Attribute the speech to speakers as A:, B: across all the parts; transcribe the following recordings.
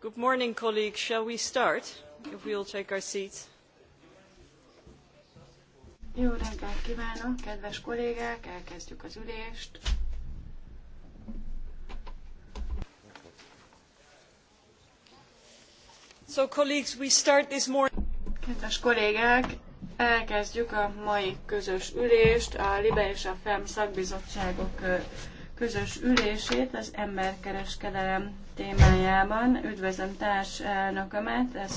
A: Good morning, colleagues. Shall we start? If we all take our seats. Jó reggelt kívánok, kedves kollégák, elkezdjük az ülést. So, colleagues, we start this morning. Kedves kollégák, elkezdjük a mai közös ülést a Libe és a FEM szakbizottságok közös ülését az emberkereskedelem témájában. Üdvözlöm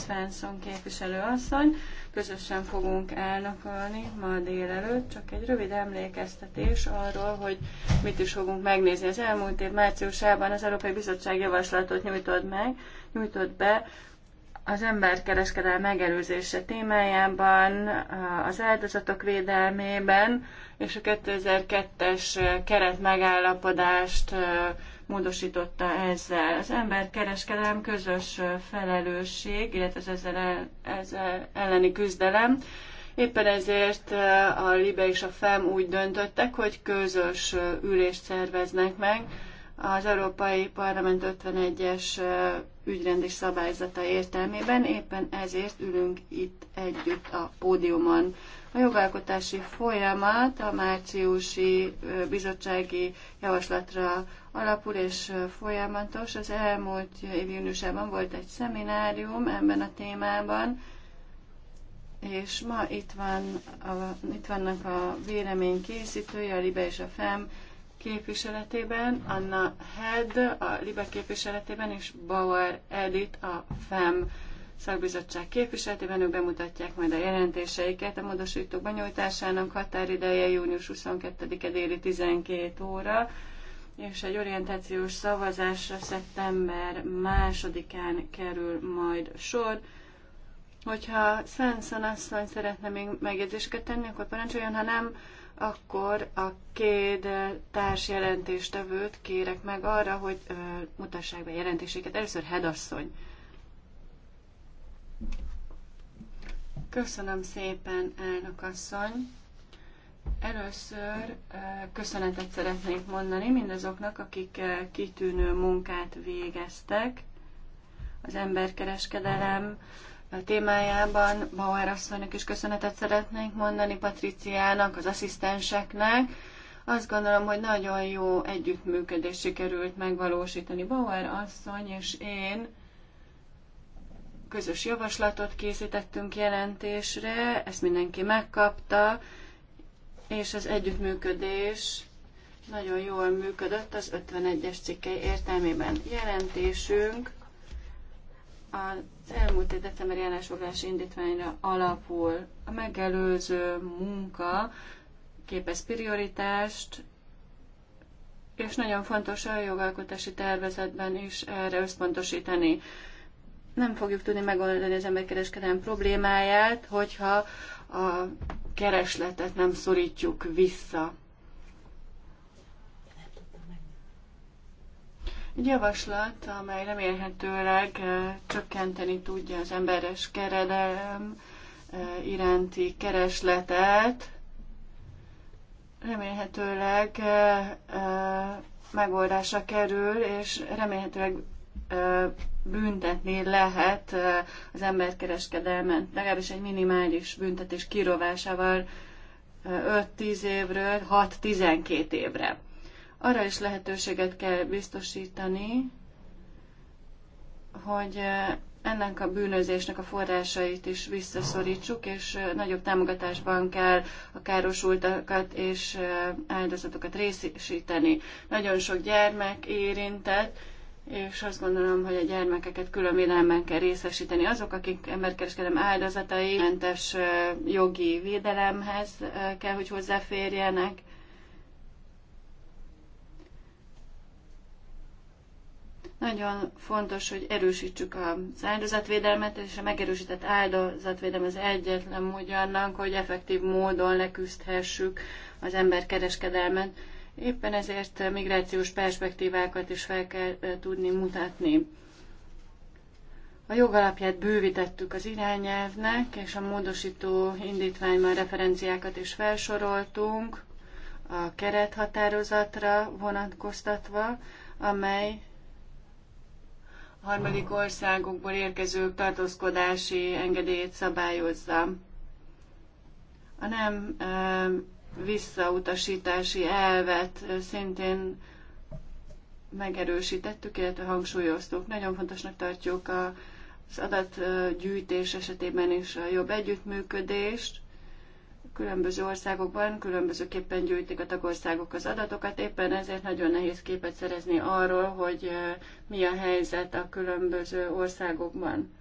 A: Fenszon képviselő asszony. Közösen fogunk elnökölni ma délelőtt. Csak egy rövid emlékeztetés arról, hogy mit is fogunk megnézni. Az elmúlt év márciusában az Európai Bizottság javaslatot nyújtott meg, nyújtott be az emberkereskedelem megelőzése témájában, az áldozatok védelmében és a 2002-es keret megállapodást módosította ezzel. Az emberkereskedelem közös felelősség, illetve az ezzel, el, ezzel elleni küzdelem. Éppen ezért a Libe és a FEM úgy döntöttek, hogy közös ülést szerveznek meg, az Európai Parlament 51-es ügyrendi szabályzata értelmében, éppen ezért ülünk itt együtt a pódiumon. A jogalkotási folyamat a márciusi bizottsági javaslatra alapul és folyamatos. Az elmúlt év júniusában volt egy szeminárium ebben a témában, és ma itt, van a, itt vannak a vélemény készítője, a Libe és a FEM képviseletében, Anna Head a Libe képviseletében és Bauer Edith a FEM szakbizottság képviseletében. Ők bemutatják majd a jelentéseiket. A módosítók benyújtásának határideje június 22-e déli 12 óra, és egy orientációs szavazásra szeptember 2-án kerül majd sor. Hogyha Szent Szanasszony szeretne még megjegyzéseket tenni, akkor parancsoljon, ha nem, akkor a két társ jelentéstevőt kérek meg arra, hogy ö, mutassák be jelentéséket. Először Hedasszony. Köszönöm szépen, elnök asszony. Először köszönetet szeretnék mondani mindazoknak, akik kitűnő munkát végeztek az emberkereskedelem, a témájában. Bauer asszonynak is köszönetet szeretnénk mondani, Patriciának, az asszisztenseknek. Azt gondolom, hogy nagyon jó együttműködés sikerült megvalósítani Bauer asszony és én. Közös javaslatot készítettünk jelentésre, ezt mindenki megkapta, és az együttműködés nagyon jól működött az 51-es cikkei értelmében. Jelentésünk a elmúlt egy decemberi állásfoglalási indítványra alapul a megelőző munka képez prioritást, és nagyon fontos a jogalkotási tervezetben is erre összpontosítani. Nem fogjuk tudni megoldani az emberkereskedelem problémáját, hogyha a keresletet nem szorítjuk vissza. Egy javaslat, amely remélhetőleg eh, csökkenteni tudja az emberes keredelem eh, iránti keresletet, remélhetőleg eh, megoldásra kerül, és remélhetőleg büntetni lehet az emberkereskedelmet, legalábbis egy minimális büntetés kirovásával 5-10 évről 6-12 évre arra is lehetőséget kell biztosítani, hogy eh, ennek a bűnözésnek a forrásait is visszaszorítsuk, és eh, nagyobb támogatásban kell a károsultakat és eh, áldozatokat részesíteni. Nagyon sok gyermek érintett, és azt gondolom, hogy a gyermekeket külön védelemben kell részesíteni. Azok, akik emberkereskedelem áldozatai, mentes jogi védelemhez kell, hogy hozzáférjenek, Nagyon fontos, hogy erősítsük az áldozatvédelmet, és a megerősített áldozatvédelem az egyetlen módja annak, hogy effektív módon leküzdhessük az emberkereskedelmet. Éppen ezért migrációs perspektívákat is fel kell eh, tudni mutatni. A jogalapját bővítettük az irányelvnek, és a módosító indítványban referenciákat is felsoroltunk a kerethatározatra vonatkoztatva, amely harmadik országokból érkezők tartózkodási engedélyét szabályozza. A nem visszautasítási elvet szintén megerősítettük, illetve hangsúlyoztuk. Nagyon fontosnak tartjuk az adatgyűjtés esetében is a jobb együttműködést, különböző országokban különbözőképpen gyűjtik a tagországok az adatokat, éppen ezért nagyon nehéz képet szerezni arról, hogy mi a helyzet a különböző országokban.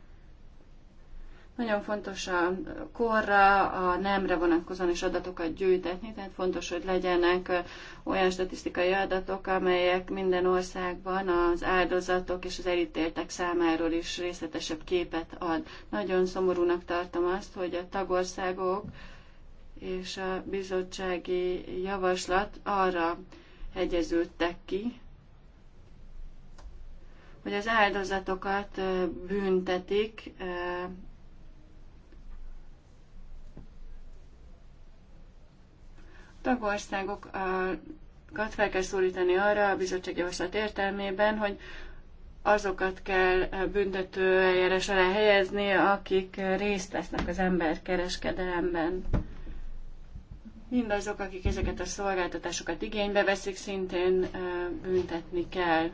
A: Nagyon fontos a korra, a nemre vonatkozóan is adatokat gyűjtetni, tehát fontos, hogy legyenek olyan statisztikai adatok, amelyek minden országban az áldozatok és az elítéltek számáról is részletesebb képet ad. Nagyon szomorúnak tartom azt, hogy a tagországok és a bizottsági javaslat arra hegyeződtek ki, hogy az áldozatokat büntetik, tagországokat fel kell szólítani arra a javaslat értelmében, hogy azokat kell büntető eljárás alá helyezni, akik részt vesznek az emberkereskedelemben. Mindazok, akik ezeket a szolgáltatásokat igénybe veszik, szintén büntetni kell.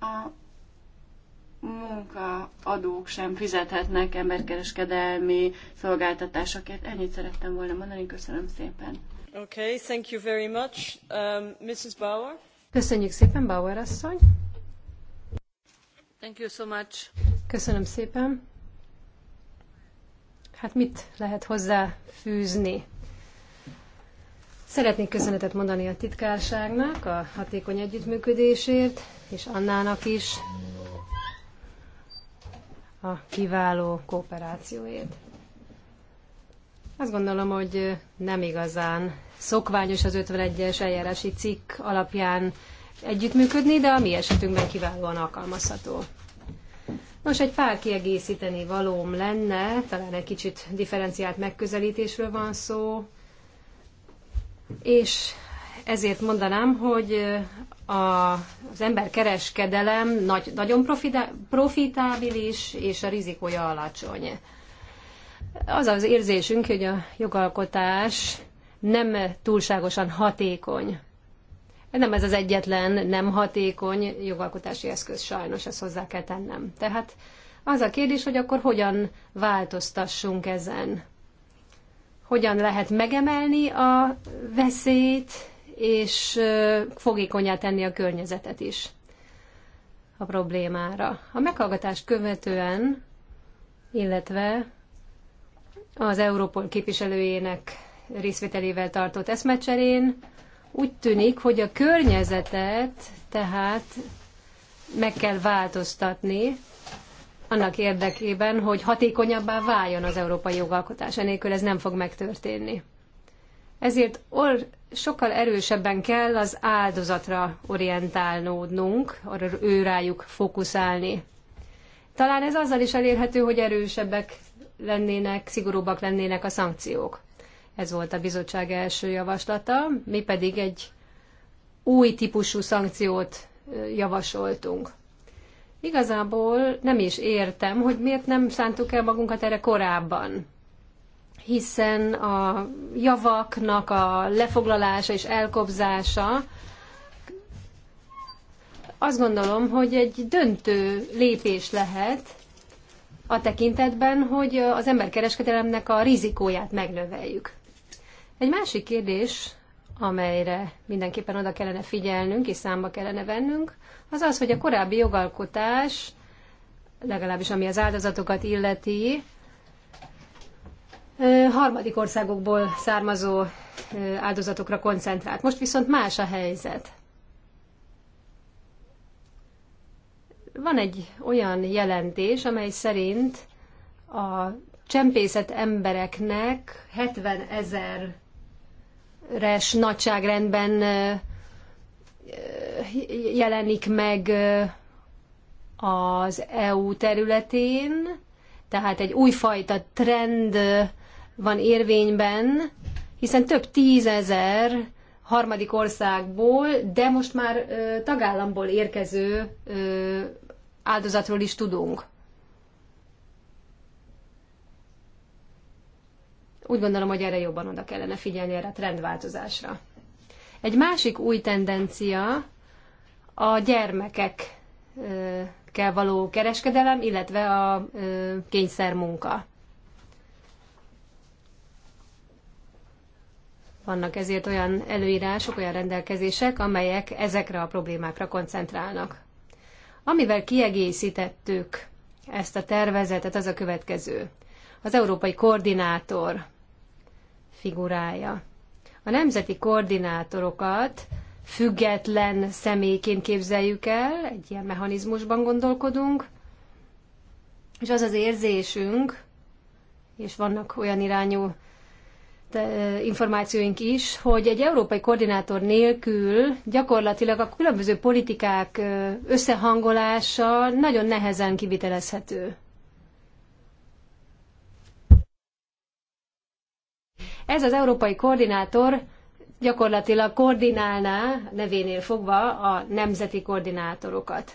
A: A munkaadók sem fizethetnek emberkereskedelmi szolgáltatásokért. Ennyit szerettem volna mondani, köszönöm szépen. Okay, thank you very much. Um, Mrs. Bauer. Köszönjük szépen, Bauer asszony. Köszönöm
B: szépen. Hát mit lehet hozzáfűzni? Szeretnék köszönetet mondani a titkárságnak a hatékony együttműködésért, és Annának is a kiváló kooperációért. Azt gondolom, hogy nem igazán szokványos az 51-es eljárási cikk alapján együttműködni, de a mi esetünkben kiválóan alkalmazható. Nos, egy pár kiegészíteni valóm lenne, talán egy kicsit differenciált megközelítésről van szó, és ezért mondanám, hogy a, az emberkereskedelem nagy, nagyon profitábilis, és a rizikója alacsony. Az az érzésünk, hogy a jogalkotás nem túlságosan hatékony nem ez az egyetlen nem hatékony jogalkotási eszköz, sajnos ezt hozzá kell tennem. Tehát az a kérdés, hogy akkor hogyan változtassunk ezen? Hogyan lehet megemelni a veszélyt, és fogékonyá tenni a környezetet is a problémára. A meghallgatást követően, illetve az Európol képviselőjének részvételével tartott eszmecserén úgy tűnik, hogy a környezetet tehát meg kell változtatni annak érdekében, hogy hatékonyabbá váljon az európai jogalkotás. Enélkül ez nem fog megtörténni. Ezért or- sokkal erősebben kell az áldozatra orientálnódnunk, arra őrájuk fókuszálni. Talán ez azzal is elérhető, hogy erősebbek lennének, szigorúbbak lennének a szankciók. Ez volt a bizottság első javaslata. Mi pedig egy új típusú szankciót javasoltunk. Igazából nem is értem, hogy miért nem szántuk el magunkat erre korábban hiszen a javaknak a lefoglalása és elkobzása azt gondolom, hogy egy döntő lépés lehet a tekintetben, hogy az emberkereskedelemnek a rizikóját megnöveljük. Egy másik kérdés, amelyre mindenképpen oda kellene figyelnünk és számba kellene vennünk, az az, hogy a korábbi jogalkotás, legalábbis ami az áldozatokat illeti, harmadik országokból származó áldozatokra koncentrált. Most viszont más a helyzet. Van egy olyan jelentés, amely szerint a csempészet embereknek 70 ezer res nagyságrendben jelenik meg az EU területén, tehát egy újfajta trend van érvényben, hiszen több tízezer harmadik országból, de most már tagállamból érkező áldozatról is tudunk. Úgy gondolom, hogy erre jobban oda kellene figyelni, erre a trendváltozásra. Egy másik új tendencia a gyermekekkel való kereskedelem, illetve a kényszermunka. Vannak ezért olyan előírások, olyan rendelkezések, amelyek ezekre a problémákra koncentrálnak. Amivel kiegészítettük ezt a tervezetet, az a következő. Az európai koordinátor figurája. A nemzeti koordinátorokat független személyként képzeljük el, egy ilyen mechanizmusban gondolkodunk, és az az érzésünk, és vannak olyan irányú információink is, hogy egy európai koordinátor nélkül gyakorlatilag a különböző politikák összehangolása nagyon nehezen kivitelezhető. Ez az európai koordinátor gyakorlatilag koordinálná, nevénél fogva, a nemzeti koordinátorokat.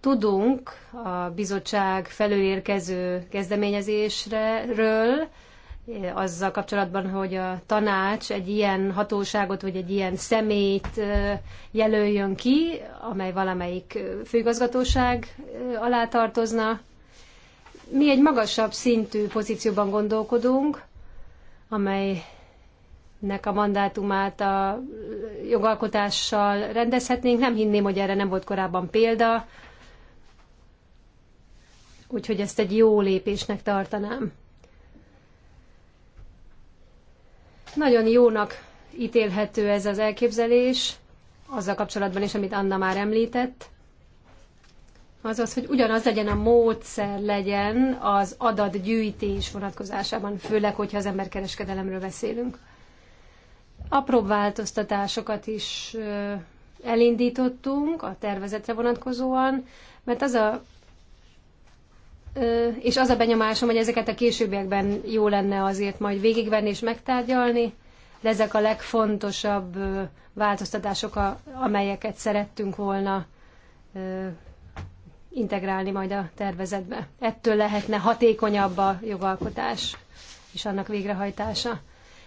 B: Tudunk a bizottság felülérkező kezdeményezésről, azzal kapcsolatban, hogy a tanács egy ilyen hatóságot vagy egy ilyen szemét jelöljön ki, amely valamelyik főigazgatóság alá tartozna. Mi egy magasabb szintű pozícióban gondolkodunk, amelynek a mandátumát a jogalkotással rendezhetnénk. Nem hinném, hogy erre nem volt korábban példa, úgyhogy ezt egy jó lépésnek tartanám. Nagyon jónak ítélhető ez az elképzelés, azzal kapcsolatban is, amit Anna már említett azaz, hogy ugyanaz legyen a módszer legyen az adatgyűjtés vonatkozásában, főleg, hogyha az emberkereskedelemről beszélünk. Apróbb változtatásokat is elindítottunk a tervezetre vonatkozóan, mert az a és az a benyomásom, hogy ezeket a későbbiekben jó lenne azért majd végigvenni és megtárgyalni, de ezek a legfontosabb változtatások, amelyeket szerettünk volna integrálni majd a tervezetbe. Ettől lehetne hatékonyabb a jogalkotás és annak végrehajtása.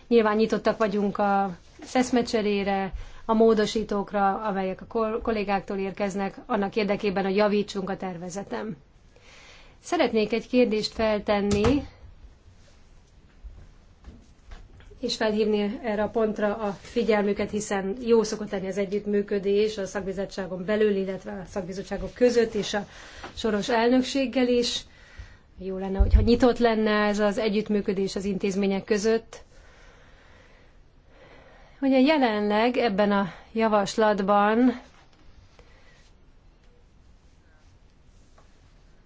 B: Nyilván nyitottak vagyunk a szeszmecserére, a módosítókra, amelyek a kollégáktól érkeznek, annak érdekében, hogy javítsunk a tervezetem. Szeretnék egy kérdést feltenni és felhívni erre a pontra a figyelmüket, hiszen jó szokott lenni az együttműködés a szakbizottságon belül, illetve a szakbizottságok között és a soros elnökséggel is. Jó lenne, hogyha nyitott lenne ez az együttműködés az intézmények között. Ugye jelenleg ebben a javaslatban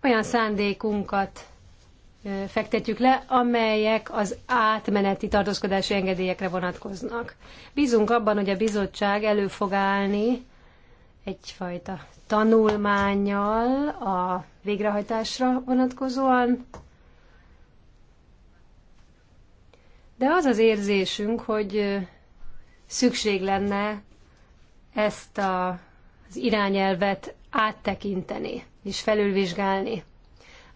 B: olyan szándékunkat fektetjük le, amelyek az átmeneti tartózkodási engedélyekre vonatkoznak. Bízunk abban, hogy a bizottság elő fog állni egyfajta tanulmányjal a végrehajtásra vonatkozóan, de az az érzésünk, hogy szükség lenne ezt a, az irányelvet áttekinteni és felülvizsgálni.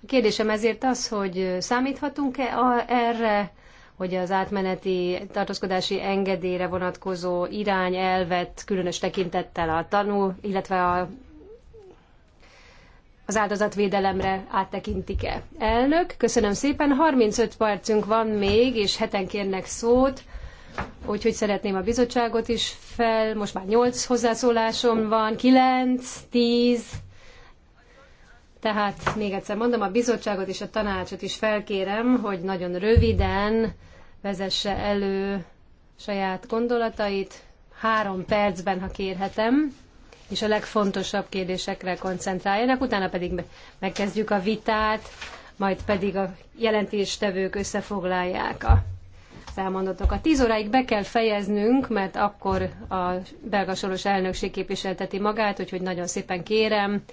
B: Kérdésem ezért az, hogy számíthatunk-e erre, hogy az átmeneti tartózkodási engedélyre vonatkozó irányelvet különös tekintettel a tanú, illetve a, az áldozatvédelemre áttekintik-e. Elnök, köszönöm szépen. 35 percünk van még, és heten kérnek szót. Úgyhogy szeretném a bizottságot is fel. Most már 8 hozzászólásom van, 9, 10, tehát még egyszer mondom, a bizottságot és a tanácsot is felkérem, hogy nagyon röviden vezesse elő saját gondolatait, három percben, ha kérhetem, és a legfontosabb kérdésekre koncentráljanak, utána pedig megkezdjük a vitát, majd pedig a jelentéstevők összefoglalják a elmondottakat. Tíz óráig be kell fejeznünk, mert akkor a belga soros elnökség képviselteti magát, úgyhogy nagyon szépen kérem,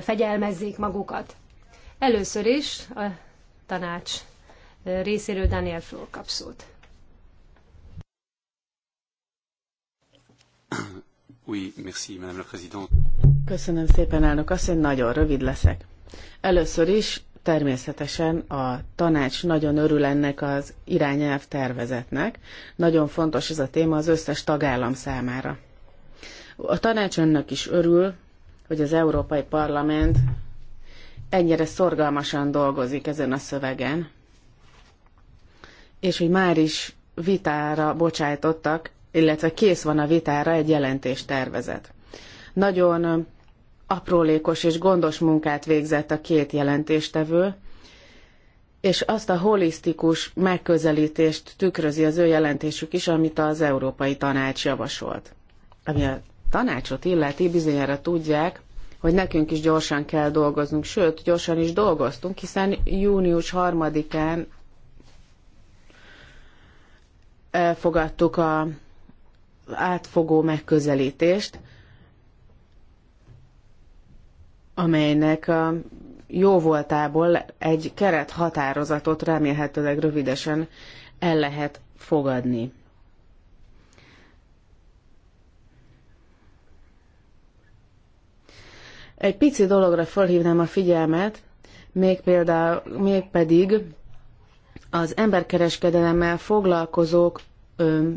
B: fegyelmezzék magukat. Először is a tanács részéről Daniel Flor kap szót.
C: Oui, merci, Madame la Présidente.
D: Köszönöm szépen, elnök asszony, nagyon rövid leszek. Először is természetesen a tanács nagyon örül ennek az irányelv tervezetnek. Nagyon fontos ez a téma az összes tagállam számára. A tanács önnek is örül, hogy az Európai Parlament ennyire szorgalmasan dolgozik ezen a szövegen, és hogy már is vitára bocsájtottak, illetve kész van a vitára egy jelentéstervezet. Nagyon aprólékos és gondos munkát végzett a két jelentéstevő, és azt a holisztikus megközelítést tükrözi az ő jelentésük is, amit az Európai Tanács javasolt, ami a tanácsot illeti, bizonyára tudják, hogy nekünk is gyorsan kell dolgoznunk, sőt, gyorsan is dolgoztunk, hiszen június 3-án elfogadtuk a átfogó megközelítést, amelynek a jó voltából egy keret határozatot remélhetőleg rövidesen el lehet fogadni. Egy pici dologra felhívnám a figyelmet, még például, még pedig az emberkereskedelemmel foglalkozók ö,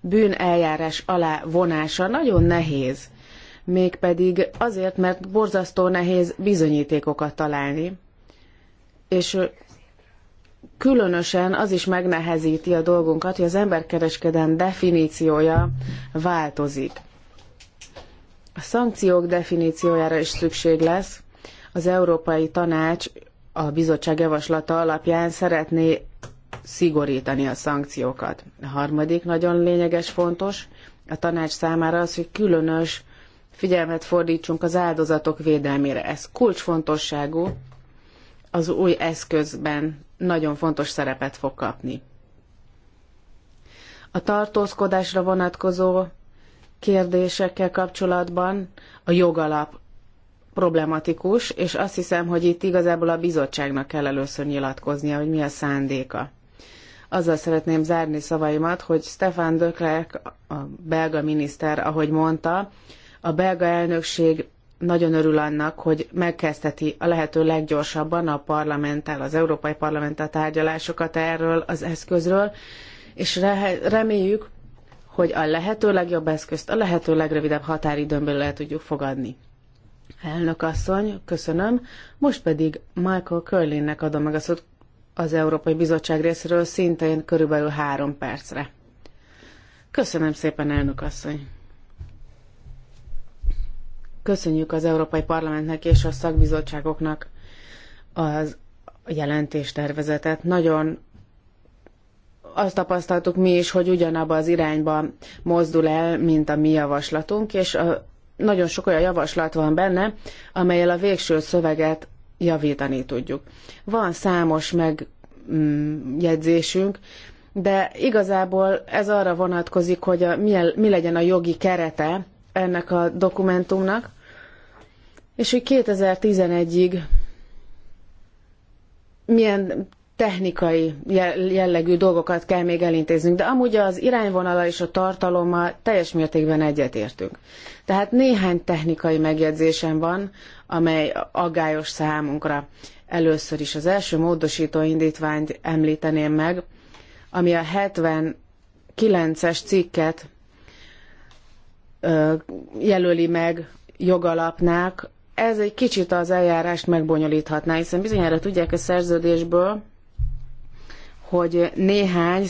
D: bűneljárás alá vonása nagyon nehéz. Mégpedig azért, mert borzasztó nehéz bizonyítékokat találni. És különösen az is megnehezíti a dolgunkat, hogy az emberkereskedelem definíciója változik. A szankciók definíciójára is szükség lesz. Az Európai Tanács a bizottság javaslata alapján szeretné szigorítani a szankciókat. A harmadik nagyon lényeges, fontos a tanács számára az, hogy különös figyelmet fordítsunk az áldozatok védelmére. Ez kulcsfontosságú, az új eszközben nagyon fontos szerepet fog kapni. A tartózkodásra vonatkozó kérdésekkel kapcsolatban a jogalap problematikus, és azt hiszem, hogy itt igazából a bizottságnak kell először nyilatkoznia, hogy mi a szándéka. Azzal szeretném zárni szavaimat, hogy Stefan Döklerk, a belga miniszter, ahogy mondta, a belga elnökség nagyon örül annak, hogy megkezdheti a lehető leggyorsabban a parlamenttel, az Európai Parlamenttel tárgyalásokat erről az eszközről, és reméljük, hogy a lehető legjobb eszközt a lehető legrövidebb határidőn belül el tudjuk fogadni. Elnök asszony, köszönöm. Most pedig Michael Curlinnek adom meg a szót az Európai Bizottság részéről szintén körülbelül három percre. Köszönöm szépen, elnök asszony. Köszönjük az Európai Parlamentnek és a szakbizottságoknak az jelentéstervezetet. Nagyon azt tapasztaltuk mi is, hogy ugyanabba az irányba mozdul el, mint a mi javaslatunk, és a, nagyon sok olyan javaslat van benne, amelyel a végső szöveget javítani tudjuk. Van számos megjegyzésünk, de igazából ez arra vonatkozik, hogy a, mi, mi legyen a jogi kerete ennek a dokumentumnak, és hogy 2011-ig milyen technikai jellegű dolgokat kell még elintéznünk, de amúgy az irányvonala és a tartalommal teljes mértékben egyetértünk. Tehát néhány technikai megjegyzésem van, amely aggályos számunkra. Először is az első módosító indítványt említeném meg, ami a 79-es cikket jelöli meg jogalapnak. Ez egy kicsit az eljárást megbonyolíthatná, hiszen bizonyára tudják a szerződésből, hogy néhány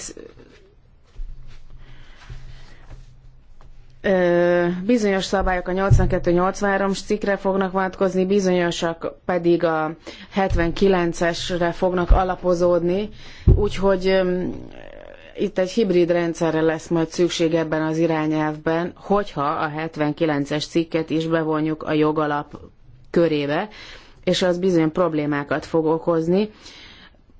D: bizonyos szabályok a 82 83 cikkre fognak vonatkozni, bizonyosak pedig a 79-esre fognak alapozódni, úgyhogy itt egy hibrid rendszerre lesz majd szükség ebben az irányelvben, hogyha a 79-es cikket is bevonjuk a jogalap körébe, és az bizony problémákat fog okozni.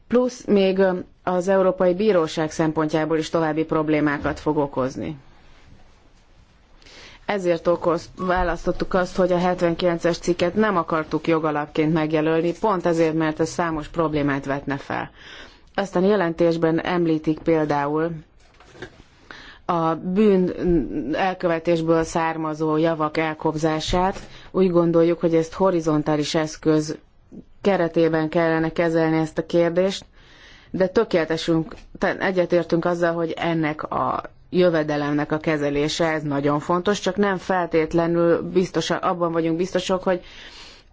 D: Plusz még az Európai Bíróság szempontjából is további problémákat fog okozni. Ezért okoz, választottuk azt, hogy a 79-es cikket nem akartuk jogalapként megjelölni, pont ezért, mert ez számos problémát vetne fel. Aztán jelentésben említik például a bűn elkövetésből származó javak elkobzását. Úgy gondoljuk, hogy ezt horizontális eszköz keretében kellene kezelni ezt a kérdést, de tökéletesünk, egyetértünk azzal, hogy ennek a jövedelemnek a kezelése, ez nagyon fontos, csak nem feltétlenül biztos, abban vagyunk biztosok, hogy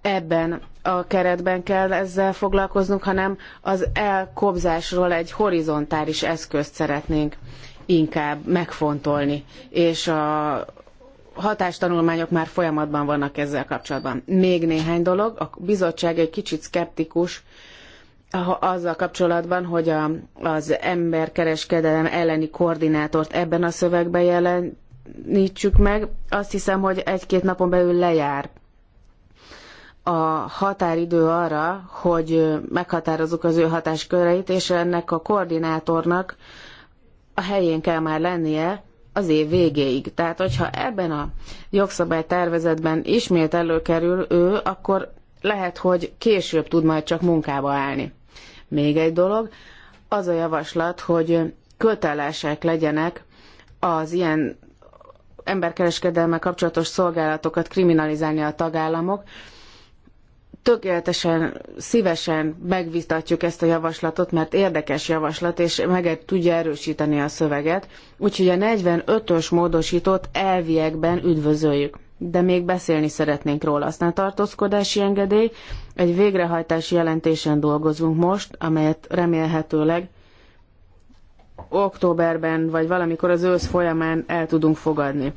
D: ebben a keretben kell ezzel foglalkoznunk, hanem az elkobzásról egy horizontális eszközt szeretnénk inkább megfontolni, és a hatástanulmányok már folyamatban vannak ezzel kapcsolatban. Még néhány dolog, a bizottság egy kicsit szkeptikus, azzal kapcsolatban, hogy a, az emberkereskedelem elleni koordinátort ebben a szövegben jelenítsük meg. Azt hiszem, hogy egy-két napon belül lejár a határidő arra, hogy meghatározzuk az ő hatásköreit, és ennek a koordinátornak a helyén kell már lennie az év végéig. Tehát, hogyha ebben a jogszabálytervezetben ismét előkerül ő, akkor lehet, hogy később tud majd csak munkába állni. Még egy dolog, az a javaslat, hogy kötelesek legyenek az ilyen emberkereskedelme kapcsolatos szolgálatokat kriminalizálni a tagállamok. Tökéletesen, szívesen megvitatjuk ezt a javaslatot, mert érdekes javaslat, és meg tudja erősíteni a szöveget. Úgyhogy a 45-ös módosított elviekben üdvözöljük de még beszélni szeretnénk róla. Aztán tartózkodási engedély, egy végrehajtási jelentésen dolgozunk most, amelyet remélhetőleg októberben, vagy valamikor az ősz folyamán el tudunk fogadni.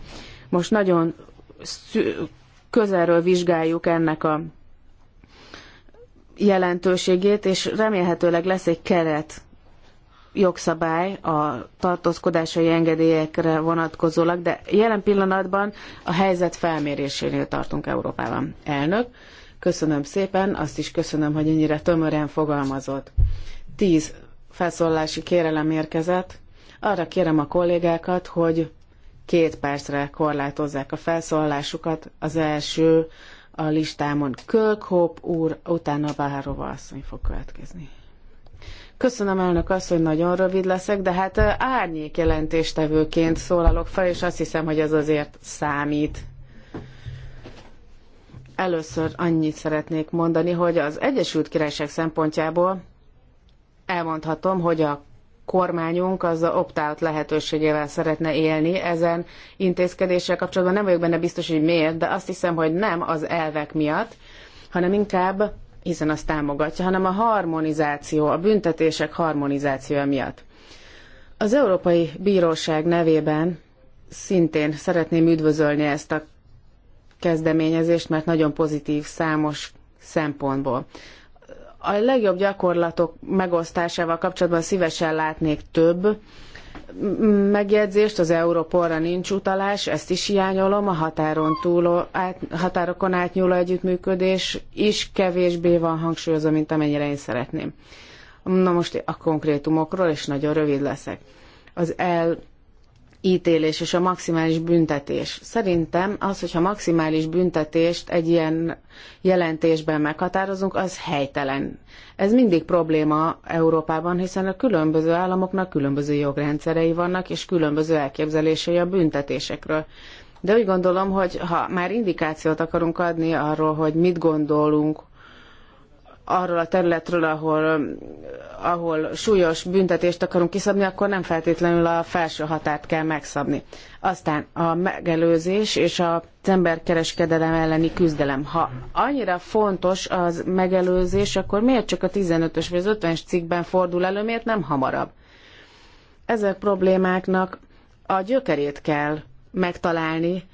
D: Most nagyon közelről vizsgáljuk ennek a jelentőségét, és remélhetőleg lesz egy keret jogszabály a tartózkodásai engedélyekre vonatkozólag, de jelen pillanatban a helyzet felmérésénél tartunk Európában. Elnök, köszönöm szépen, azt is köszönöm, hogy ennyire tömören fogalmazott. Tíz felszólalási kérelem érkezett. Arra kérem a kollégákat, hogy két percre korlátozzák a felszólalásukat. Az első a listámon Kölkhop úr, utána Bárova asszony fog következni. Köszönöm elnök azt, hogy nagyon rövid leszek, de hát árnyék jelentéstevőként szólalok fel, és azt hiszem, hogy ez azért számít. Először annyit szeretnék mondani, hogy az Egyesült Királyság szempontjából elmondhatom, hogy a kormányunk az opt-out lehetőségével szeretne élni ezen intézkedéssel kapcsolatban. Nem vagyok benne biztos, hogy miért, de azt hiszem, hogy nem az elvek miatt, hanem inkább hiszen azt támogatja, hanem a harmonizáció, a büntetések harmonizációja miatt. Az Európai Bíróság nevében szintén szeretném üdvözölni ezt a kezdeményezést, mert nagyon pozitív számos szempontból. A legjobb gyakorlatok megosztásával kapcsolatban szívesen látnék több megjegyzést, az Európolra nincs utalás, ezt is hiányolom, a határon túl, át, határokon átnyúló együttműködés is kevésbé van hangsúlyozva, mint amennyire én szeretném. Na most a konkrétumokról, és nagyon rövid leszek. Az el ítélés és a maximális büntetés. Szerintem az, hogyha maximális büntetést egy ilyen jelentésben meghatározunk, az helytelen. Ez mindig probléma Európában, hiszen a különböző államoknak különböző jogrendszerei vannak, és különböző elképzelései a büntetésekről. De úgy gondolom, hogy ha már indikációt akarunk adni arról, hogy mit gondolunk arról a területről, ahol, ahol súlyos büntetést akarunk kiszabni, akkor nem feltétlenül a felső határt kell megszabni. Aztán a megelőzés és az emberkereskedelem elleni küzdelem. Ha annyira fontos az megelőzés, akkor miért csak a 15-ös vagy az 50-es cikkben fordul elő, miért nem hamarabb? Ezek problémáknak a gyökerét kell megtalálni,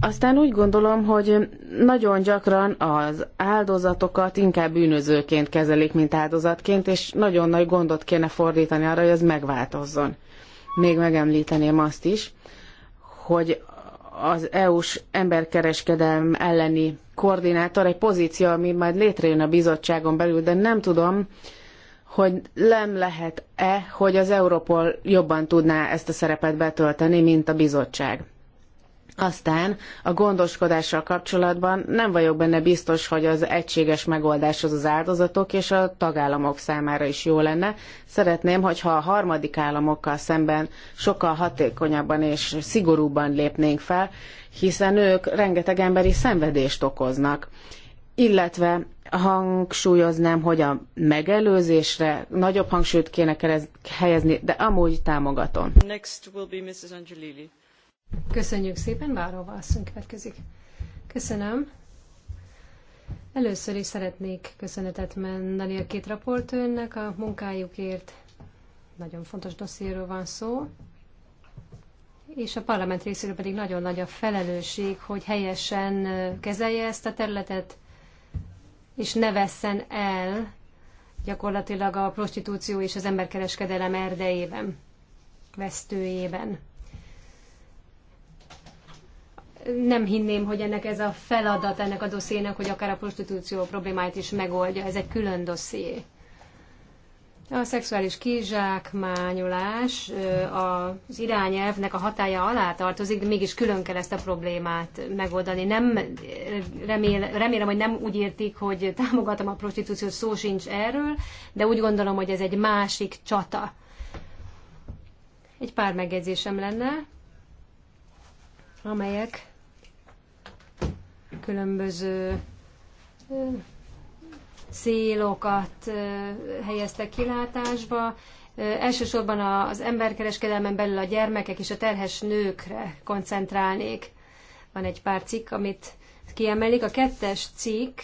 D: aztán úgy gondolom, hogy nagyon gyakran az áldozatokat inkább bűnözőként kezelik, mint áldozatként, és nagyon nagy gondot kéne fordítani arra, hogy ez megváltozzon. Még megemlíteném azt is, hogy az EU-s emberkereskedelm elleni koordinátor egy pozíció, ami majd létrejön a bizottságon belül, de nem tudom, hogy nem lehet-e, hogy az Europol jobban tudná ezt a szerepet betölteni, mint a bizottság. Aztán a gondoskodással kapcsolatban nem vagyok benne biztos, hogy az egységes megoldás az az áldozatok és a tagállamok számára is jó lenne. Szeretném, hogyha a harmadik államokkal szemben sokkal hatékonyabban és szigorúbban lépnénk fel, hiszen ők rengeteg emberi szenvedést okoznak. Illetve hangsúlyoznám, hogy a megelőzésre nagyobb hangsúlyt kéne helyezni, de amúgy támogatom.
C: Next will be Mrs.
A: Angelili.
B: Köszönjük szépen, Bárova asszony következik. Köszönöm. Először is szeretnék köszönetet mondani a két raportőrnek a munkájukért. Nagyon fontos dossziéről van szó. És a parlament részéről pedig nagyon nagy a felelősség, hogy helyesen kezelje ezt a területet, és ne vesszen el gyakorlatilag a prostitúció és az emberkereskedelem erdejében, vesztőjében nem hinném, hogy ennek ez a feladat ennek a dossziének, hogy akár a prostitúció problémáit is megoldja, ez egy külön dosszié. A szexuális kizsákmányolás az irányelvnek a hatája alá tartozik, de mégis külön kell ezt a problémát megoldani. Nem, remél, remélem, hogy nem úgy értik, hogy támogatom a prostitúciót, szó sincs erről, de úgy gondolom, hogy ez egy másik csata. Egy pár megjegyzésem lenne, amelyek különböző célokat helyeztek kilátásba. Elsősorban az emberkereskedelmen belül a gyermekek és a terhes nőkre koncentrálnék. Van egy pár cikk, amit kiemelik. A kettes cikk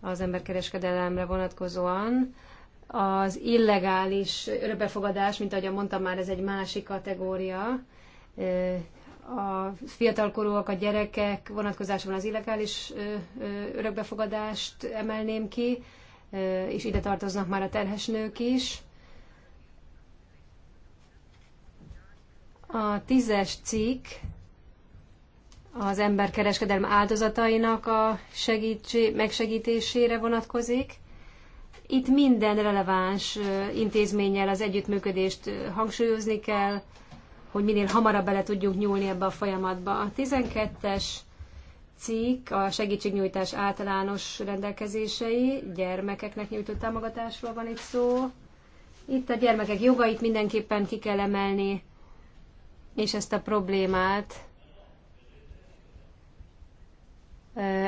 B: az emberkereskedelemre vonatkozóan az illegális örökbefogadás, mint ahogy mondtam már, ez egy másik kategória, a fiatalkorúak, a gyerekek vonatkozásában az illegális örökbefogadást emelném ki, és ide tartoznak már a terhes nők is. A tízes cikk az emberkereskedelm áldozatainak a segítsé, megsegítésére vonatkozik. Itt minden releváns intézménnyel az együttműködést hangsúlyozni kell, hogy minél hamarabb bele tudjunk nyúlni ebbe a folyamatba. A 12-es cikk a segítségnyújtás általános rendelkezései, gyermekeknek nyújtott támogatásról van itt szó. Itt a gyermekek jogait mindenképpen ki kell emelni, és ezt a problémát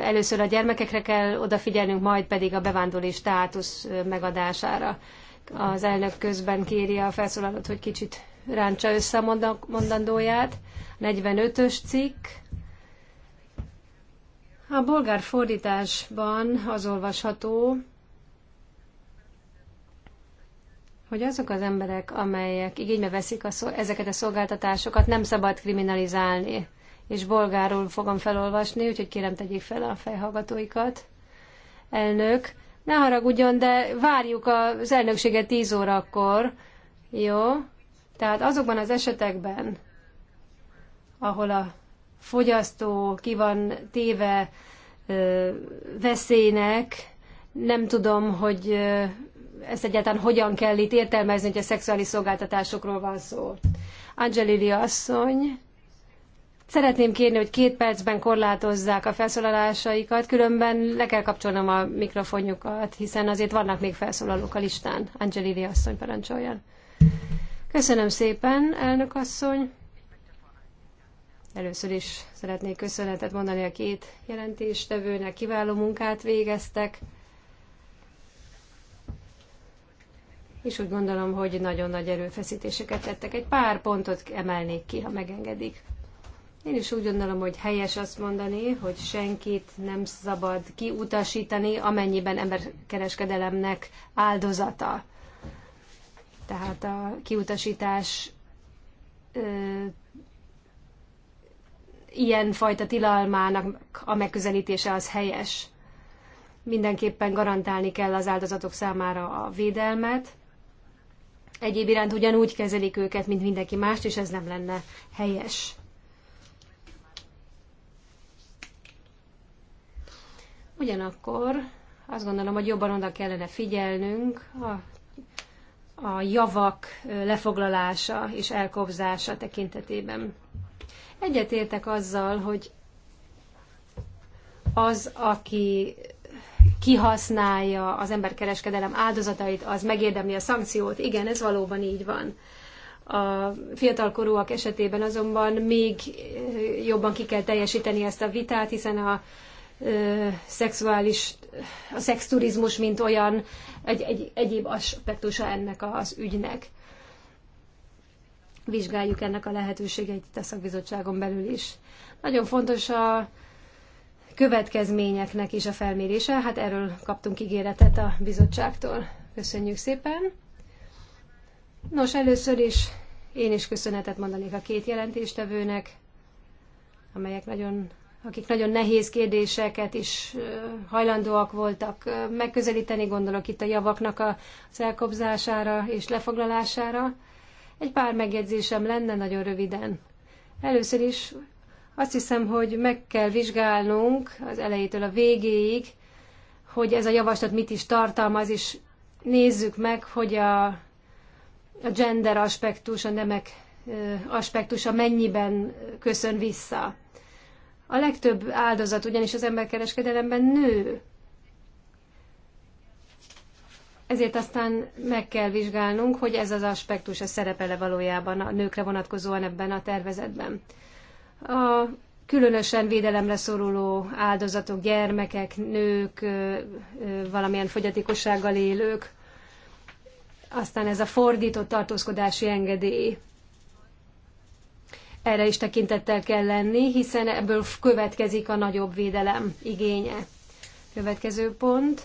B: először a gyermekekre kell odafigyelnünk, majd pedig a bevándorlás státusz megadására. Az elnök közben kéri a felszólalót, hogy kicsit ráncsa össze a mondandóját. 45-ös cikk. A bolgár fordításban az olvasható, hogy azok az emberek, amelyek igénybe veszik a szol- ezeket a szolgáltatásokat, nem szabad kriminalizálni. És bolgárul fogom felolvasni, úgyhogy kérem tegyék fel a fejhallgatóikat. Elnök, ne haragudjon, de várjuk az elnökséget 10 órakor. Jó? Tehát azokban az esetekben, ahol a fogyasztó ki van téve veszélynek, nem tudom, hogy ezt egyáltalán hogyan kell itt értelmezni, hogy a szexuális szolgáltatásokról van szó. Angelili asszony, szeretném kérni, hogy két percben korlátozzák a felszólalásaikat, különben le kell kapcsolnom a mikrofonjukat, hiszen azért vannak még felszólalók a listán. Angelili asszony, parancsoljon. Köszönöm szépen, elnök asszony. Először is szeretnék köszönetet mondani a két jelentéstevőnek, kiváló munkát végeztek. És úgy gondolom, hogy nagyon nagy erőfeszítéseket tettek. Egy pár pontot emelnék ki, ha megengedik. Én is úgy gondolom, hogy helyes azt mondani, hogy senkit nem szabad kiutasítani, amennyiben emberkereskedelemnek áldozata. Tehát a kiutasítás ilyen fajta tilalmának a megközelítése az helyes. Mindenképpen garantálni kell az áldozatok számára a védelmet. Egyéb iránt ugyanúgy kezelik őket, mint mindenki mást, és ez nem lenne helyes. Ugyanakkor azt gondolom, hogy jobban oda kellene figyelnünk a a javak lefoglalása és elkobzása tekintetében. Egyetértek azzal, hogy az, aki kihasználja az emberkereskedelem áldozatait, az megérdemli a szankciót. Igen, ez valóban így van. A fiatalkorúak esetében azonban még jobban ki kell teljesíteni ezt a vitát, hiszen a ö, szexuális, a szexturizmus, mint olyan egy, egy egyéb aspektusa ennek az ügynek. Vizsgáljuk ennek a lehetőségeit itt a szakbizottságon belül is. Nagyon fontos a következményeknek is a felmérése. Hát erről kaptunk ígéretet a bizottságtól. Köszönjük szépen. Nos, először is én is köszönetet mondanék a két jelentéstevőnek, amelyek nagyon akik nagyon nehéz kérdéseket is hajlandóak voltak megközelíteni, gondolok itt a javaknak az elkobzására és lefoglalására. Egy pár megjegyzésem lenne nagyon röviden. Először is azt hiszem, hogy meg kell vizsgálnunk az elejétől a végéig, hogy ez a javaslat mit is tartalmaz, és nézzük meg, hogy a, a gender aspektus, a nemek aspektusa mennyiben köszön vissza. A legtöbb áldozat ugyanis az emberkereskedelemben nő. Ezért aztán meg kell vizsgálnunk, hogy ez az aspektus, ez szerepele valójában a nőkre vonatkozóan ebben a tervezetben. A különösen védelemre szoruló áldozatok, gyermekek, nők, valamilyen fogyatékossággal élők, aztán ez a fordított tartózkodási engedély erre is tekintettel kell lenni, hiszen ebből következik a nagyobb védelem igénye. Következő pont.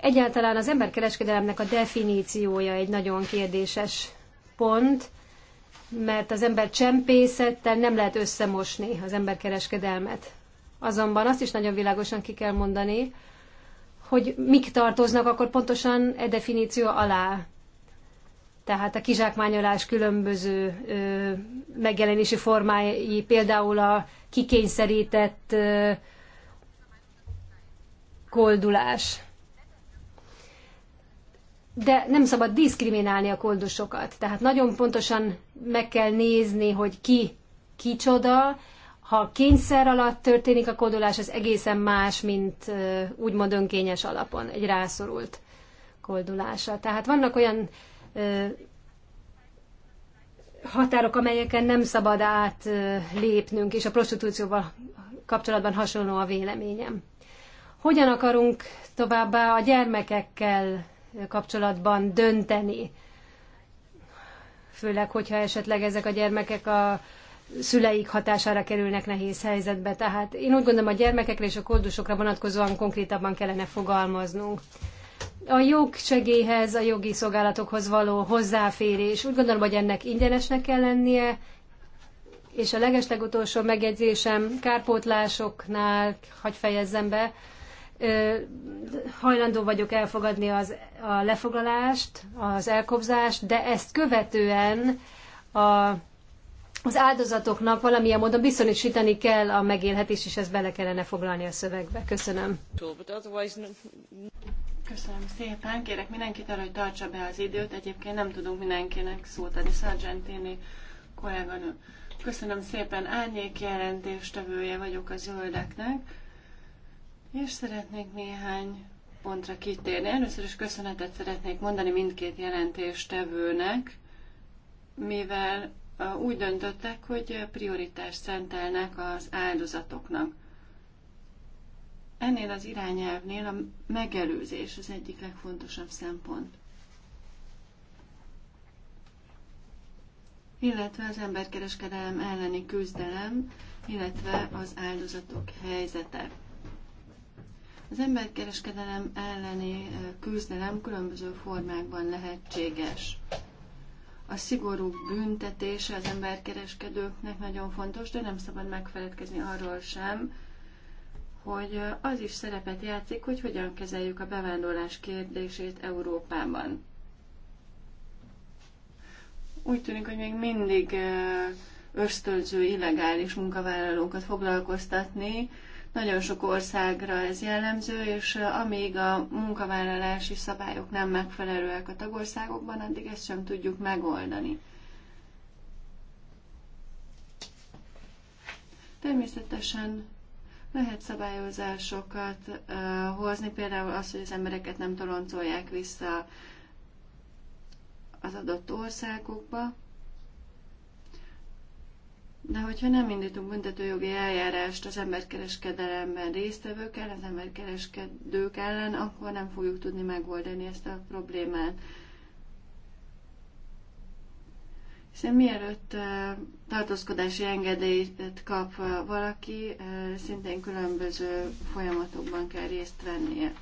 B: Egyáltalán az emberkereskedelemnek a definíciója egy nagyon kérdéses pont, mert az ember csempészettel nem lehet összemosni az emberkereskedelmet. Azonban azt is nagyon világosan ki kell mondani, hogy mik tartoznak akkor pontosan e definíció alá. Tehát a kizsákmányolás különböző ö, megjelenési formái, például a kikényszerített ö, koldulás. De nem szabad diszkriminálni a koldusokat. Tehát nagyon pontosan meg kell nézni, hogy ki kicsoda. Ha kényszer alatt történik a koldulás, az egészen más, mint úgymond önkényes alapon egy rászorult koldulása. Tehát vannak olyan határok, amelyeken nem szabad átlépnünk, és a prostitúcióval kapcsolatban hasonló a véleményem. Hogyan akarunk továbbá a gyermekekkel kapcsolatban dönteni? Főleg, hogyha esetleg ezek a gyermekek a szüleik hatására kerülnek nehéz helyzetbe. Tehát én úgy gondolom, a gyermekekre és a koldusokra vonatkozóan konkrétabban kellene fogalmaznunk a jogsegélyhez, a jogi szolgálatokhoz való hozzáférés. Úgy gondolom, hogy ennek ingyenesnek kell lennie, és a legeslegutolsó megjegyzésem kárpótlásoknál, hagy fejezzem be, hajlandó vagyok elfogadni az, a lefoglalást, az elkobzást, de ezt követően a, az áldozatoknak valamilyen módon bizonyítani kell a megélhetés, és ezt bele kellene foglalni a szövegbe. Köszönöm.
A: Köszönöm szépen. Kérek mindenkit arra, hogy tartsa be az időt. Egyébként nem tudunk mindenkinek szót adni. Sargentini kolléganő. Köszönöm szépen. Árnyék jelentéstevője vagyok a zöldeknek. És szeretnék néhány pontra kitérni. Először is köszönetet szeretnék mondani mindkét jelentéstevőnek, mivel úgy döntöttek, hogy prioritást szentelnek az áldozatoknak. Ennél az irányelvnél a megelőzés az egyik legfontosabb szempont. Illetve az emberkereskedelem elleni küzdelem, illetve az áldozatok helyzete. Az emberkereskedelem elleni küzdelem különböző formákban lehetséges. A szigorú büntetése az emberkereskedőknek nagyon fontos, de nem szabad megfeledkezni arról sem, hogy az is szerepet játszik, hogy hogyan kezeljük a bevándorlás kérdését Európában. Úgy tűnik, hogy még mindig ösztönző illegális munkavállalókat foglalkoztatni. Nagyon sok országra ez jellemző, és amíg a munkavállalási szabályok nem megfelelőek a tagországokban, addig ezt sem tudjuk megoldani. Természetesen lehet szabályozásokat uh, hozni, például az, hogy az embereket nem toloncolják vissza az adott országokba, de hogyha nem indítunk büntetőjogi eljárást az emberkereskedelemben résztvevők ellen, az emberkereskedők ellen, akkor nem fogjuk tudni megoldani ezt a problémát. Hiszen mielőtt tartózkodási engedélyt kap valaki, szintén különböző folyamatokban kell részt vennie.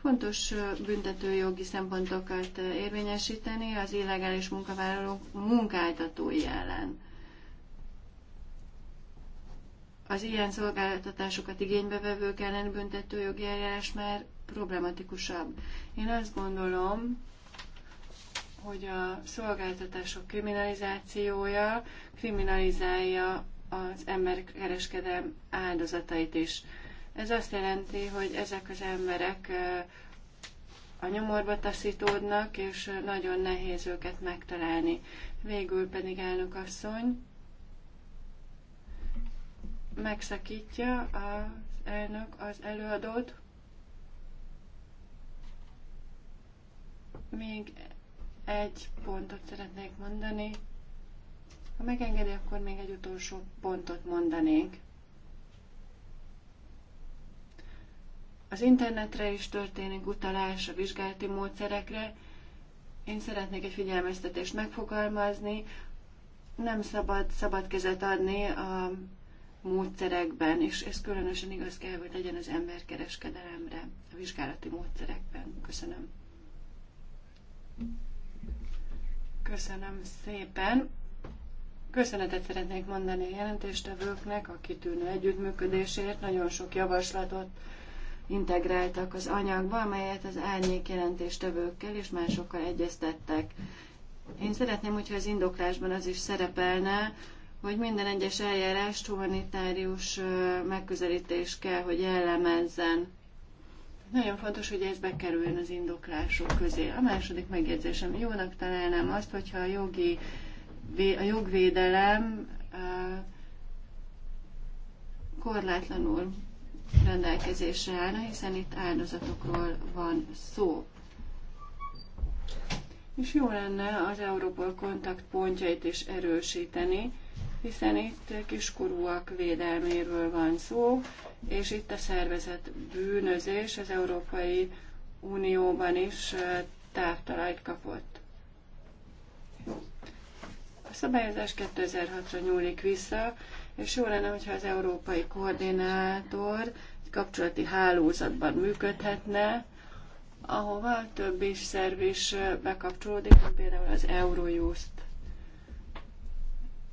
A: Fontos büntetőjogi szempontokat érvényesíteni az illegális munkavállalók munkáltatói ellen. Az ilyen szolgáltatásokat vevők ellen büntetőjogi eljárás már problematikusabb. Én azt gondolom, hogy a szolgáltatások kriminalizációja kriminalizálja az emberkereskedelm áldozatait is. Ez azt jelenti, hogy ezek az emberek a nyomorba taszítódnak, és nagyon nehéz őket megtalálni. Végül pedig elnök asszony megszakítja az elnök az előadót. Még egy pontot szeretnék mondani. Ha megengedi, akkor még egy utolsó pontot mondanék. Az internetre is történik utalás a vizsgálati módszerekre. Én szeretnék egy figyelmeztetést megfogalmazni. Nem szabad szabad kezet adni a módszerekben, és ez különösen igaz kell, hogy legyen az emberkereskedelemre, a vizsgálati módszerekben. Köszönöm. Köszönöm szépen. Köszönetet szeretnék mondani a jelentéstevőknek a kitűnő együttműködésért. Nagyon sok javaslatot integráltak az anyagba, amelyet az árnyék jelentéstevőkkel és másokkal egyeztettek. Én szeretném, hogyha az indoklásban az is szerepelne, hogy minden egyes eljárást humanitárius megközelítés kell, hogy jellemezzen. Nagyon fontos, hogy ez bekerüljön az indoklások közé. A második megjegyzésem, jónak találnám azt, hogyha a jogi a jogvédelem korlátlanul rendelkezésre állna, hiszen itt áldozatokról van szó. És jó lenne az Európol kontaktpontjait is erősíteni, hiszen itt kiskorúak védelméről van szó, és itt a szervezet bűnözés az Európai Unióban is távtalajt kapott. A szabályozás 2006-ra nyúlik vissza, és jó lenne, hogyha az európai koordinátor egy kapcsolati hálózatban működhetne, ahova több is szerv is bekapcsolódik, például az Eurojust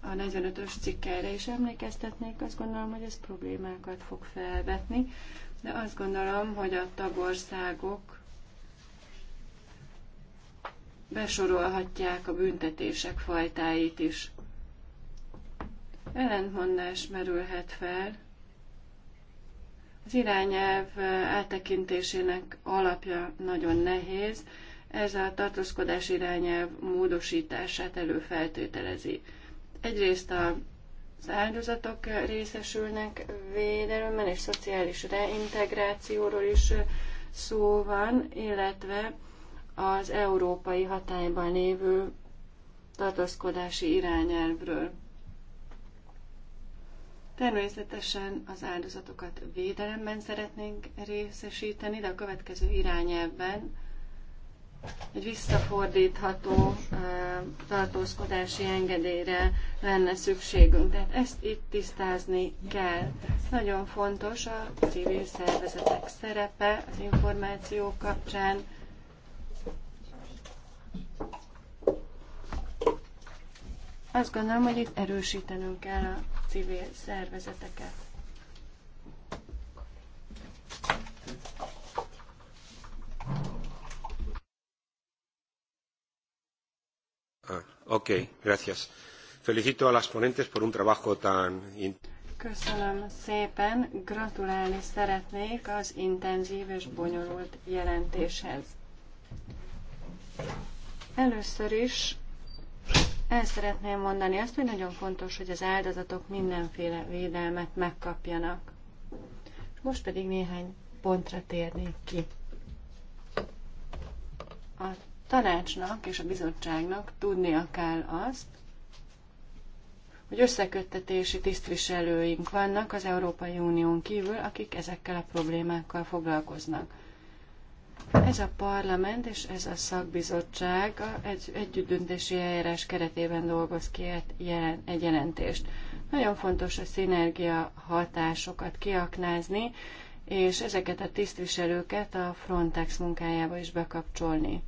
A: a 45-ös cikkelre is emlékeztetnék, azt gondolom, hogy ez problémákat fog felvetni, de azt gondolom, hogy a tagországok besorolhatják a büntetések fajtáit is. Ellentmondás merülhet fel. Az irányelv áttekintésének alapja nagyon nehéz, ez a tartózkodás irányelv módosítását előfeltételezi. Egyrészt a az áldozatok részesülnek védelemben, és szociális reintegrációról is szó van, illetve az európai hatályban lévő tartózkodási irányelvről. Természetesen az áldozatokat védelemben szeretnénk részesíteni, de a következő irányelvben egy visszafordítható tartózkodási engedélyre lenne szükségünk. Tehát ezt itt tisztázni kell. Nagyon fontos a civil szervezetek szerepe az információ kapcsán. Azt gondolom, hogy itt erősítenünk kell a civil szervezeteket. Köszönöm szépen, gratulálni szeretnék az intenzív és bonyolult jelentéshez. Először is el szeretném mondani azt, hogy nagyon fontos, hogy az áldozatok mindenféle védelmet megkapjanak. Most pedig néhány pontra térnék ki. A tanácsnak és a bizottságnak tudnia kell azt, hogy összeköttetési tisztviselőink vannak az Európai Unión kívül, akik ezekkel a problémákkal foglalkoznak. Ez a parlament és ez a szakbizottság egy együttdöntési eljárás keretében dolgoz ki egy jelentést. Nagyon fontos a szinergia hatásokat kiaknázni, és ezeket a tisztviselőket a Frontex munkájába is bekapcsolni.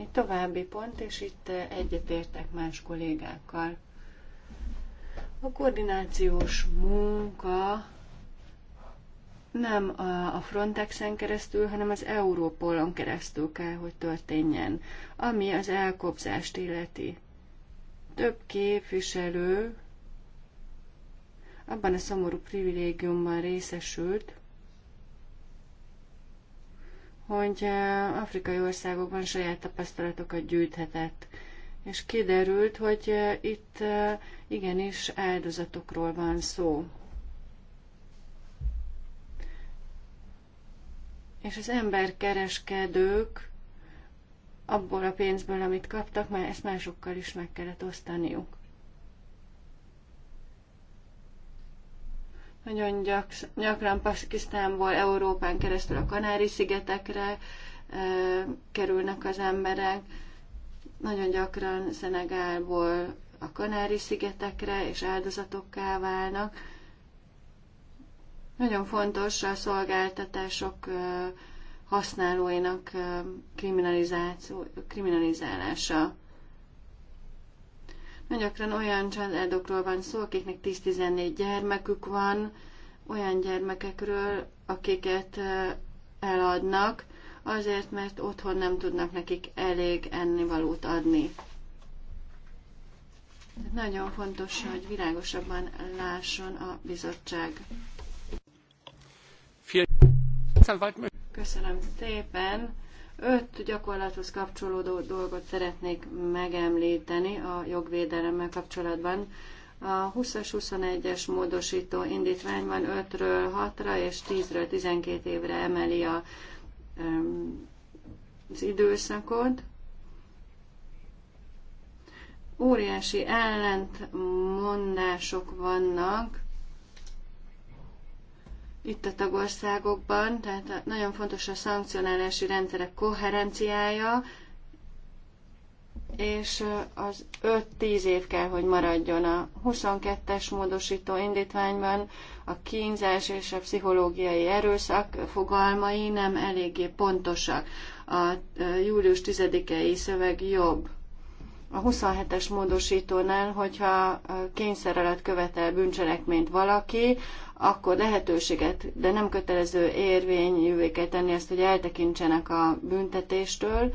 A: Egy további pont, és itt eh, egyetértek más kollégákkal. A koordinációs munka nem a Frontexen keresztül, hanem az Európolon keresztül kell, hogy történjen, ami az elkobzást illeti. Több képviselő abban a szomorú privilégiumban részesült, hogy afrikai országokban saját tapasztalatokat gyűjthetett. És kiderült, hogy itt igenis áldozatokról van szó. És az emberkereskedők abból a pénzből, amit kaptak, mert ezt másokkal is meg kellett osztaniuk. Nagyon gyaksz, gyakran Pakisztánból Európán keresztül a Kanári-szigetekre e, kerülnek az emberek, nagyon gyakran Szenegálból a Kanári-szigetekre és áldozatokká válnak. Nagyon fontos a szolgáltatások használóinak kriminalizáció, kriminalizálása. Nagyon olyan családokról van szó, akiknek 10-14 gyermekük van, olyan gyermekekről, akiket eladnak, azért, mert otthon nem tudnak nekik elég ennivalót adni. Nagyon fontos, hogy világosabban lásson a bizottság. Köszönöm szépen! Öt gyakorlathoz kapcsolódó dolgot szeretnék megemlíteni a jogvédelemmel kapcsolatban. A 20-as, 21-es módosító indítványban 5-ről 6-ra és 10-ről 12 évre emeli a, az időszakot. Óriási ellentmondások vannak itt a tagországokban, tehát nagyon fontos a szankcionálási rendszerek koherenciája, és az 5-10 év kell, hogy maradjon a 22-es módosító indítványban a kínzás és a pszichológiai erőszak fogalmai nem eléggé pontosak. A július 10-i szöveg jobb a 27-es módosítónál, hogyha kényszerelet követel bűncselekményt valaki, akkor lehetőséget, de nem kötelező érvényűvé kell tenni ezt, hogy eltekintsenek a büntetéstől.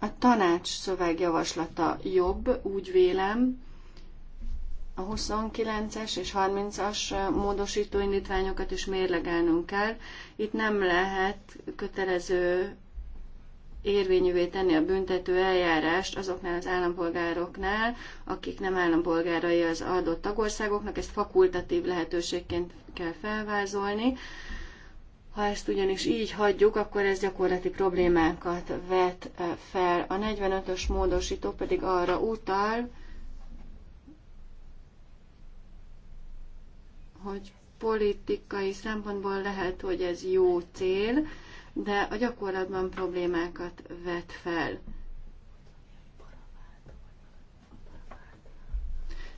A: A tanács szövegjavaslata jobb, úgy vélem, a 29-es és 30-as módosító indítványokat is mérlegelnünk kell. Itt nem lehet kötelező érvényűvé tenni a büntető eljárást azoknál az állampolgároknál, akik nem állampolgárai az adott tagországoknak, ezt fakultatív lehetőségként kell felvázolni. Ha ezt ugyanis így hagyjuk, akkor ez gyakorlati problémákat vet fel. A 45-ös módosító pedig arra utal, hogy politikai szempontból lehet, hogy ez jó cél, de a gyakorlatban problémákat vet fel.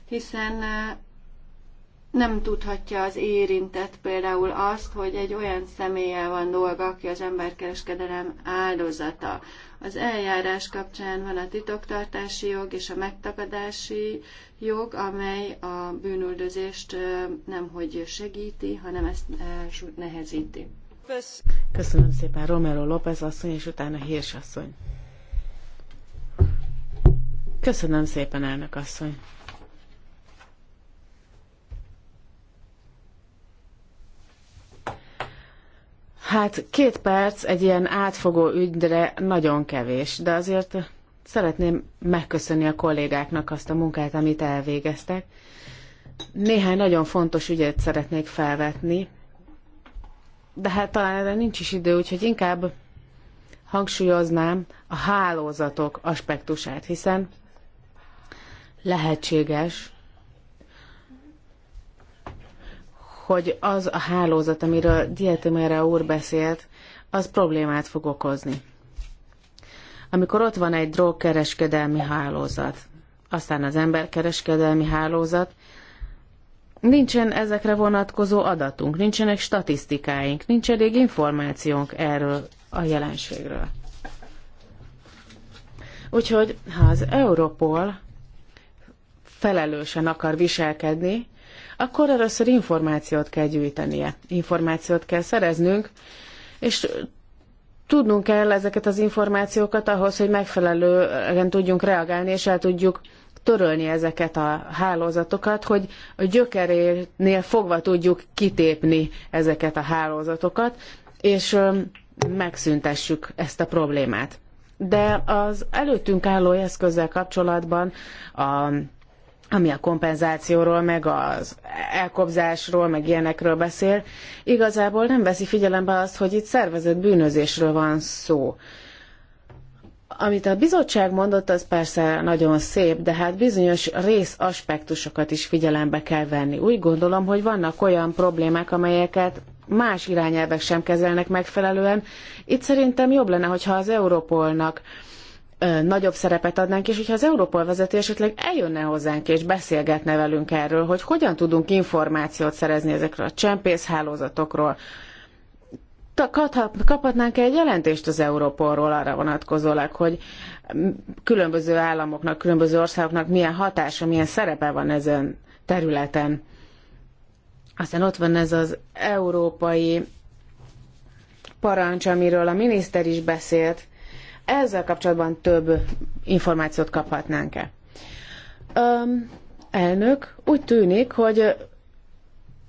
A: Hiszen nem tudhatja az érintett például azt, hogy egy olyan személlyel van dolga, aki az emberkereskedelem áldozata. Az eljárás kapcsán van a titoktartási jog és a megtagadási jog, amely a bűnüldözést nemhogy segíti, hanem ezt
D: nehezíti. Köszönöm szépen Romero López asszony, és utána Hírs asszony. Köszönöm szépen, elnök asszony. Hát két perc egy ilyen átfogó ügyre nagyon kevés, de azért szeretném megköszönni a kollégáknak azt a munkát, amit elvégeztek. Néhány nagyon fontos ügyet szeretnék felvetni, de hát talán erre nincs is idő, úgyhogy inkább hangsúlyoznám a hálózatok aspektusát, hiszen lehetséges, hogy az a hálózat, amiről Dietemere úr beszélt, az problémát fog okozni. Amikor ott van egy drogkereskedelmi hálózat, aztán az emberkereskedelmi hálózat, nincsen ezekre vonatkozó adatunk, nincsenek statisztikáink, nincs elég információnk erről a jelenségről. Úgyhogy, ha az Europol felelősen akar viselkedni, akkor először információt kell gyűjtenie, információt kell szereznünk, és tudnunk kell ezeket az információkat ahhoz, hogy megfelelően tudjunk reagálni, és el tudjuk törölni ezeket a hálózatokat, hogy a gyökerénél fogva tudjuk kitépni ezeket a hálózatokat, és megszüntessük ezt a problémát. De az előttünk álló eszközzel kapcsolatban a ami a kompenzációról, meg az elkobzásról, meg ilyenekről beszél, igazából nem veszi figyelembe azt, hogy itt szervezett bűnözésről van szó. Amit a bizottság mondott, az persze nagyon szép, de hát bizonyos részaspektusokat is figyelembe kell venni. Úgy gondolom, hogy vannak olyan problémák, amelyeket más irányelvek sem kezelnek megfelelően. Itt szerintem jobb lenne, hogyha az Európolnak nagyobb szerepet adnánk, és hogyha az Európol vezető esetleg eljönne hozzánk és beszélgetne velünk erről, hogy hogyan tudunk információt szerezni ezekről a csempészhálózatokról, kaphatnánk -e egy jelentést az Európolról arra vonatkozólag, hogy különböző államoknak, különböző országoknak milyen hatása, milyen szerepe van ezen területen. Aztán ott van ez az európai parancs, amiről a miniszter is beszélt, ezzel kapcsolatban több információt kaphatnánk-e? elnök, úgy tűnik, hogy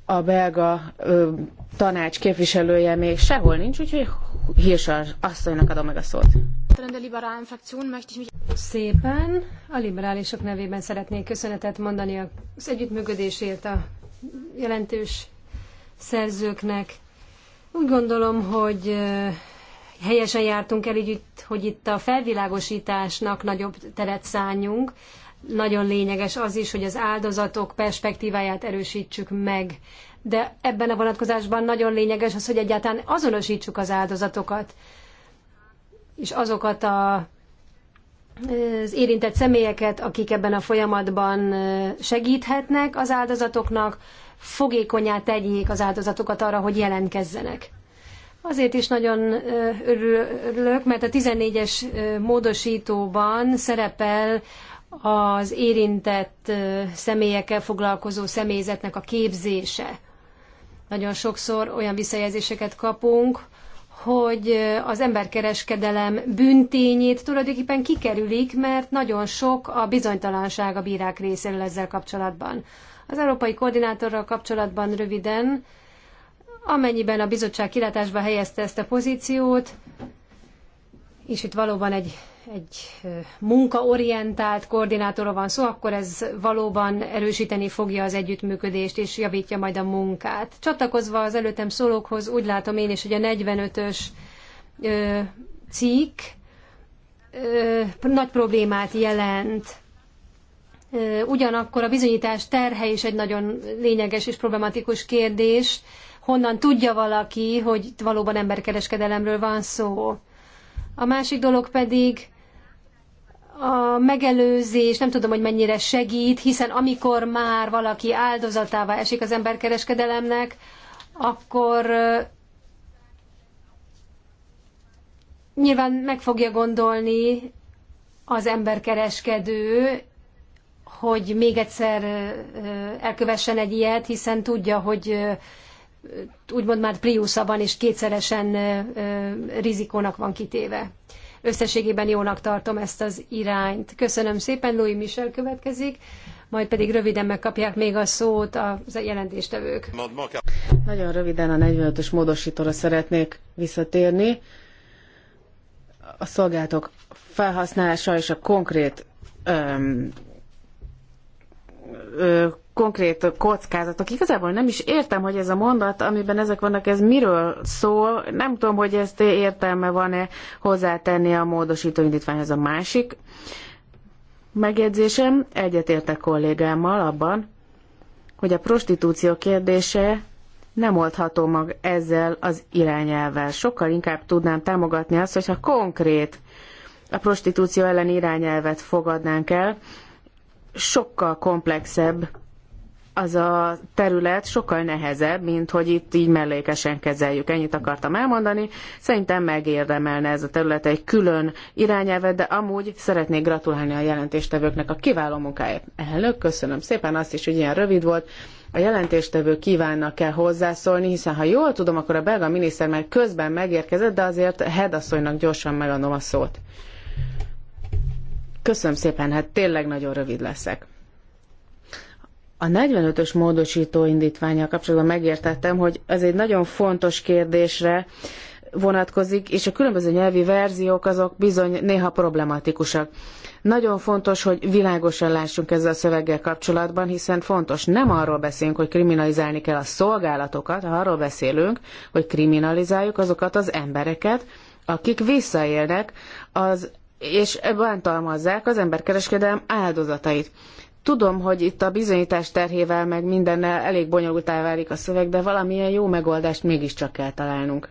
D: a belga ö, tanács képviselője még sehol nincs, úgyhogy Hirsar asszonynak adom meg a szót.
B: Szépen. A liberálisok nevében szeretnék köszönetet mondani az együttműködésért a jelentős szerzőknek. Úgy gondolom, hogy helyesen jártunk el, így, hogy itt a felvilágosításnak nagyobb teret szálljunk. Nagyon lényeges az is, hogy az áldozatok perspektíváját erősítsük meg. De ebben a vonatkozásban nagyon lényeges az, hogy egyáltalán azonosítsuk az áldozatokat, és azokat a az érintett személyeket, akik ebben a folyamatban segíthetnek az áldozatoknak, fogékonyá tegyék az áldozatokat arra, hogy jelentkezzenek. Azért is nagyon örülök, mert a 14-es módosítóban szerepel az érintett személyekkel foglalkozó személyzetnek a képzése. Nagyon sokszor olyan visszajelzéseket kapunk, hogy az emberkereskedelem bűntényét tulajdonképpen kikerülik, mert nagyon sok a bizonytalanság a bírák részéről ezzel kapcsolatban. Az európai koordinátorral kapcsolatban röviden Amennyiben a bizottság kilátásba helyezte ezt a pozíciót, és itt valóban egy, egy munkaorientált koordinátorról van szó, akkor ez valóban erősíteni fogja az együttműködést, és javítja majd a munkát. Csatlakozva az előttem szólókhoz úgy látom én is, hogy a 45-ös cikk ö, nagy problémát jelent. ugyanakkor a bizonyítás terhe is egy nagyon lényeges és problematikus kérdés honnan tudja valaki, hogy itt valóban emberkereskedelemről van szó. A másik dolog pedig a megelőzés, nem tudom, hogy mennyire segít, hiszen amikor már valaki áldozatává esik az emberkereskedelemnek, akkor nyilván meg fogja gondolni az emberkereskedő, hogy még egyszer elkövessen egy ilyet, hiszen tudja, hogy úgymond már Priusza van, és kétszeresen rizikónak van kitéve. Összességében jónak tartom ezt az irányt. Köszönöm szépen, Louis Michel következik, majd pedig röviden megkapják még a szót a jelentéstevők.
D: Nagyon röviden a 45-ös módosítóra szeretnék visszatérni. A szolgáltok felhasználása és a konkrét öm, ö, konkrét kockázatok. Igazából nem is értem, hogy ez a mondat, amiben ezek vannak, ez miről szól. Nem tudom, hogy ezt értelme van-e hozzátenni a módosító indítványhoz a másik. Megjegyzésem, egyetértek kollégámmal abban, hogy a prostitúció kérdése nem oldható mag ezzel az irányelvel. Sokkal inkább tudnám támogatni azt, hogyha konkrét a prostitúció ellen irányelvet fogadnánk el, sokkal komplexebb az a terület, sokkal nehezebb, mint hogy itt így mellékesen kezeljük. Ennyit akartam elmondani. Szerintem megérdemelne ez a terület egy külön irányelvet, de amúgy szeretnék gratulálni a jelentéstevőknek a kiváló munkáért. Elnök, köszönöm szépen azt is, hogy ilyen rövid volt a jelentéstevő kívánnak kell hozzászólni, hiszen ha jól tudom, akkor a belga miniszter már közben megérkezett, de azért Hedasszonynak gyorsan megadom a szót. Köszönöm szépen, hát tényleg nagyon rövid leszek. A 45-ös módosító indítványa kapcsolatban megértettem, hogy ez egy nagyon fontos kérdésre vonatkozik, és a különböző nyelvi verziók azok bizony néha problematikusak. Nagyon fontos, hogy világosan lássunk ezzel a szöveggel kapcsolatban, hiszen fontos, nem arról beszélünk, hogy kriminalizálni kell a szolgálatokat, arról beszélünk, hogy kriminalizáljuk azokat az embereket, akik visszaélnek az és bántalmazzák az emberkereskedelem áldozatait. Tudom, hogy itt a bizonyítás terhével meg mindennel elég bonyolultá válik a szöveg, de valamilyen jó megoldást mégiscsak kell találnunk.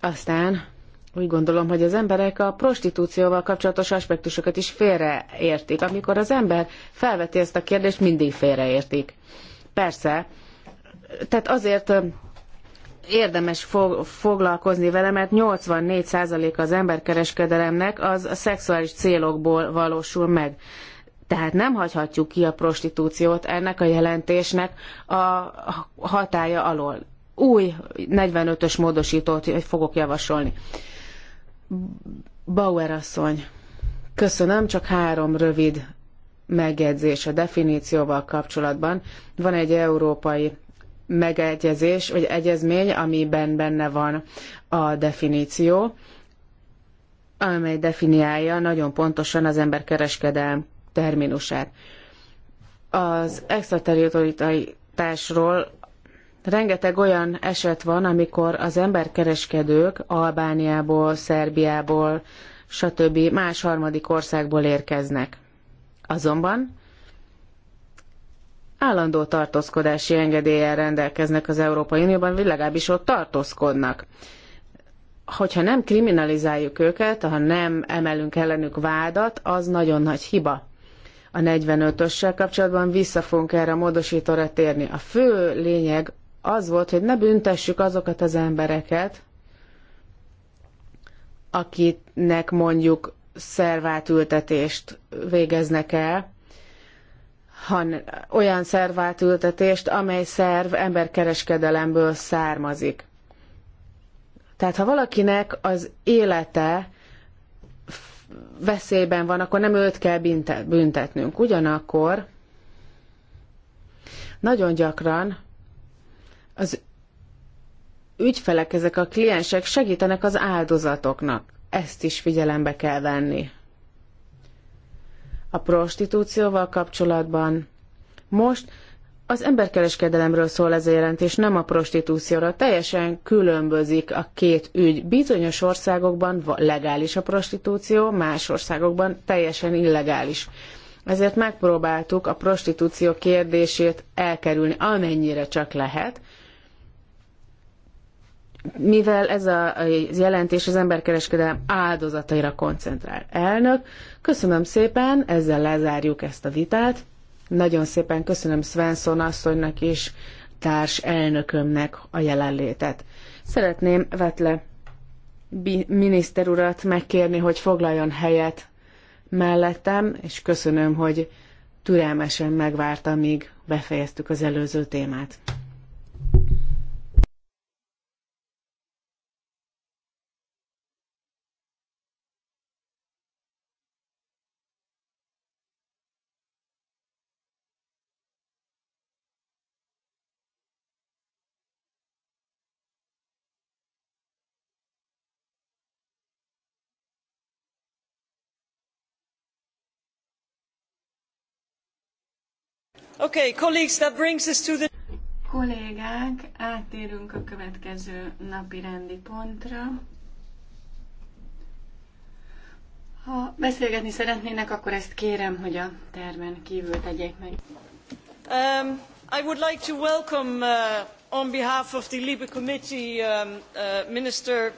D: Aztán úgy gondolom, hogy az emberek a prostitúcióval kapcsolatos aspektusokat is félreértik. Amikor az ember felveti ezt a kérdést, mindig félreértik. Persze, tehát azért érdemes foglalkozni vele, mert 84% az emberkereskedelemnek az a szexuális célokból valósul meg. Tehát nem hagyhatjuk ki a prostitúciót ennek a jelentésnek a hatája alól. Új 45-ös módosítót fogok javasolni. Bauer asszony, köszönöm, csak három rövid megjegyzés a definícióval kapcsolatban. Van egy európai megegyezés, vagy egyezmény, amiben benne van a definíció, amely definiálja nagyon pontosan az emberkereskedelm terminusát. Az extraterritorialitásról rengeteg olyan eset van, amikor az emberkereskedők Albániából, Szerbiából, stb. más harmadik országból érkeznek. Azonban állandó tartózkodási engedéllyel rendelkeznek az Európai Unióban, vagy legalábbis ott tartózkodnak. Hogyha nem kriminalizáljuk őket, ha nem emelünk ellenük vádat, az nagyon nagy hiba. A 45-össel kapcsolatban vissza fogunk erre a módosítóra térni. A fő lényeg az volt, hogy ne büntessük azokat az embereket, akiknek mondjuk szervátültetést végeznek el, han, olyan szervátültetést, amely szerv emberkereskedelemből származik. Tehát ha valakinek az élete veszélyben van, akkor nem őt kell büntetnünk. Ugyanakkor nagyon gyakran az ügyfelek, ezek a kliensek segítenek az áldozatoknak. Ezt is figyelembe kell venni a prostitúcióval kapcsolatban. Most az emberkereskedelemről szól ez a jelentés, nem a prostitúcióra. Teljesen különbözik a két ügy. Bizonyos országokban legális a prostitúció, más országokban teljesen illegális. Ezért megpróbáltuk a prostitúció kérdését elkerülni, amennyire csak lehet, mivel ez a jelentés az emberkereskedelem áldozataira koncentrál. Elnök, köszönöm szépen, ezzel lezárjuk ezt a vitát. Nagyon szépen köszönöm Svensson asszonynak és társ elnökömnek a jelenlétet. Szeretném Vetle miniszter urat megkérni, hogy foglaljon helyet mellettem, és köszönöm, hogy türelmesen megvárta, míg befejeztük az előző témát.
A: Okay, colleagues, that brings us to the... Kollégák, áttérünk a következő napi rendi pontra. Ha beszélgetni szeretnének, akkor ezt kérem, hogy a termen kívül tegyék meg. Um, I would like to welcome uh, on behalf of the Libe Committee um, uh, Minister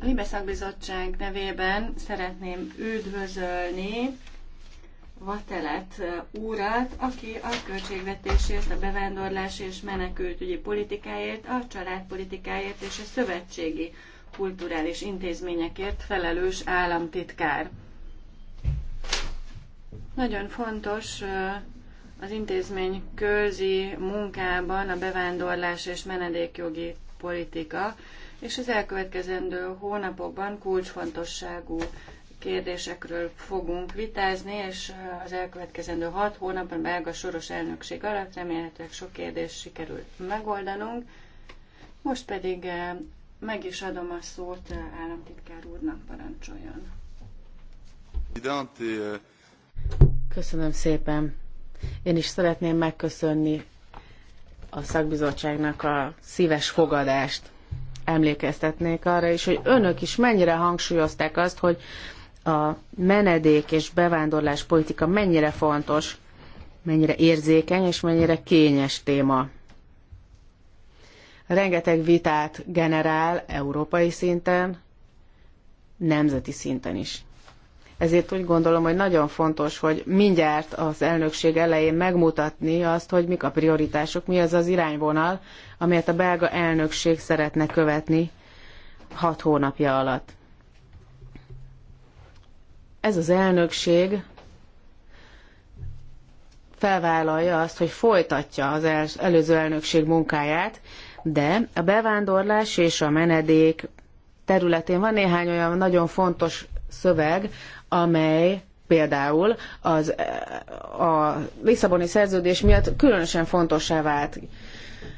A: a Libe Szakbizottság nevében szeretném üdvözölni Vatelet úrát, aki a költségvetésért, a bevándorlás és menekültügyi politikáért, a családpolitikáért és a szövetségi kulturális intézményekért felelős államtitkár. Nagyon fontos az intézmény közi munkában a bevándorlás és menedékjogi politika, és az elkövetkezendő hónapokban kulcsfontosságú kérdésekről fogunk vitázni, és az elkövetkezendő hat hónapban belga soros elnökség alatt remélhetőleg sok kérdés sikerül megoldanunk. Most pedig meg is adom a szót államtitkár úrnak, parancsoljon.
D: Köszönöm szépen. Én is szeretném megköszönni a szakbizottságnak a szíves fogadást. Emlékeztetnék arra is, hogy önök is mennyire hangsúlyozták azt, hogy a menedék és bevándorlás politika mennyire fontos, mennyire érzékeny és mennyire kényes téma. Rengeteg vitát generál európai szinten, nemzeti szinten is. Ezért úgy gondolom, hogy nagyon fontos, hogy mindjárt az elnökség elején megmutatni azt, hogy mik a prioritások, mi az az irányvonal, amelyet a belga elnökség szeretne követni hat hónapja alatt ez az elnökség felvállalja azt, hogy folytatja az előző elnökség munkáját, de a bevándorlás és a menedék területén van néhány olyan nagyon fontos szöveg, amely például az, a Lisszaboni szerződés miatt különösen fontossá vált.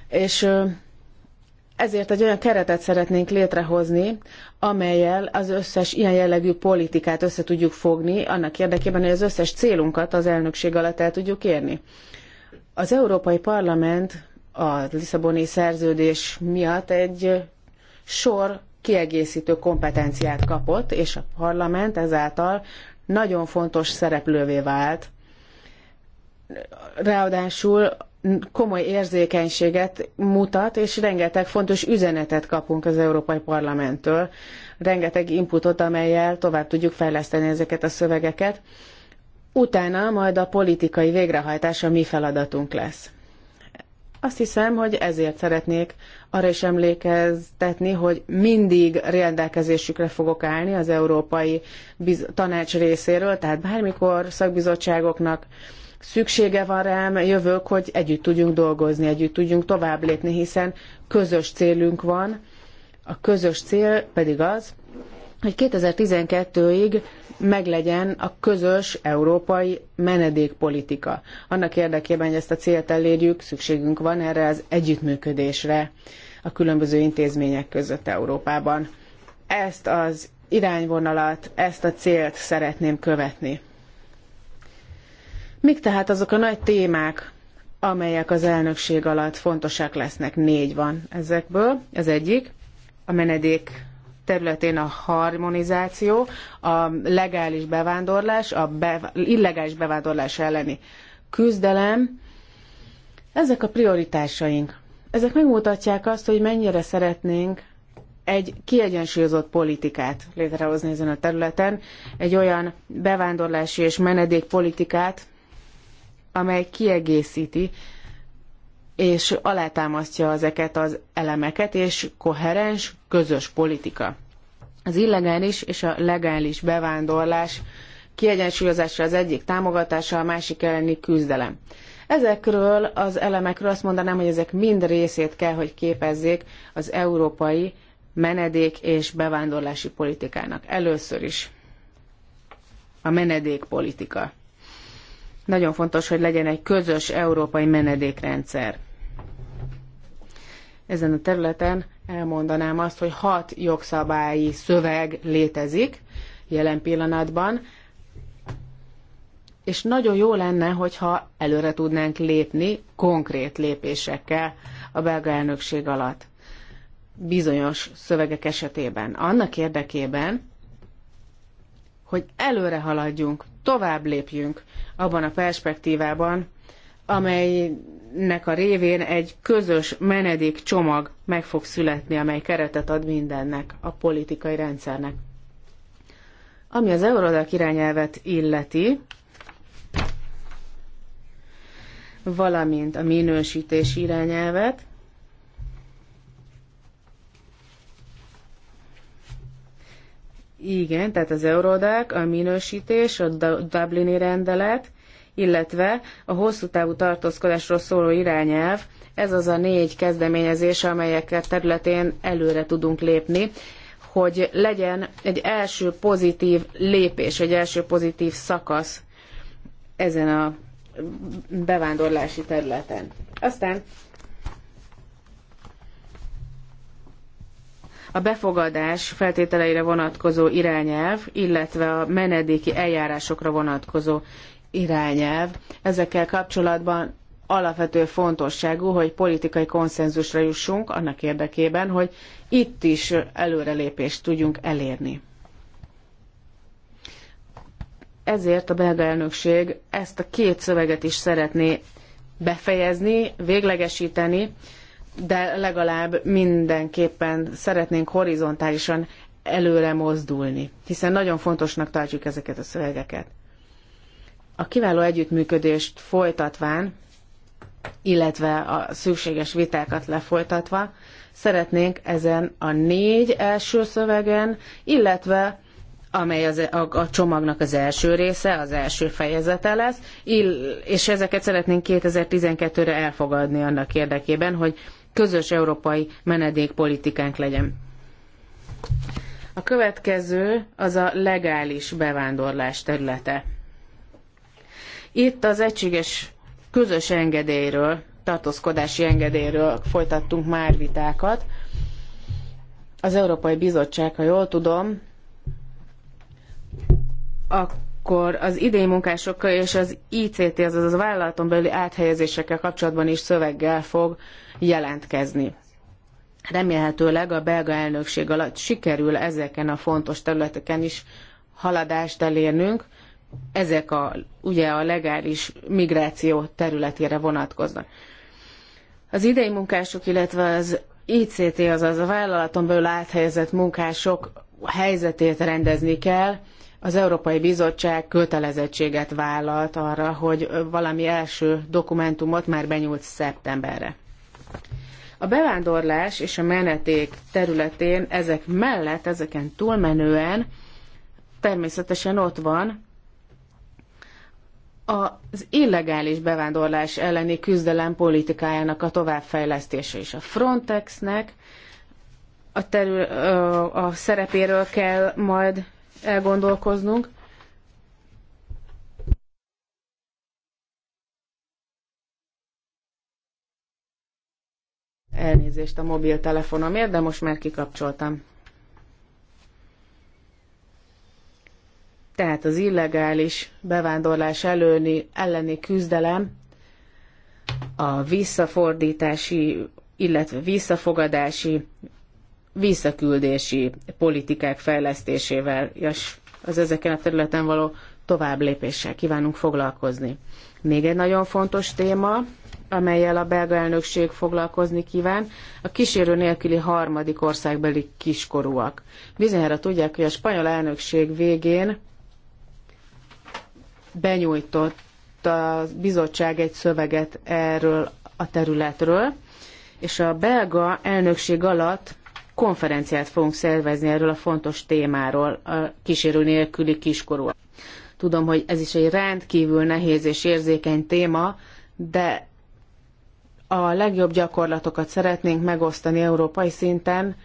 D: És ezért egy olyan keretet szeretnénk létrehozni, amelyel az összes ilyen jellegű politikát össze tudjuk fogni, annak érdekében, hogy az összes célunkat az elnökség alatt el tudjuk érni. Az Európai Parlament a Lisszaboni szerződés miatt egy sor kiegészítő kompetenciát kapott, és a parlament ezáltal nagyon fontos szereplővé vált. Ráadásul komoly érzékenységet mutat, és rengeteg fontos üzenetet kapunk az Európai Parlamenttől, rengeteg inputot, amelyel tovább tudjuk fejleszteni ezeket a szövegeket. Utána majd a politikai végrehajtása mi feladatunk lesz. Azt hiszem, hogy ezért szeretnék arra is emlékeztetni, hogy mindig rendelkezésükre fogok állni az Európai Tanács részéről, tehát bármikor szakbizottságoknak, szüksége van rám, jövök, hogy együtt tudjunk dolgozni, együtt tudjunk tovább lépni, hiszen közös célunk van. A közös cél pedig az, hogy 2012-ig meglegyen a közös európai menedékpolitika. Annak érdekében, hogy ezt a célt elérjük, szükségünk van erre az együttműködésre a különböző intézmények között Európában. Ezt az irányvonalat, ezt a célt szeretném követni. Mik tehát azok a nagy témák, amelyek az elnökség alatt fontosak lesznek? Négy van ezekből. Az egyik a menedék területén a harmonizáció, a legális bevándorlás, a bev- illegális bevándorlás elleni küzdelem. Ezek a prioritásaink. Ezek megmutatják azt, hogy mennyire szeretnénk egy kiegyensúlyozott politikát létrehozni ezen a területen, egy olyan bevándorlási és menedékpolitikát, amely kiegészíti és alátámasztja ezeket az elemeket, és koherens, közös politika. Az illegális és a legális bevándorlás kiegyensúlyozása az egyik támogatása, a másik elleni küzdelem. Ezekről az elemekről azt mondanám, hogy ezek mind részét kell, hogy képezzék az európai menedék és bevándorlási politikának. Először is a menedékpolitika. Nagyon fontos, hogy legyen egy közös európai menedékrendszer. Ezen a területen elmondanám azt, hogy hat jogszabályi szöveg létezik jelen pillanatban, és nagyon jó lenne, hogyha előre tudnánk lépni konkrét lépésekkel a belga elnökség alatt bizonyos szövegek esetében. Annak érdekében, hogy előre haladjunk tovább lépjünk abban a perspektívában, amelynek a révén egy közös menedékcsomag meg fog születni, amely keretet ad mindennek, a politikai rendszernek. Ami az Eurodac irányelvet illeti, valamint a minősítési irányelvet, Igen, tehát az eurodák, a minősítés, a Dublini rendelet, illetve a hosszú távú tartózkodásról szóló irányelv, ez az a négy kezdeményezés, amelyeket területén előre tudunk lépni, hogy legyen egy első pozitív lépés, egy első pozitív szakasz ezen a bevándorlási területen. Aztán a befogadás feltételeire vonatkozó irányelv, illetve a menedéki eljárásokra vonatkozó irányelv. Ezekkel kapcsolatban alapvető fontosságú, hogy politikai konszenzusra jussunk annak érdekében, hogy itt is előrelépést tudjunk elérni. Ezért a belga elnökség ezt a két szöveget is szeretné befejezni, véglegesíteni, de legalább mindenképpen szeretnénk horizontálisan előre mozdulni, hiszen nagyon fontosnak tartjuk ezeket a szövegeket. A kiváló együttműködést folytatván, illetve a szükséges vitákat lefolytatva, szeretnénk ezen a négy első szövegen, illetve amely az, a, a csomagnak az első része, az első fejezete lesz, ill, és ezeket szeretnénk 2012-re elfogadni annak érdekében, hogy közös európai menedékpolitikánk legyen. A következő az a legális bevándorlás területe. Itt az egységes közös engedélyről, tartózkodási engedélyről folytattunk már vitákat. Az Európai Bizottság, ha jól tudom, a akkor az idei munkásokkal és az ICT, azaz a vállalaton belüli áthelyezésekkel kapcsolatban is szöveggel fog jelentkezni. Remélhetőleg a belga elnökség alatt sikerül ezeken a fontos területeken is haladást elérnünk. Ezek a, ugye a legális migráció területére vonatkoznak. Az idei munkások, illetve az ICT, azaz a vállalaton belül áthelyezett munkások helyzetét rendezni kell, az Európai Bizottság kötelezettséget vállalt arra, hogy valami első dokumentumot már benyújt szeptemberre. A bevándorlás és a meneték területén ezek mellett, ezeken túlmenően természetesen ott van az illegális bevándorlás elleni küzdelem politikájának a továbbfejlesztése is. A Frontexnek a, terül, a szerepéről kell majd elgondolkoznunk. Elnézést a mobiltelefonomért, de most már kikapcsoltam. Tehát az illegális bevándorlás előni, elleni küzdelem a visszafordítási, illetve visszafogadási visszaküldési politikák fejlesztésével és az ezeken a területen való tovább lépéssel kívánunk foglalkozni. Még egy nagyon fontos téma, amelyel a belga elnökség foglalkozni kíván, a kísérő nélküli harmadik országbeli kiskorúak. Bizonyára tudják, hogy a spanyol elnökség végén benyújtott a bizottság egy szöveget erről a területről, és a belga elnökség alatt konferenciát fogunk szervezni erről a fontos témáról, a kísérő nélküli kiskorú. Tudom, hogy ez is egy rendkívül nehéz és érzékeny téma, de a legjobb gyakorlatokat szeretnénk megosztani európai szinten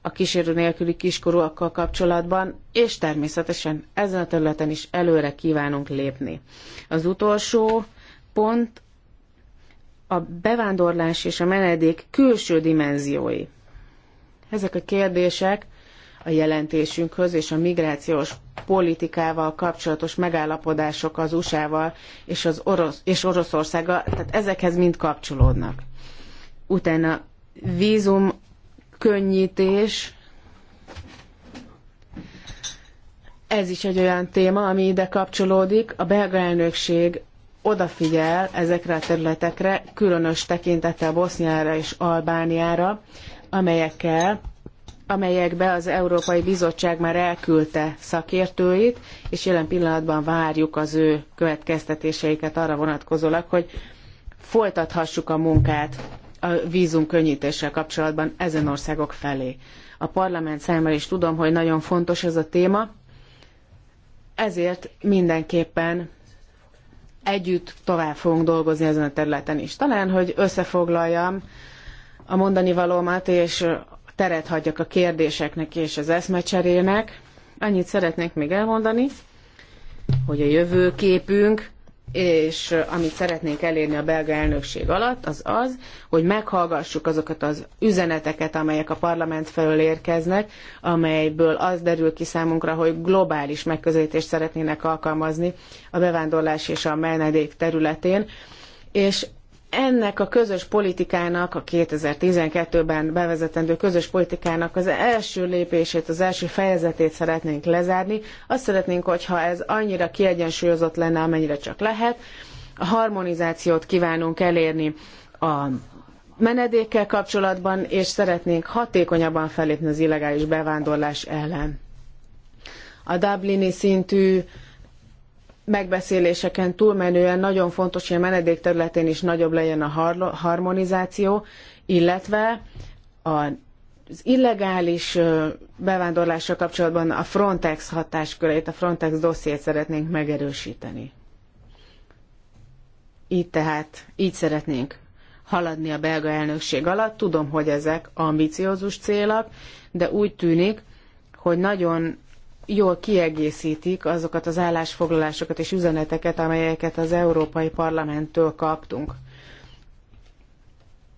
D: a kísérő nélküli kiskorúakkal kapcsolatban, és természetesen ezen a területen is előre kívánunk lépni. Az utolsó pont a bevándorlás és a menedék külső dimenziói. Ezek a kérdések a jelentésünkhöz és a migrációs politikával kapcsolatos megállapodások az USA-val és, az Orosz, és Oroszországgal, tehát ezekhez mind kapcsolódnak. Utána vízum könnyítés, ez is egy olyan téma, ami ide kapcsolódik. A belga elnökség odafigyel ezekre a területekre, különös tekintettel Boszniára és Albániára, amelyekkel amelyekbe az Európai Bizottság már elküldte szakértőit, és jelen pillanatban várjuk az ő következtetéseiket arra vonatkozólag, hogy folytathassuk a munkát a vízum könnyítéssel kapcsolatban ezen országok felé. A parlament számára is tudom, hogy nagyon fontos ez a téma, ezért mindenképpen együtt tovább fogunk dolgozni ezen a területen is. Talán, hogy összefoglaljam, a mondani valómat, és teret hagyjak a kérdéseknek és az eszmecserének. Annyit szeretnék még elmondani, hogy a jövőképünk, és amit szeretnénk elérni a belga elnökség alatt, az az, hogy meghallgassuk azokat az üzeneteket, amelyek a parlament felől érkeznek, amelyből az derül ki számunkra, hogy globális megközelítést szeretnének alkalmazni a bevándorlás és a menedék területén, és ennek a közös politikának, a 2012-ben bevezetendő közös politikának az első lépését, az első fejezetét szeretnénk lezárni. Azt szeretnénk, hogyha ez annyira kiegyensúlyozott lenne, amennyire csak lehet. A harmonizációt kívánunk elérni a menedékkel kapcsolatban, és szeretnénk hatékonyabban felépni az illegális bevándorlás ellen. A Dublini szintű megbeszéléseken túlmenően nagyon fontos, hogy a menedék területén is nagyobb legyen a harmonizáció, illetve az illegális bevándorlással kapcsolatban a Frontex hatáskörét, a Frontex dossziét szeretnénk megerősíteni. Így tehát, így szeretnénk haladni a belga elnökség alatt. Tudom, hogy ezek ambiciózus célak, de úgy tűnik, hogy nagyon jól kiegészítik azokat az állásfoglalásokat és üzeneteket, amelyeket az Európai Parlamenttől kaptunk.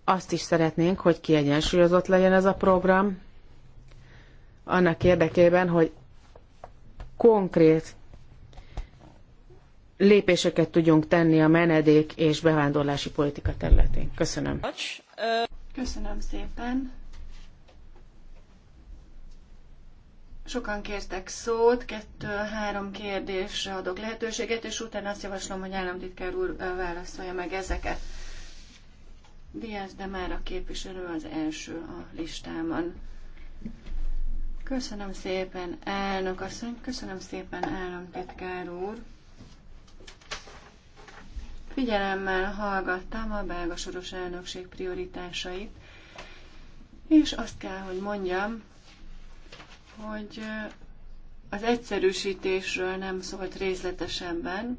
D: Azt is szeretnénk, hogy kiegyensúlyozott legyen ez a program, annak érdekében, hogy konkrét lépéseket tudjunk tenni a menedék és bevándorlási politika területén. Köszönöm.
A: Köszönöm szépen. Sokan kértek szót, kettő-három kérdésre adok lehetőséget, és utána azt javaslom, hogy államtitkár úr válaszolja meg ezeket. Diaz de már a képviselő az első a listámon. Köszönöm szépen, elnök asszony, köszönöm szépen, államtitkár úr. Figyelemmel hallgattam a belga soros elnökség prioritásait, és azt kell, hogy mondjam, hogy az egyszerűsítésről nem szólt részletesebben.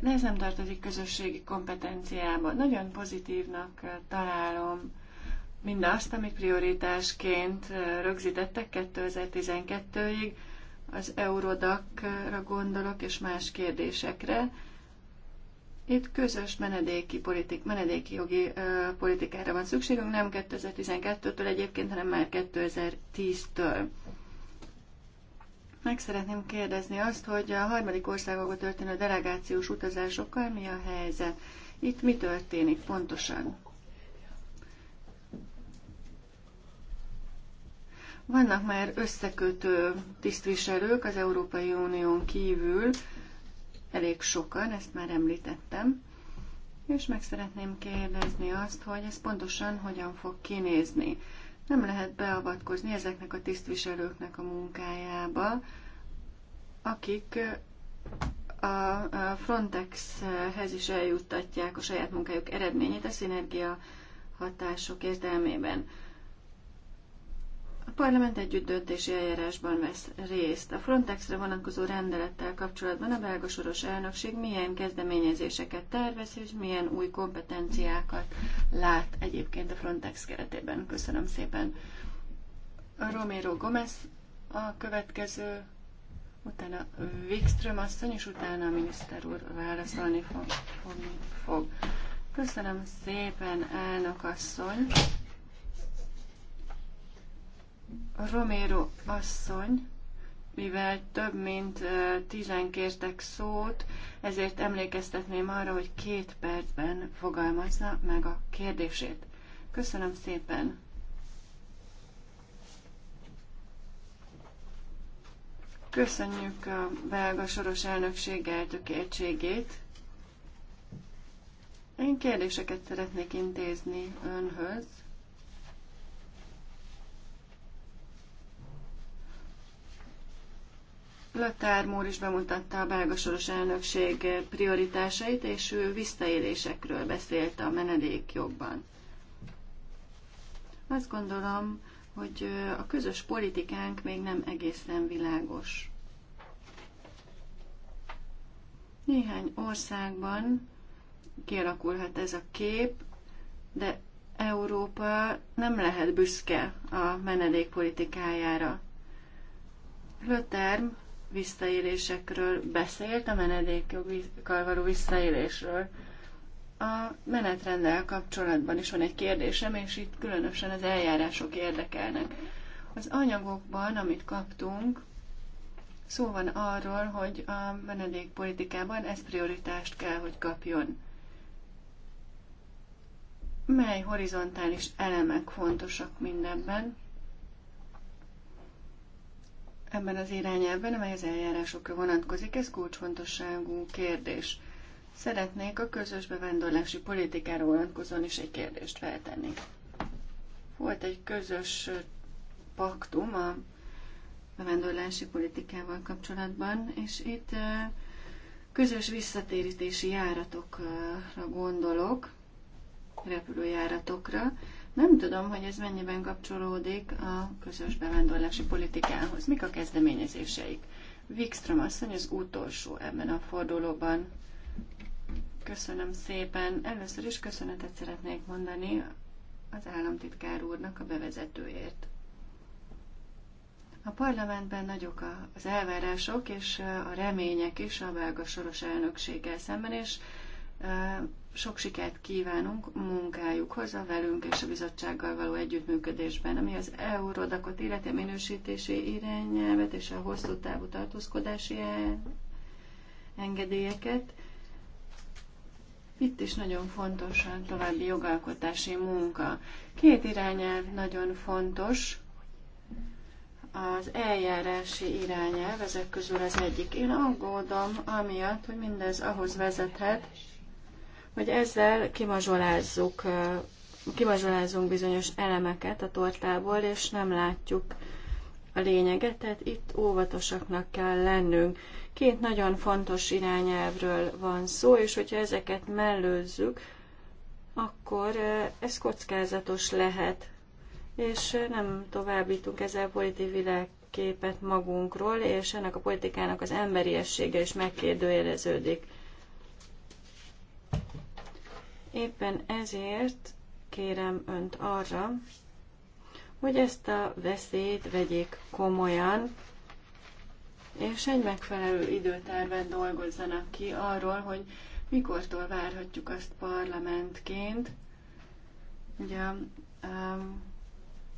A: De ez nem tartozik közösségi kompetenciába. Nagyon pozitívnak találom mindazt, amit prioritásként rögzítettek 2012-ig, az Eurodakra gondolok és más kérdésekre, itt közös menedéki, politik, menedéki jogi ö, politikára van szükségünk, nem 2012-től egyébként, hanem már 2010-től. Meg szeretném kérdezni azt, hogy a harmadik országokba történő delegációs utazásokkal mi a helyzet? Itt mi történik pontosan? Vannak már összekötő tisztviselők az Európai Unión kívül, elég sokan, ezt már említettem. És meg szeretném kérdezni azt, hogy ez pontosan hogyan fog kinézni. Nem lehet beavatkozni ezeknek a tisztviselőknek a munkájába, akik a Frontexhez is eljuttatják a saját munkájuk eredményét a szinergia hatások értelmében parlament együtt döntési eljárásban vesz részt. A Frontexre vonatkozó rendelettel kapcsolatban a belga soros elnökség milyen kezdeményezéseket tervez, és milyen új kompetenciákat lát egyébként a Frontex keretében. Köszönöm szépen. Romero Gomez a következő, utána Wikström asszony, és utána a miniszter úr válaszolni fog. fog. Köszönöm szépen, elnök asszony. Romero asszony, mivel több mint tizen kértek szót, ezért emlékeztetném arra, hogy két percben fogalmazza meg a kérdését. Köszönöm szépen! Köszönjük a belga soros elnökség eltökéltségét. Én kérdéseket szeretnék intézni önhöz. Latár Mór is bemutatta a belga soros elnökség prioritásait, és ő visszaélésekről beszélt a menedékjogban. Azt gondolom, hogy a közös politikánk még nem egészen világos. Néhány országban kialakulhat ez a kép, de Európa nem lehet büszke a menedékpolitikájára. Lötterm visszaélésekről beszélt, a menedékjogokkal való visszaélésről. A menetrenddel kapcsolatban is van egy kérdésem, és itt különösen az eljárások érdekelnek. Az anyagokban, amit kaptunk, szó van arról, hogy a menedékpolitikában ez prioritást kell, hogy kapjon. Mely horizontális elemek fontosak mindenben? ebben az irányelvben, amely az eljárásokra vonatkozik, ez kulcsfontosságú kérdés. Szeretnék a közös bevándorlási politikára vonatkozóan is egy kérdést feltenni. Volt egy közös paktum a bevándorlási politikával kapcsolatban, és itt közös visszatérítési járatokra gondolok, repülőjáratokra, nem tudom, hogy ez mennyiben kapcsolódik a közös bevándorlási politikához. Mik a kezdeményezéseik? Wikström asszony az utolsó ebben a fordulóban. Köszönöm szépen. Először is köszönetet szeretnék mondani az államtitkár úrnak a bevezetőért. A parlamentben nagyok az elvárások és a remények is a belga soros elnökséggel szemben, és sok sikert kívánunk munkájukhoz a velünk és a bizottsággal való együttműködésben, ami az eurodakot illeti minősítési irányelvet és a hosszú távú tartózkodási engedélyeket. Itt is nagyon fontos a további jogalkotási munka. Két irányelv nagyon fontos. Az eljárási irányelv, ezek közül az egyik. Én aggódom amiatt, hogy mindez ahhoz vezethet, hogy ezzel kimazsolázzuk, kimazsolázunk bizonyos elemeket a tortából, és nem látjuk a lényeget, tehát itt óvatosaknak kell lennünk. Két nagyon fontos irányelvről van szó, és hogyha ezeket mellőzzük, akkor ez kockázatos lehet, és nem továbbítunk ezzel politikai világképet magunkról, és ennek a politikának az emberiessége is megkérdőjeleződik. Éppen ezért kérem önt arra, hogy ezt a veszélyt vegyék komolyan, és egy megfelelő időtervet dolgozzanak ki arról, hogy mikortól várhatjuk azt parlamentként. Ugye a um,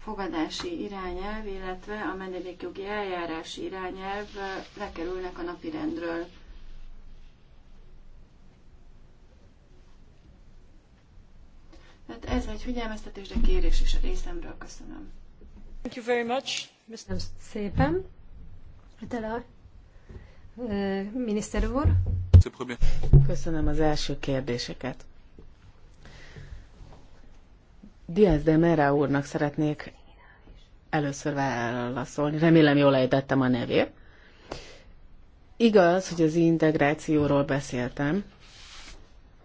A: fogadási irányelv, illetve a menedékjogi eljárási irányelv uh, lekerülnek a napirendről. Tehát ez egy figyelmeztetés, de kérés is a részemről. Köszönöm. Thank you very much.
B: Köszönöm szépen.
D: Tele miniszter úr. Köszönöm az első kérdéseket. Diaz de Mera úrnak szeretnék először válaszolni. Remélem jól ejtettem a nevét. Igaz, hogy az integrációról beszéltem.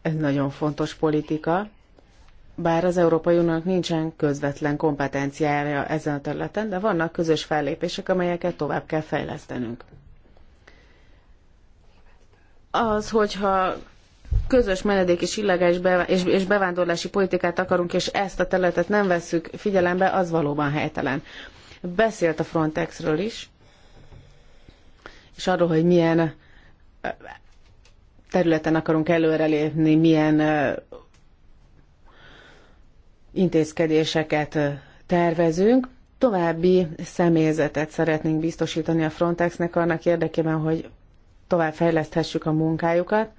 D: Ez nagyon fontos politika, bár az Európai Uniónak nincsen közvetlen kompetenciája ezen a területen, de vannak közös fellépések, amelyeket tovább kell fejlesztenünk. Az, hogyha közös menedék és illegális bevá- és, és bevándorlási politikát akarunk, és ezt a területet nem vesszük figyelembe, az valóban helytelen. Beszélt a Frontexről is, és arról, hogy milyen területen akarunk előrelépni, milyen intézkedéseket tervezünk. További személyzetet szeretnénk biztosítani a Frontexnek annak érdekében, hogy tovább fejleszthessük a munkájukat,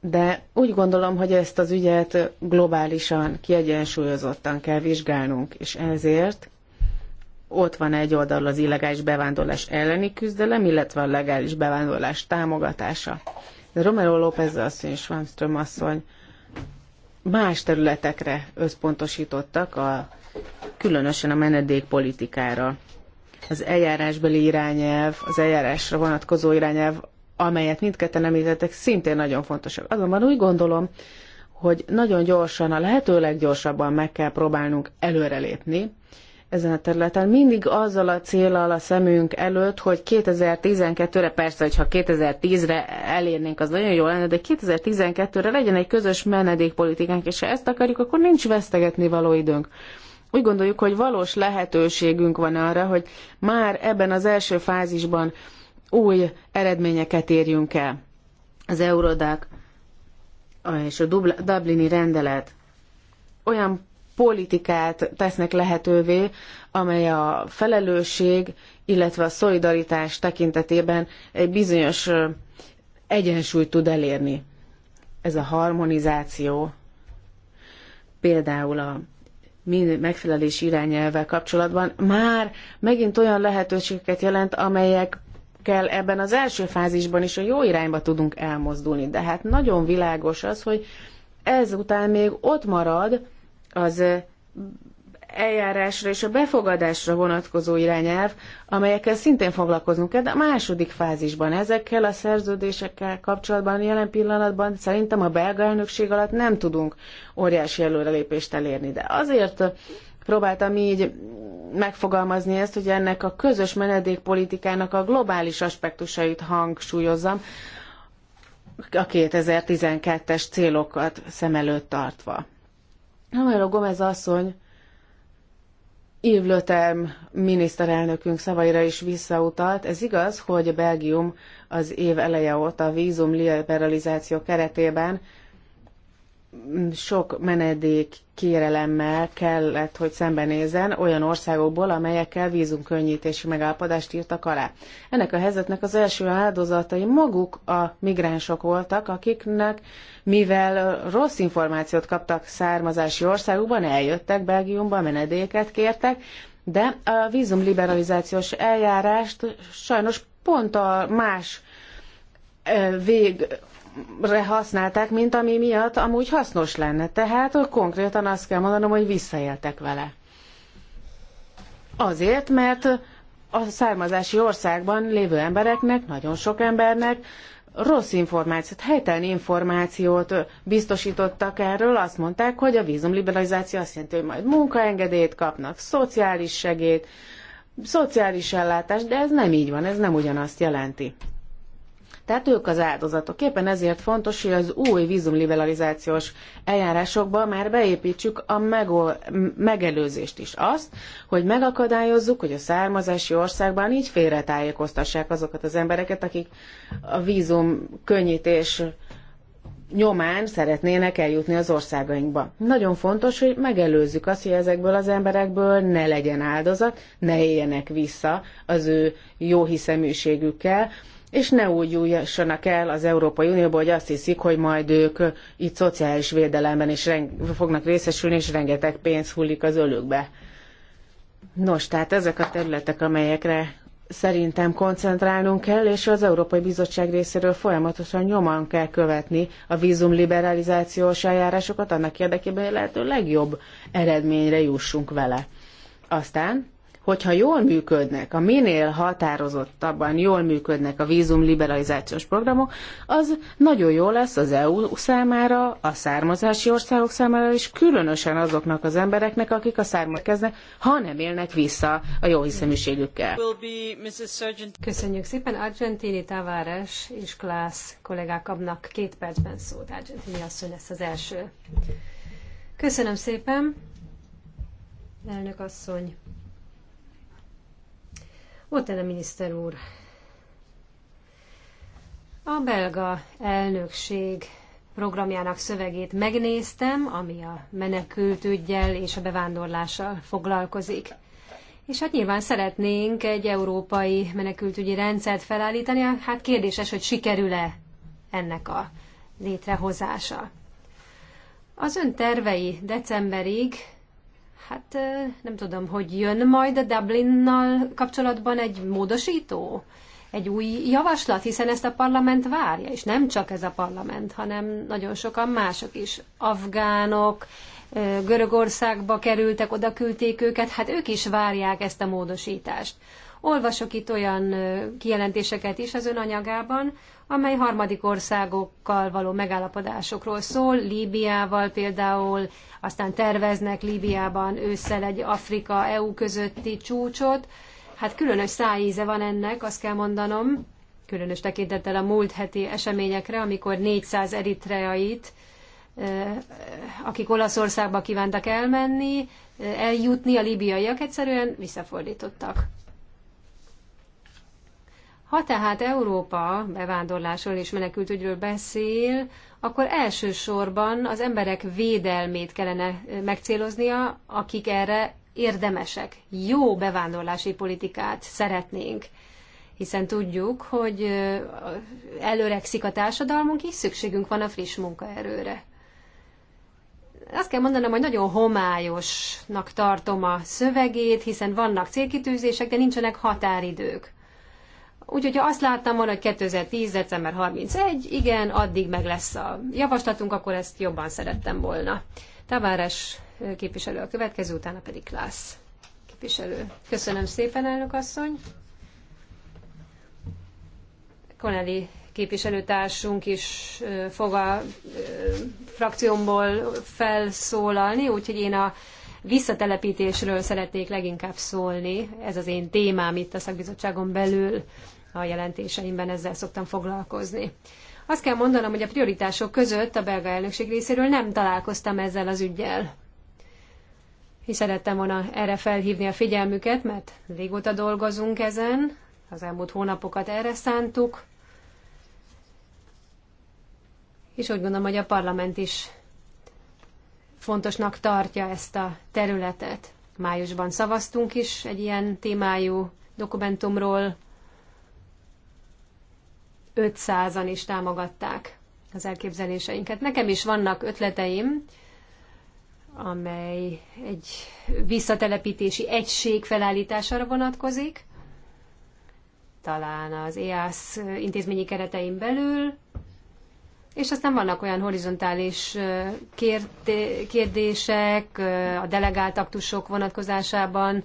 D: de úgy gondolom, hogy ezt az ügyet globálisan, kiegyensúlyozottan kell vizsgálnunk, és ezért ott van egy oldal az illegális bevándorlás elleni küzdelem, illetve a legális bevándorlás támogatása. De Romero López asszony és Malmström asszony más területekre összpontosítottak, a, különösen a menedékpolitikára. Az eljárásbeli irányelv, az eljárásra vonatkozó irányelv, amelyet mindketten említettek, szintén nagyon fontosak. Azonban úgy gondolom, hogy nagyon gyorsan, a lehető leggyorsabban meg kell próbálnunk előrelépni, ezen a területen. Mindig azzal a célral a szemünk előtt, hogy 2012-re, persze, hogyha 2010-re elérnénk, az nagyon jó lenne, de 2012-re legyen egy közös menedékpolitikánk, és ha ezt akarjuk, akkor nincs vesztegetni való időnk. Úgy gondoljuk, hogy valós lehetőségünk van arra, hogy már ebben az első fázisban új eredményeket érjünk el. Az Eurodac és a Dublini rendelet olyan politikát tesznek lehetővé, amely a felelősség, illetve a szolidaritás tekintetében egy bizonyos egyensúlyt tud elérni. Ez a harmonizáció például a megfelelés irányelvvel kapcsolatban már megint olyan lehetőségeket jelent, amelyek kell ebben az első fázisban is a jó irányba tudunk elmozdulni. De hát nagyon világos az, hogy ezután még ott marad az eljárásra és a befogadásra vonatkozó irányelv, amelyekkel szintén foglalkozunk, kell, de a második fázisban ezekkel a szerződésekkel kapcsolatban jelen pillanatban szerintem a belga elnökség alatt nem tudunk óriási előrelépést elérni. De azért próbáltam így megfogalmazni ezt, hogy ennek a közös menedékpolitikának a globális aspektusait hangsúlyozzam, a 2012-es célokat szem előtt tartva a Gomez asszony Yves miniszterelnökünk szavaira is visszautalt. Ez igaz, hogy Belgium az év eleje óta a vízum liberalizáció keretében sok menedék kérelemmel kellett, hogy szembenézzen olyan országokból, amelyekkel vízumkönnyítési megállapodást írtak alá. Ennek a helyzetnek az első áldozatai maguk a migránsok voltak, akiknek, mivel rossz információt kaptak származási országukban, eljöttek Belgiumba, menedéket kértek, de a vízumliberalizációs eljárást sajnos pont a más vég használták, mint ami miatt amúgy hasznos lenne. Tehát konkrétan azt kell mondanom, hogy visszaéltek vele. Azért, mert a származási országban lévő embereknek, nagyon sok embernek rossz információt, helytelen információt biztosítottak erről, azt mondták, hogy a vízumliberalizáció azt jelenti, hogy majd munkaengedélyt kapnak, szociális segélyt, szociális ellátást, de ez nem így van, ez nem ugyanazt jelenti. Tehát ők az áldozatok. Éppen ezért fontos, hogy az új vízumliberalizációs eljárásokba már beépítsük a megelőzést is. Azt, hogy megakadályozzuk, hogy a származási országban így félretájékoztassák azokat az embereket, akik a vízum könnyítés nyomán szeretnének eljutni az országainkba. Nagyon fontos, hogy megelőzzük azt, hogy ezekből az emberekből ne legyen áldozat, ne éljenek vissza az ő jó hiszeműségükkel és ne úgy jussanak el az Európai Unióba, hogy azt hiszik, hogy majd ők itt szociális védelemben is fognak részesülni, és rengeteg pénz hullik az ölükbe. Nos, tehát ezek a területek, amelyekre szerintem koncentrálnunk kell, és az Európai Bizottság részéről folyamatosan nyoman kell követni a vízumliberalizációs eljárásokat annak érdekében, hogy lehető legjobb eredményre jussunk vele. Aztán hogyha jól működnek, a minél határozottabban jól működnek a vízum liberalizációs programok, az nagyon jó lesz az EU számára, a származási országok számára, és különösen azoknak az embereknek, akik a keznek, ha nem élnek vissza a jó hiszeműségükkel.
B: Köszönjük szépen. Argentini Tavares és Klász kollégák kapnak két percben szót. Argentini asszony lesz az első. Köszönöm szépen. Elnök asszony, ott a miniszter úr. A belga elnökség programjának szövegét megnéztem, ami a menekültügyel és a bevándorlással foglalkozik. És hát nyilván szeretnénk egy európai menekültügyi rendszert felállítani, hát kérdéses, hogy sikerül-e ennek a létrehozása. Az ön tervei decemberig Hát nem tudom, hogy jön majd a Dublinnal kapcsolatban egy módosító, egy új javaslat, hiszen ezt a parlament várja, és nem csak ez a parlament, hanem nagyon sokan mások is. Afgánok, Görögországba kerültek, oda küldték őket, hát ők is várják ezt a módosítást. Olvasok itt olyan kijelentéseket is az ön anyagában, amely harmadik országokkal való megállapodásokról szól, Líbiával például, aztán terveznek Líbiában ősszel egy Afrika-EU közötti csúcsot. Hát különös szájíze van ennek, azt kell mondanom, különös tekintettel a múlt heti eseményekre, amikor 400 eritreait akik Olaszországba kívántak elmenni, eljutni, a líbiaiak egyszerűen visszafordítottak. Ha tehát Európa bevándorlásról és menekültügyről beszél, akkor elsősorban az emberek védelmét kellene eh, megcéloznia, akik erre érdemesek. Jó bevándorlási politikát szeretnénk, hiszen tudjuk, hogy eh, előrekszik a társadalmunk, és szükségünk van a friss munkaerőre. Azt kell mondanom, hogy nagyon homályosnak tartom a szövegét, hiszen vannak célkitűzések, de nincsenek határidők Úgyhogy ha azt láttam volna, hogy 2010. december 31, igen, addig meg lesz a javaslatunk, akkor ezt jobban szerettem volna. Tavárás képviselő a következő, utána pedig Klász képviselő. Köszönöm szépen, elnök asszony. Koneli képviselőtársunk is fog a frakciómból felszólalni, úgyhogy én a visszatelepítésről szeretnék leginkább szólni. Ez az én témám itt a szakbizottságon belül a jelentéseimben ezzel szoktam foglalkozni. Azt kell mondanom, hogy a prioritások között a belga elnökség részéről nem találkoztam ezzel az ügyel. És szerettem volna erre felhívni a figyelmüket, mert régóta dolgozunk ezen, az elmúlt hónapokat erre szántuk, és úgy gondolom, hogy a parlament is fontosnak tartja ezt a területet. Májusban szavaztunk is egy ilyen témájú dokumentumról, 500-an is támogatták az elképzeléseinket. Nekem is vannak ötleteim, amely egy visszatelepítési egység felállítására vonatkozik, talán az EAS intézményi keretein belül, és aztán vannak olyan horizontális kérdések a delegált aktusok vonatkozásában,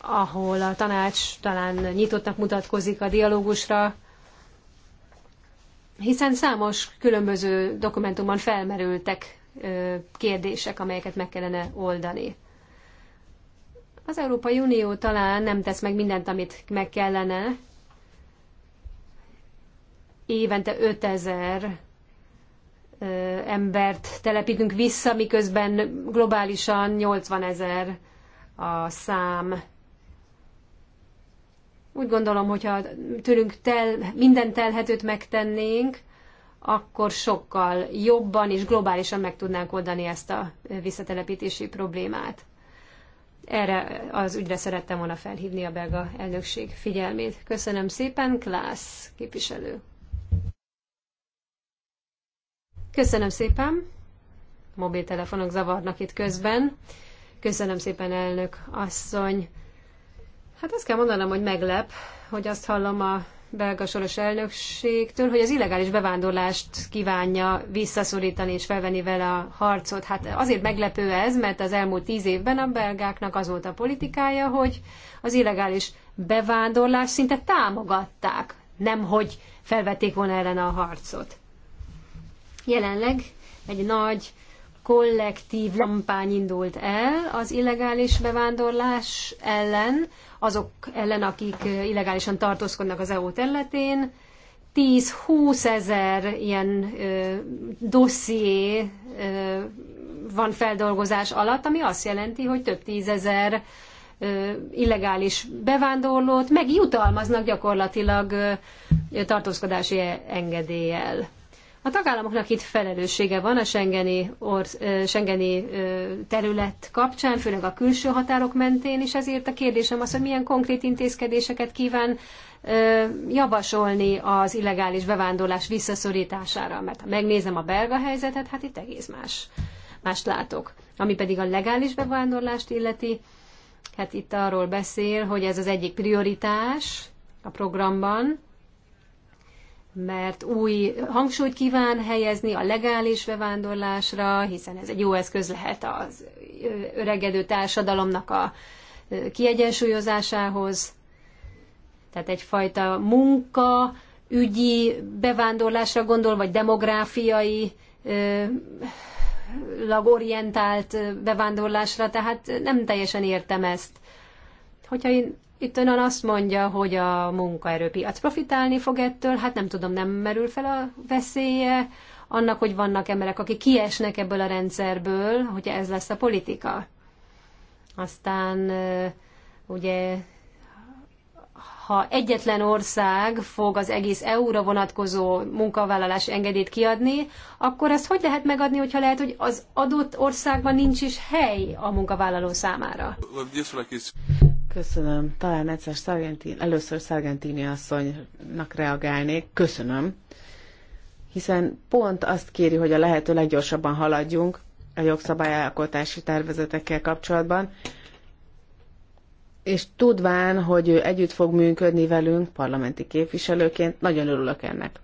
B: ahol a tanács talán nyitottnak mutatkozik a dialógusra, hiszen számos különböző dokumentumban felmerültek kérdések, amelyeket meg kellene oldani. Az Európai Unió talán nem tesz meg mindent, amit meg kellene. Évente 5000 embert telepítünk vissza, miközben globálisan 80 ezer a szám. Úgy gondolom, hogyha tőlünk tel, minden telhetőt megtennénk, akkor sokkal jobban és globálisan meg tudnánk oldani ezt a visszatelepítési problémát. Erre az ügyre szerettem volna felhívni a belga elnökség figyelmét. Köszönöm szépen, Klász képviselő. Köszönöm szépen. Mobiltelefonok zavarnak itt közben. Köszönöm szépen, elnök asszony. Hát azt kell mondanom, hogy meglep, hogy azt hallom a belga soros elnökségtől, hogy az illegális bevándorlást kívánja visszaszorítani és felvenni vele a harcot. Hát azért meglepő ez, mert az elmúlt tíz évben a belgáknak az volt a politikája, hogy az illegális bevándorlást szinte támogatták, nem hogy felvették volna ellen a harcot. Jelenleg egy nagy kollektív kampány indult el az illegális bevándorlás ellen, azok ellen, akik illegálisan tartózkodnak az EU területén. 10-20 ezer ilyen ö, dosszié ö, van feldolgozás alatt, ami azt jelenti, hogy több tízezer illegális bevándorlót megjutalmaznak gyakorlatilag ö, tartózkodási engedéllyel. A tagállamoknak itt felelőssége van a Schengeni, or, Schengeni terület kapcsán, főleg a külső határok mentén, és ezért a kérdésem az, hogy milyen konkrét intézkedéseket kíván javasolni az illegális bevándorlás visszaszorítására, mert ha megnézem a belga helyzetet, hát itt egész más, mást látok. Ami pedig a legális bevándorlást illeti, hát itt arról beszél, hogy ez az egyik prioritás a programban, mert új hangsúlyt kíván helyezni a legális bevándorlásra, hiszen ez egy jó eszköz lehet az öregedő társadalomnak a kiegyensúlyozásához. Tehát egyfajta munka, ügyi bevándorlásra gondol, vagy demográfiai lagorientált bevándorlásra, tehát nem teljesen értem ezt. Hogyha én itt ön azt mondja, hogy a munkaerőpiac profitálni fog ettől, hát nem tudom, nem merül fel a veszélye annak, hogy vannak emberek, akik kiesnek ebből a rendszerből, hogy ez lesz a politika. Aztán ugye ha egyetlen ország fog az egész EU-ra vonatkozó munkavállalás engedélyt kiadni, akkor ezt hogy lehet megadni, hogyha lehet, hogy az adott országban nincs is hely a munkavállaló
A: számára?
D: Köszönöm. Talán egyszer Sargentin, először Sargentini asszonynak reagálnék. Köszönöm. Hiszen pont azt kéri, hogy a lehető leggyorsabban haladjunk a jogszabályalkotási tervezetekkel kapcsolatban, és tudván, hogy ő együtt fog működni velünk parlamenti képviselőként, nagyon örülök ennek.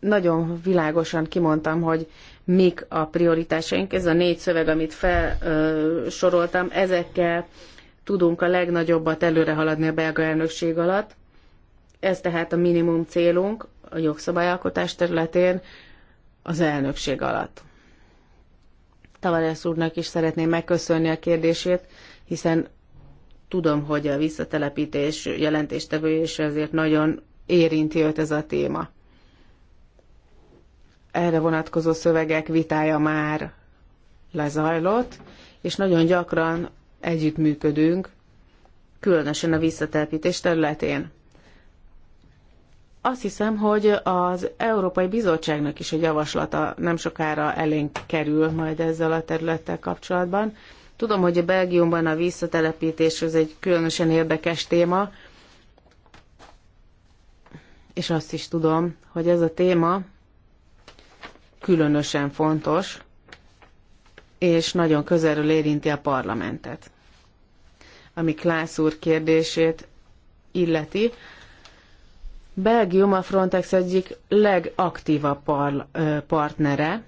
D: Nagyon világosan kimondtam, hogy mik a prioritásaink. Ez a négy szöveg, amit felsoroltam, ezekkel tudunk a legnagyobbat előre haladni a belga elnökség alatt. Ez tehát a minimum célunk a jogszabályalkotás területén az elnökség alatt. Tavares úrnak is szeretném megköszönni a kérdését, hiszen tudom, hogy a visszatelepítés jelentéstevő, és ezért nagyon érinti őt ez a téma. Erre vonatkozó szövegek vitája már lezajlott, és nagyon gyakran együttműködünk, különösen a visszatelepítés területén. Azt hiszem, hogy az Európai Bizottságnak is egy javaslata nem sokára elénk kerül majd ezzel a területtel kapcsolatban. Tudom, hogy a Belgiumban a visszatelepítés az egy különösen érdekes téma, és azt is tudom, hogy ez a téma különösen fontos, és nagyon közelről érinti a parlamentet. Ami Klász úr kérdését illeti, Belgium a Frontex egyik legaktívabb par- partnere,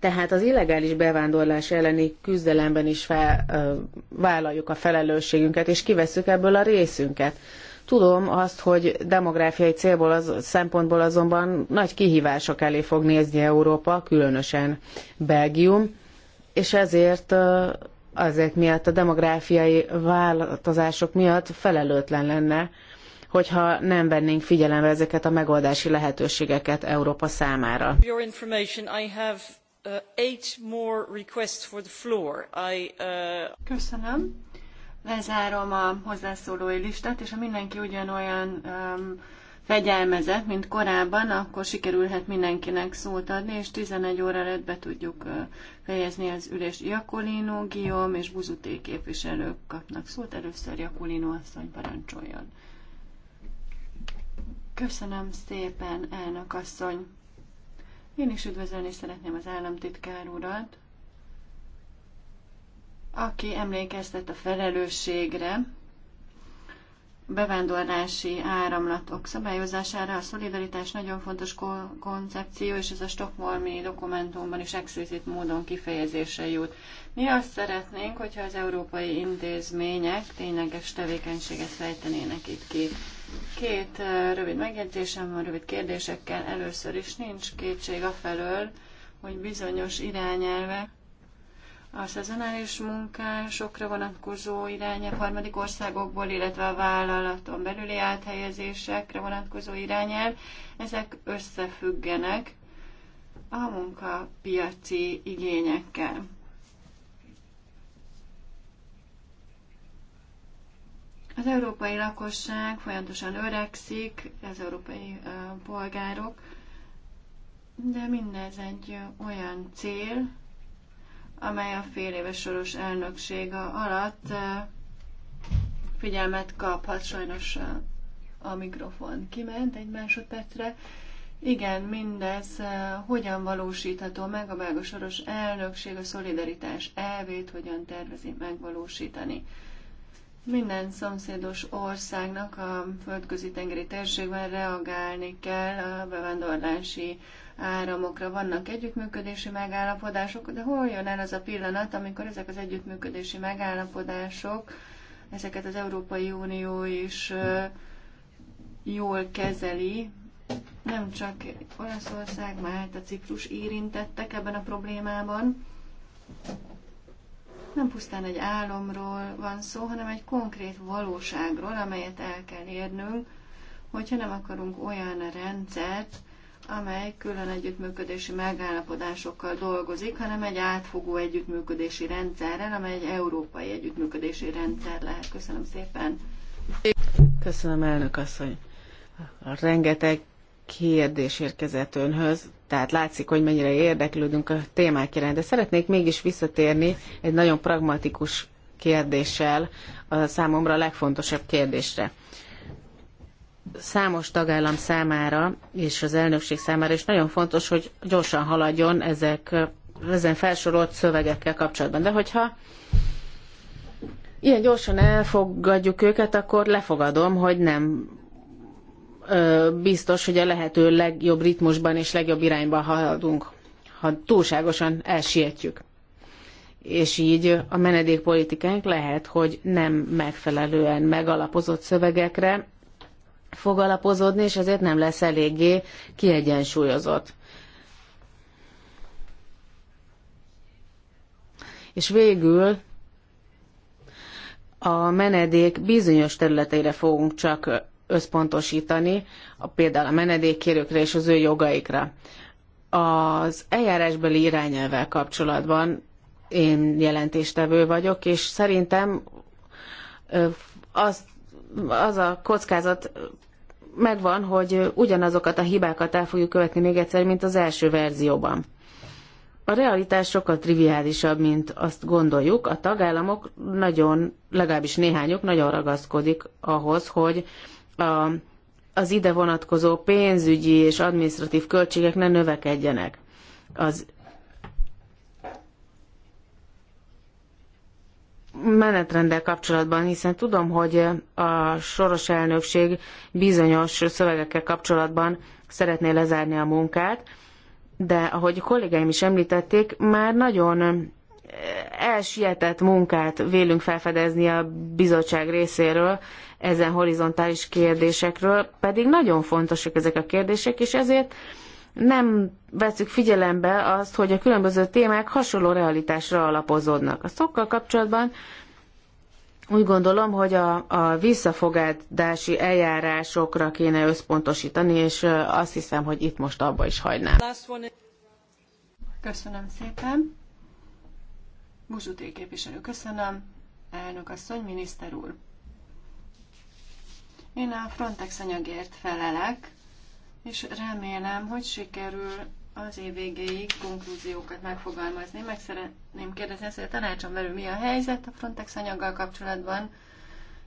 D: tehát az illegális bevándorlás elleni küzdelemben is fel, ö, vállaljuk a felelősségünket, és kivesszük ebből a részünket. Tudom azt, hogy demográfiai célból az, szempontból azonban nagy kihívások elé fog nézni Európa, különösen Belgium és ezért azért miatt a demográfiai változások miatt felelőtlen lenne, hogyha nem vennénk figyelembe ezeket a megoldási lehetőségeket Európa számára.
A: Köszönöm. Lezárom a hozzászólói listát, és ha mindenki ugyanolyan um, fegyelmezett, mint korábban, akkor sikerülhet mindenkinek szót adni, és 11 óra előtt be tudjuk fejezni az ülést. Jakolino, Guillaume és Buzuté képviselők kapnak szót. Először Jakolino asszony parancsoljon. Köszönöm szépen, elnök asszony. Én is üdvözölni szeretném az államtitkár urat, aki emlékeztet a felelősségre, bevándorlási áramlatok szabályozására a szolidaritás nagyon fontos ko- koncepció, és ez a Stockholmi dokumentumban is explicit módon kifejezésre jut. Mi azt szeretnénk, hogyha az európai intézmények tényleges tevékenységet fejtenének itt ki. Két rövid megjegyzésem van, rövid kérdésekkel. Először is nincs kétség afelől, hogy bizonyos irányelvek a szezonális munkásokra vonatkozó irányelv harmadik országokból, illetve a vállalaton belüli áthelyezésekre vonatkozó irányelv, ezek összefüggenek a munkapiaci igényekkel. Az európai lakosság folyamatosan öregszik, az európai polgárok, de mindez egy olyan cél, amely a fél éves soros elnökséga alatt eh, figyelmet kaphat. Sajnos eh, a mikrofon kiment egy másodpercre. Igen, mindez eh, hogyan valósítható meg a belga soros elnökség a szolidaritás elvét, hogyan tervezi megvalósítani. Minden szomszédos országnak a földközi tengeri térségben reagálni kell a bevándorlási áramokra vannak együttműködési megállapodások, de hol jön el az a pillanat, amikor ezek az együttműködési megállapodások, ezeket az Európai Unió is jól kezeli, nem csak Olaszország, a Ciprus érintettek ebben a problémában. Nem pusztán egy álomról van szó, hanem egy konkrét valóságról, amelyet el kell érnünk, hogyha nem akarunk olyan rendszert, amely külön együttműködési megállapodásokkal dolgozik, hanem egy átfogó együttműködési rendszerrel, amely egy európai együttműködési rendszer lehet. Köszönöm szépen.
D: Köszönöm, elnök asszony. Rengeteg kérdés érkezett önhöz, tehát látszik, hogy mennyire érdeklődünk a témák iránt, de szeretnék mégis visszatérni egy nagyon pragmatikus kérdéssel a számomra legfontosabb kérdésre számos tagállam számára és az elnökség számára is nagyon fontos, hogy gyorsan haladjon ezek, ezen felsorolt szövegekkel kapcsolatban. De hogyha ilyen gyorsan elfogadjuk őket, akkor lefogadom, hogy nem ö, biztos, hogy a lehető legjobb ritmusban és legjobb irányba haladunk, ha túlságosan elsietjük. És így a menedékpolitikánk lehet, hogy nem megfelelően megalapozott szövegekre fog alapozódni, és ezért nem lesz eléggé kiegyensúlyozott. És végül a menedék bizonyos területeire fogunk csak összpontosítani, a, például a menedékkérőkre és az ő jogaikra. Az eljárásbeli irányelvvel kapcsolatban én jelentéstevő vagyok, és szerintem azt az a kockázat megvan, hogy ugyanazokat a hibákat el fogjuk követni még egyszer, mint az első verzióban. A realitás sokkal triviálisabb, mint azt gondoljuk. A tagállamok nagyon, legalábbis néhányuk nagyon ragaszkodik ahhoz, hogy a, az ide vonatkozó pénzügyi és adminisztratív költségek ne növekedjenek. Az menetrenddel kapcsolatban, hiszen tudom, hogy a soros elnökség bizonyos szövegekkel kapcsolatban szeretné lezárni a munkát, de ahogy kollégáim is említették, már nagyon elsietett munkát vélünk felfedezni a bizottság részéről ezen horizontális kérdésekről, pedig nagyon fontosak ezek a kérdések, és ezért nem veszük figyelembe azt, hogy a különböző témák hasonló realitásra alapozódnak. A szokkal kapcsolatban úgy gondolom, hogy a, a visszafogadási eljárásokra kéne összpontosítani, és azt hiszem, hogy itt most abba is hagynám.
A: Köszönöm szépen. Buzsuté képviselő, köszönöm. Elnök asszony, miniszter úr. Én a Frontex anyagért felelek, és remélem, hogy sikerül az év végéig konklúziókat megfogalmazni. Meg szeretném kérdezni, hogy a tanácsom belül mi a helyzet a Frontex anyaggal kapcsolatban,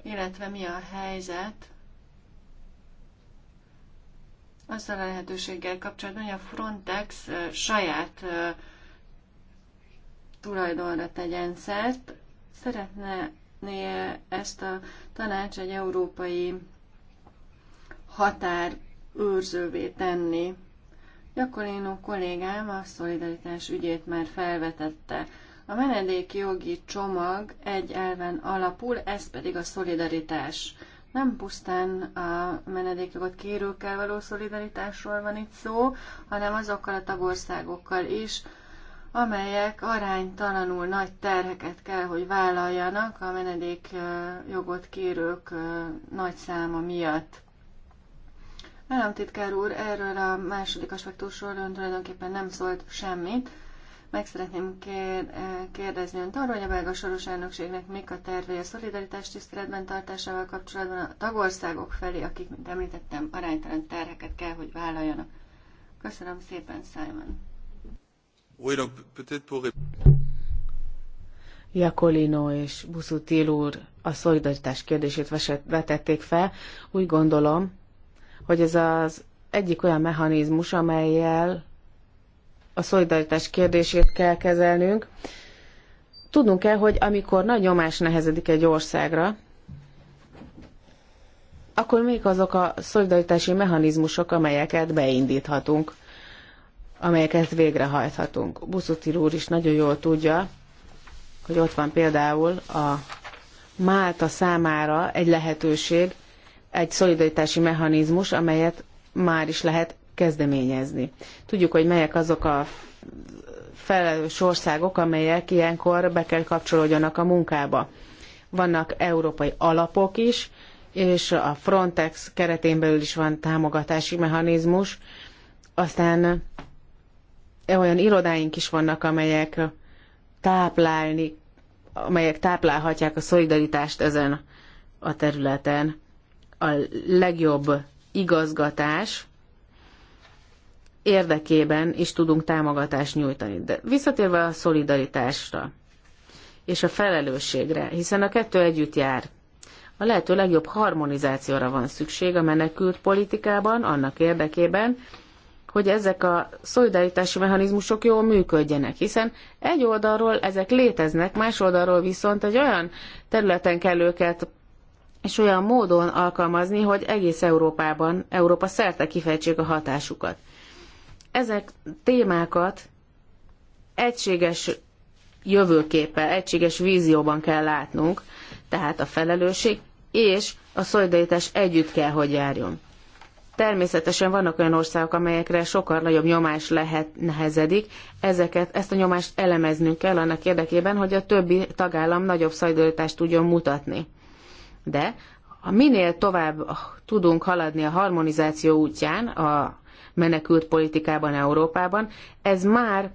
A: illetve mi a helyzet azzal a lehetőséggel kapcsolatban, hogy a Frontex saját tulajdonra tegyen szert. Szeretne ezt a tanács egy európai határ őrzővé tenni. Jakolino kollégám a szolidaritás ügyét már felvetette. A menedékjogi jogi csomag egy elven alapul, ez pedig a szolidaritás. Nem pusztán a menedékjogot kérőkkel való szolidaritásról van itt szó, hanem azokkal a tagországokkal is, amelyek aránytalanul nagy terheket kell, hogy vállaljanak a menedékjogot kérők nagy száma miatt. Államtitkár úr, erről a második aspektusról ön tulajdonképpen nem szólt semmit. Meg szeretném kér, eh, kérdezni önt arról, hogy a belga soros elnökségnek mik a tervei a szolidaritás tiszteletben tartásával kapcsolatban a tagországok felé, akik, mint említettem, aránytalan terheket kell, hogy vállaljanak. Köszönöm szépen, Simon.
C: Oui, donc, peut-être pour...
D: Jakolino és Buszutil úr a szolidaritás kérdését vetették fel. Úgy gondolom, hogy ez az egyik olyan mechanizmus, amelyel a szolidaritás kérdését kell kezelnünk. Tudnunk kell, hogy amikor nagy nyomás nehezedik egy országra, akkor még azok a szolidaritási mechanizmusok, amelyeket beindíthatunk, amelyeket végrehajthatunk. Buszuti úr is nagyon jól tudja, hogy ott van például a Málta számára egy lehetőség, egy szolidaritási mechanizmus, amelyet már is lehet kezdeményezni. Tudjuk, hogy melyek azok a felelős országok, amelyek ilyenkor be kell kapcsolódjanak a munkába. Vannak európai alapok is, és a Frontex keretén belül is van támogatási mechanizmus, aztán olyan irodáink is vannak, amelyek táplálni, amelyek táplálhatják a szolidaritást ezen a területen a legjobb igazgatás érdekében is tudunk támogatást nyújtani. De visszatérve a szolidaritásra és a felelősségre, hiszen a kettő együtt jár. A lehető legjobb harmonizációra van szükség a menekült politikában, annak érdekében, hogy ezek a szolidaritási mechanizmusok jól működjenek, hiszen egy oldalról ezek léteznek, más oldalról viszont egy olyan területen kell őket és olyan módon alkalmazni, hogy egész Európában, Európa szerte kifejtsék a hatásukat. Ezek témákat egységes jövőképpel, egységes vízióban kell látnunk, tehát a felelősség és a szolidaritás együtt kell, hogy járjon. Természetesen vannak olyan országok, amelyekre sokkal nagyobb nyomás lehet nehezedik. Ezeket, ezt a nyomást elemeznünk kell annak érdekében, hogy a többi tagállam nagyobb szolidaritást tudjon mutatni de a minél tovább tudunk haladni a harmonizáció útján, a menekült politikában Európában, ez már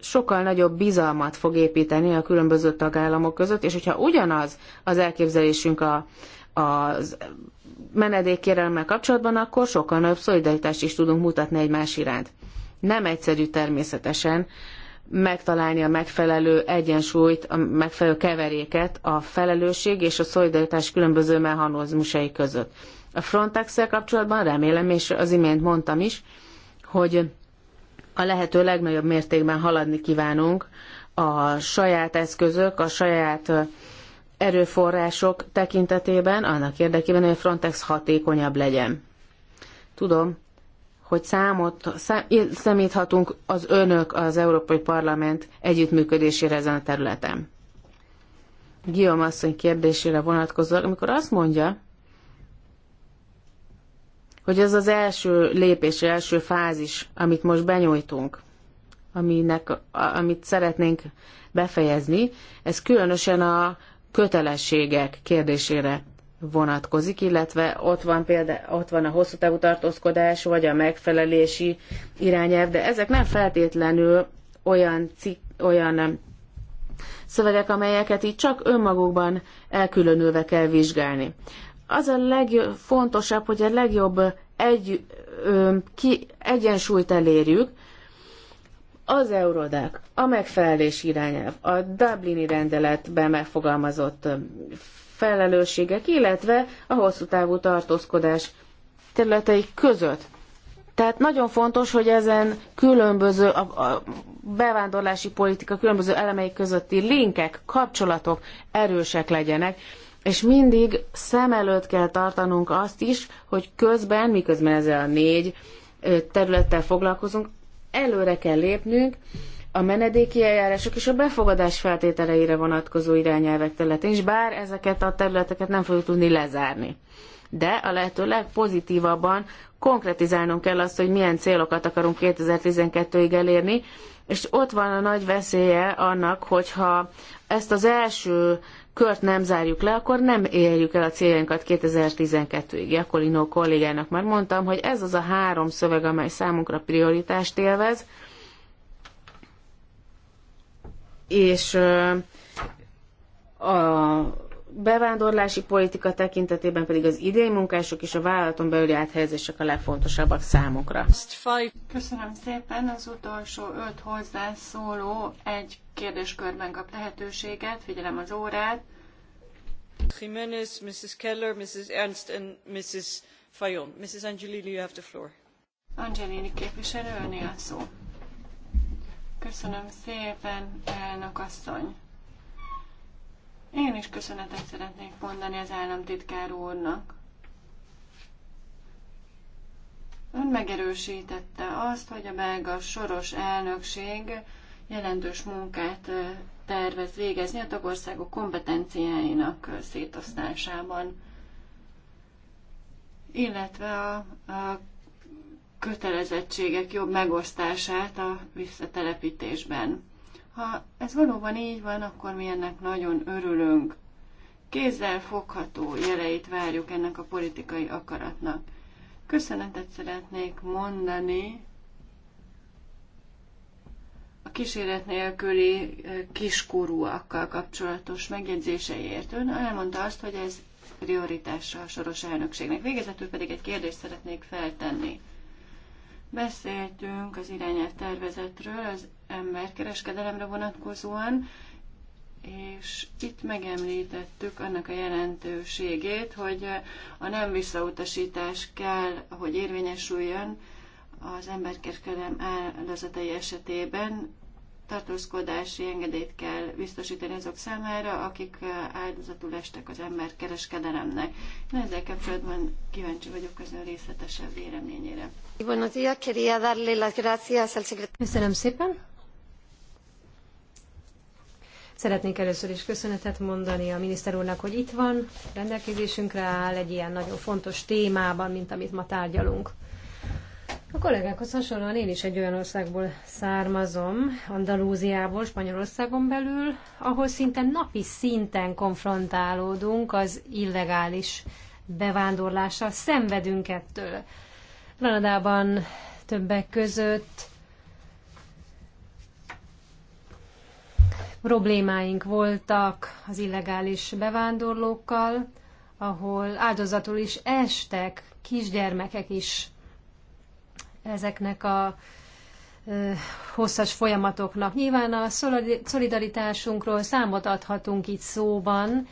D: sokkal nagyobb bizalmat fog építeni a különböző tagállamok között, és hogyha ugyanaz az elképzelésünk a, az menedékkérelemmel kapcsolatban, akkor sokkal nagyobb szolidaritást is tudunk mutatni egymás iránt. Nem egyszerű természetesen megtalálni a megfelelő egyensúlyt, a megfelelő keveréket a felelősség és a szolidaritás különböző mechanizmusai között. A frontex kapcsolatban remélem, és az imént mondtam is, hogy a lehető legnagyobb mértékben haladni kívánunk a saját eszközök, a saját erőforrások tekintetében, annak érdekében, hogy a Frontex hatékonyabb legyen. Tudom, hogy számot, szám, számíthatunk az önök, az Európai Parlament együttműködésére ezen a területen. Guillaume asszony kérdésére vonatkozóan, amikor azt mondja, hogy ez az első lépés, első fázis, amit most benyújtunk, aminek, amit szeretnénk befejezni, ez különösen a kötelességek kérdésére vonatkozik, illetve ott van, példa, ott van a hosszú távú tartózkodás, vagy a megfelelési irányelv, de ezek nem feltétlenül olyan, cik, olyan um, szövegek, amelyeket így csak önmagukban elkülönülve kell vizsgálni. Az a legfontosabb, hogy a legjobb egy, ö, um, ki, egyensúlyt elérjük, az eurodák, a megfelelés irányelv, a Dublini rendeletben megfogalmazott um, felelősségek, illetve a hosszú távú tartózkodás területei között. Tehát nagyon fontos, hogy ezen különböző a, a bevándorlási politika különböző elemei közötti linkek, kapcsolatok erősek legyenek, és mindig szem előtt kell tartanunk azt is, hogy közben, miközben ezzel a négy területtel foglalkozunk, előre kell lépnünk, a menedéki eljárások és a befogadás feltételeire vonatkozó irányelvek területén és bár ezeket a területeket nem fogjuk tudni lezárni. De a lehető legpozitívabban konkretizálnunk kell azt, hogy milyen célokat akarunk 2012-ig elérni, és ott van a nagy veszélye annak, hogyha ezt az első kört nem zárjuk le, akkor nem érjük el a céljainkat 2012-ig. Jakolino kollégának már mondtam, hogy ez az a három szöveg, amely számunkra prioritást élvez, és a bevándorlási politika tekintetében pedig az idén munkások és a vállalaton belüli áthelyezések a legfontosabbak számukra.
A: Köszönöm szépen, az utolsó öt hozzászóló egy kérdéskörben kap lehetőséget, figyelem az órát. Jimenez, Mrs. Keller, Mrs. Ernst and Mrs. Fayon. Mrs. Angelini, you have the floor. Angelini képviselő, a szó. Köszönöm szépen, elnök asszony. Én is köszönetet szeretnék mondani az államtitkár úrnak. Ön megerősítette azt, hogy a belga soros elnökség jelentős munkát tervez végezni a tagországok kompetenciáinak szétosztásában, illetve a kötelezettségek jobb megosztását a visszatelepítésben. Ha ez valóban így van, akkor mi ennek nagyon örülünk. Kézzel fogható jeleit várjuk ennek a politikai akaratnak. Köszönetet szeretnék mondani a kíséret nélküli eh, kiskorúakkal kapcsolatos megjegyzéseért. Ön elmondta azt, hogy ez prioritása a soros elnökségnek. Végezetül pedig egy kérdést szeretnék feltenni. Beszéltünk az irányelv tervezetről az emberkereskedelemre vonatkozóan, és itt megemlítettük annak a jelentőségét, hogy a nem visszautasítás kell, hogy érvényesüljön az emberkereskedelem áldozatai esetében, tartózkodási engedélyt kell biztosítani azok számára, akik áldozatul estek az emberkereskedelemnek. Na, ezzel kapcsolatban kíváncsi vagyok az ön részletesebb véleményére.
B: Buenos días, quería darle las gracias al secretario. Köszönöm szépen. Szeretnék először is köszönetet mondani a miniszter úrnak, hogy itt van, rendelkezésünkre áll egy ilyen nagyon fontos témában, mint amit ma tárgyalunk. A kollégákhoz hasonlóan én is egy olyan országból származom, Andalúziából, Spanyolországon belül, ahol szinte napi szinten konfrontálódunk az illegális bevándorlással, szenvedünk ettől. Granadában többek között problémáink voltak az illegális bevándorlókkal, ahol áldozatul is estek kisgyermekek is ezeknek a hosszas folyamatoknak. Nyilván a szolidaritásunkról számot adhatunk itt szóban,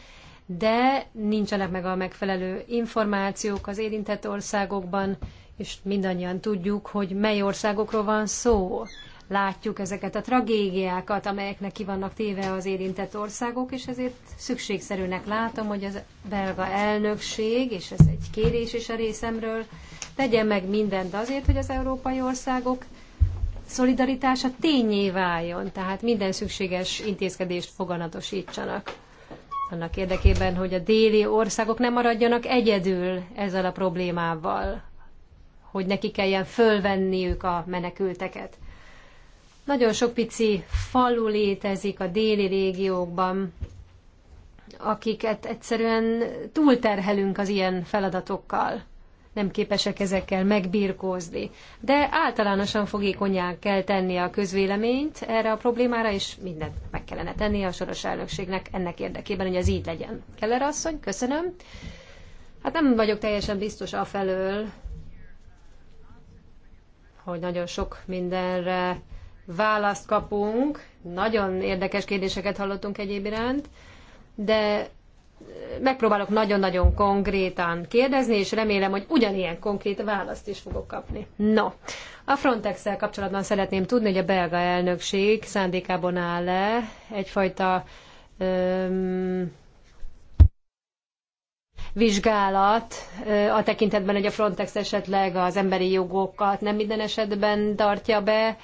B: de nincsenek meg a megfelelő információk az érintett országokban, és mindannyian tudjuk, hogy mely országokról van szó. Látjuk ezeket a tragédiákat, amelyeknek ki vannak téve az érintett országok, és ezért szükségszerűnek látom, hogy az belga elnökség, és ez egy kérés is a részemről, tegyen meg mindent azért, hogy az európai országok szolidaritása tényé váljon, tehát minden szükséges intézkedést foganatosítsanak. Annak érdekében, hogy a déli országok nem maradjanak egyedül ezzel a problémával, hogy neki kelljen fölvenniük a menekülteket. Nagyon sok pici falu létezik a déli régiókban, akiket egyszerűen túlterhelünk az ilyen feladatokkal nem képesek ezekkel megbírkózni. De általánosan fogékonyá kell tenni a közvéleményt erre a problémára, és mindent meg kellene tenni a soros elnökségnek ennek érdekében, hogy ez így legyen. Keller asszony, köszönöm. Hát nem vagyok teljesen biztos afelől, hogy nagyon sok mindenre választ kapunk. Nagyon érdekes kérdéseket hallottunk egyéb iránt, de megpróbálok nagyon-nagyon konkrétan kérdezni, és remélem, hogy ugyanilyen konkrét választ is fogok kapni. No, a frontex kapcsolatban szeretném tudni, hogy a belga elnökség szándékában áll-e egyfajta öm, vizsgálat a tekintetben, hogy a Frontex esetleg az emberi jogokat nem minden esetben tartja be,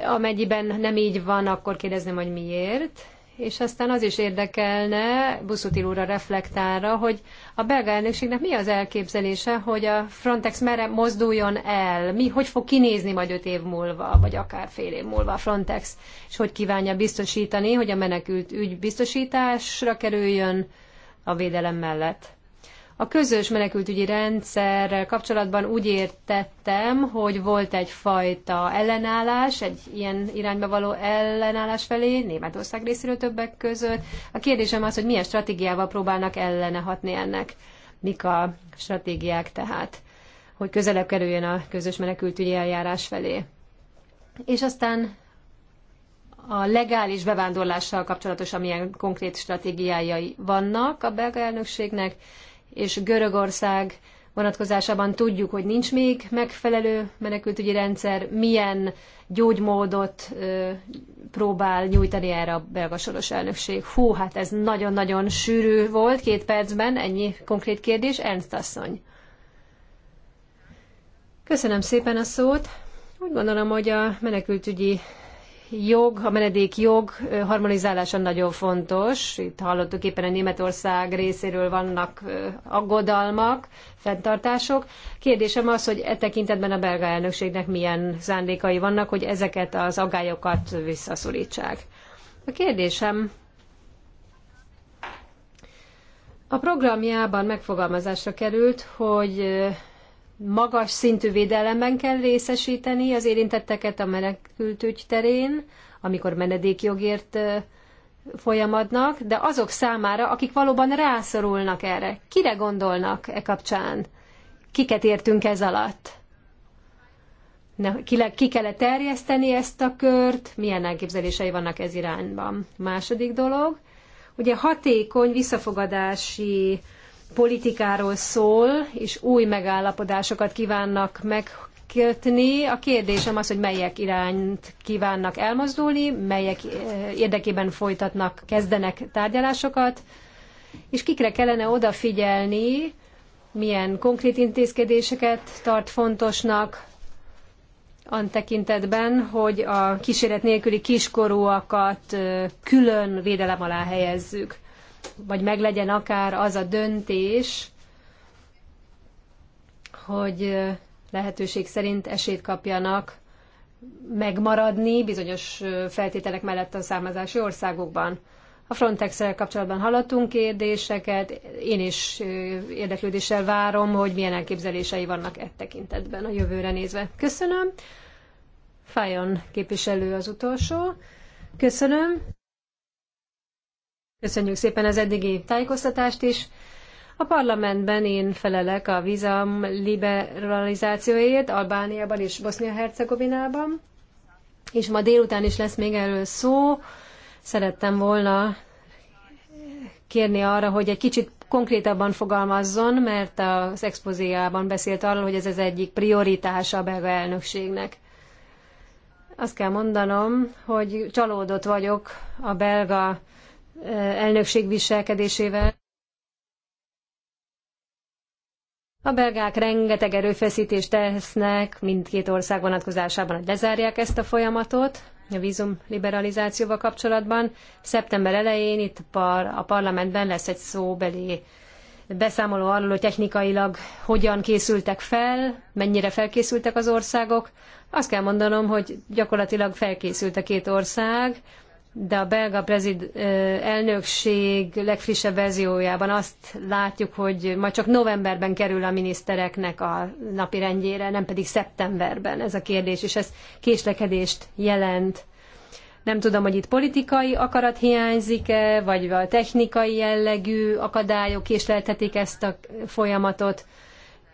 B: amennyiben nem így van, akkor kérdezném, hogy miért és aztán az is érdekelne Buszutil úrra reflektálra, hogy a belga elnökségnek mi az elképzelése, hogy a Frontex merre mozduljon el, mi, hogy fog kinézni majd öt év múlva, vagy akár fél év múlva a Frontex, és hogy kívánja biztosítani, hogy a menekült ügy biztosításra kerüljön a védelem mellett. A közös menekültügyi rendszerrel kapcsolatban úgy értettem, hogy volt egyfajta ellenállás, egy ilyen irányba való ellenállás felé, Németország részéről többek között. A kérdésem az, hogy milyen stratégiával próbálnak ellene hatni ennek. Mik a stratégiák tehát, hogy közelebb kerüljön a közös menekültügyi eljárás felé. És aztán a legális bevándorlással kapcsolatos, amilyen konkrét stratégiái vannak a belga elnökségnek, és Görögország vonatkozásában tudjuk, hogy nincs még megfelelő menekültügyi rendszer, milyen gyógymódot ö, próbál nyújtani erre a belga soros elnökség. Hú, hát ez nagyon-nagyon sűrű volt, két percben, ennyi konkrét kérdés. Ernst asszony. Köszönöm szépen a szót. Úgy gondolom, hogy a menekültügyi jog, a menedék jog harmonizálása nagyon fontos. Itt hallottuk éppen a Németország részéről vannak aggodalmak, fenntartások. Kérdésem az, hogy e tekintetben a belga elnökségnek milyen szándékai vannak, hogy ezeket az aggályokat visszaszorítsák. A kérdésem a programjában megfogalmazásra került, hogy magas szintű védelemben kell részesíteni az érintetteket a menekültügy terén, amikor menedékjogért folyamadnak, de azok számára, akik valóban rászorulnak erre, kire gondolnak e kapcsán? Kiket értünk ez alatt? Na, ki, le, ki kell terjeszteni ezt a kört? Milyen elképzelései vannak ez irányban? Második dolog, ugye hatékony visszafogadási politikáról szól, és új megállapodásokat kívánnak megkötni. A kérdésem az, hogy melyek irányt kívánnak elmozdulni, melyek eh, érdekében folytatnak, kezdenek tárgyalásokat, és kikre kellene odafigyelni, milyen konkrét intézkedéseket tart fontosnak, an tekintetben, hogy a kíséret nélküli kiskorúakat eh, külön védelem alá helyezzük vagy meglegyen akár az a döntés, hogy lehetőség szerint esélyt kapjanak megmaradni bizonyos feltételek mellett a származási országokban. A frontex kapcsolatban hallottunk kérdéseket, én is érdeklődéssel várom, hogy milyen elképzelései vannak e tekintetben a jövőre nézve. Köszönöm. Fájon képviselő az utolsó. Köszönöm. Köszönjük szépen az eddigi tájékoztatást is. A parlamentben én felelek a vízam liberalizációért Albániában és Bosznia-Hercegovinában, és ma délután is lesz még erről szó. Szerettem volna kérni arra, hogy egy kicsit konkrétabban fogalmazzon, mert az expozéjában beszélt arról, hogy ez az egyik prioritása a belga elnökségnek. Azt kell mondanom, hogy csalódott vagyok a belga elnökség viselkedésével. A belgák rengeteg erőfeszítést tesznek mindkét ország vonatkozásában, hogy lezárják ezt a folyamatot a vízum liberalizációval kapcsolatban. Szeptember elején itt a parlamentben lesz egy szóbeli beszámoló arról, hogy technikailag hogyan készültek fel, mennyire felkészültek az országok. Azt kell mondanom, hogy gyakorlatilag felkészült a két ország, de a belga prezid elnökség legfrissebb verziójában azt látjuk, hogy majd csak novemberben kerül a minisztereknek a napirendjére, nem pedig szeptemberben ez a kérdés, és ez késlekedést jelent. Nem tudom, hogy itt politikai akarat hiányzik-e, vagy a technikai jellegű akadályok késleltetik ezt a folyamatot,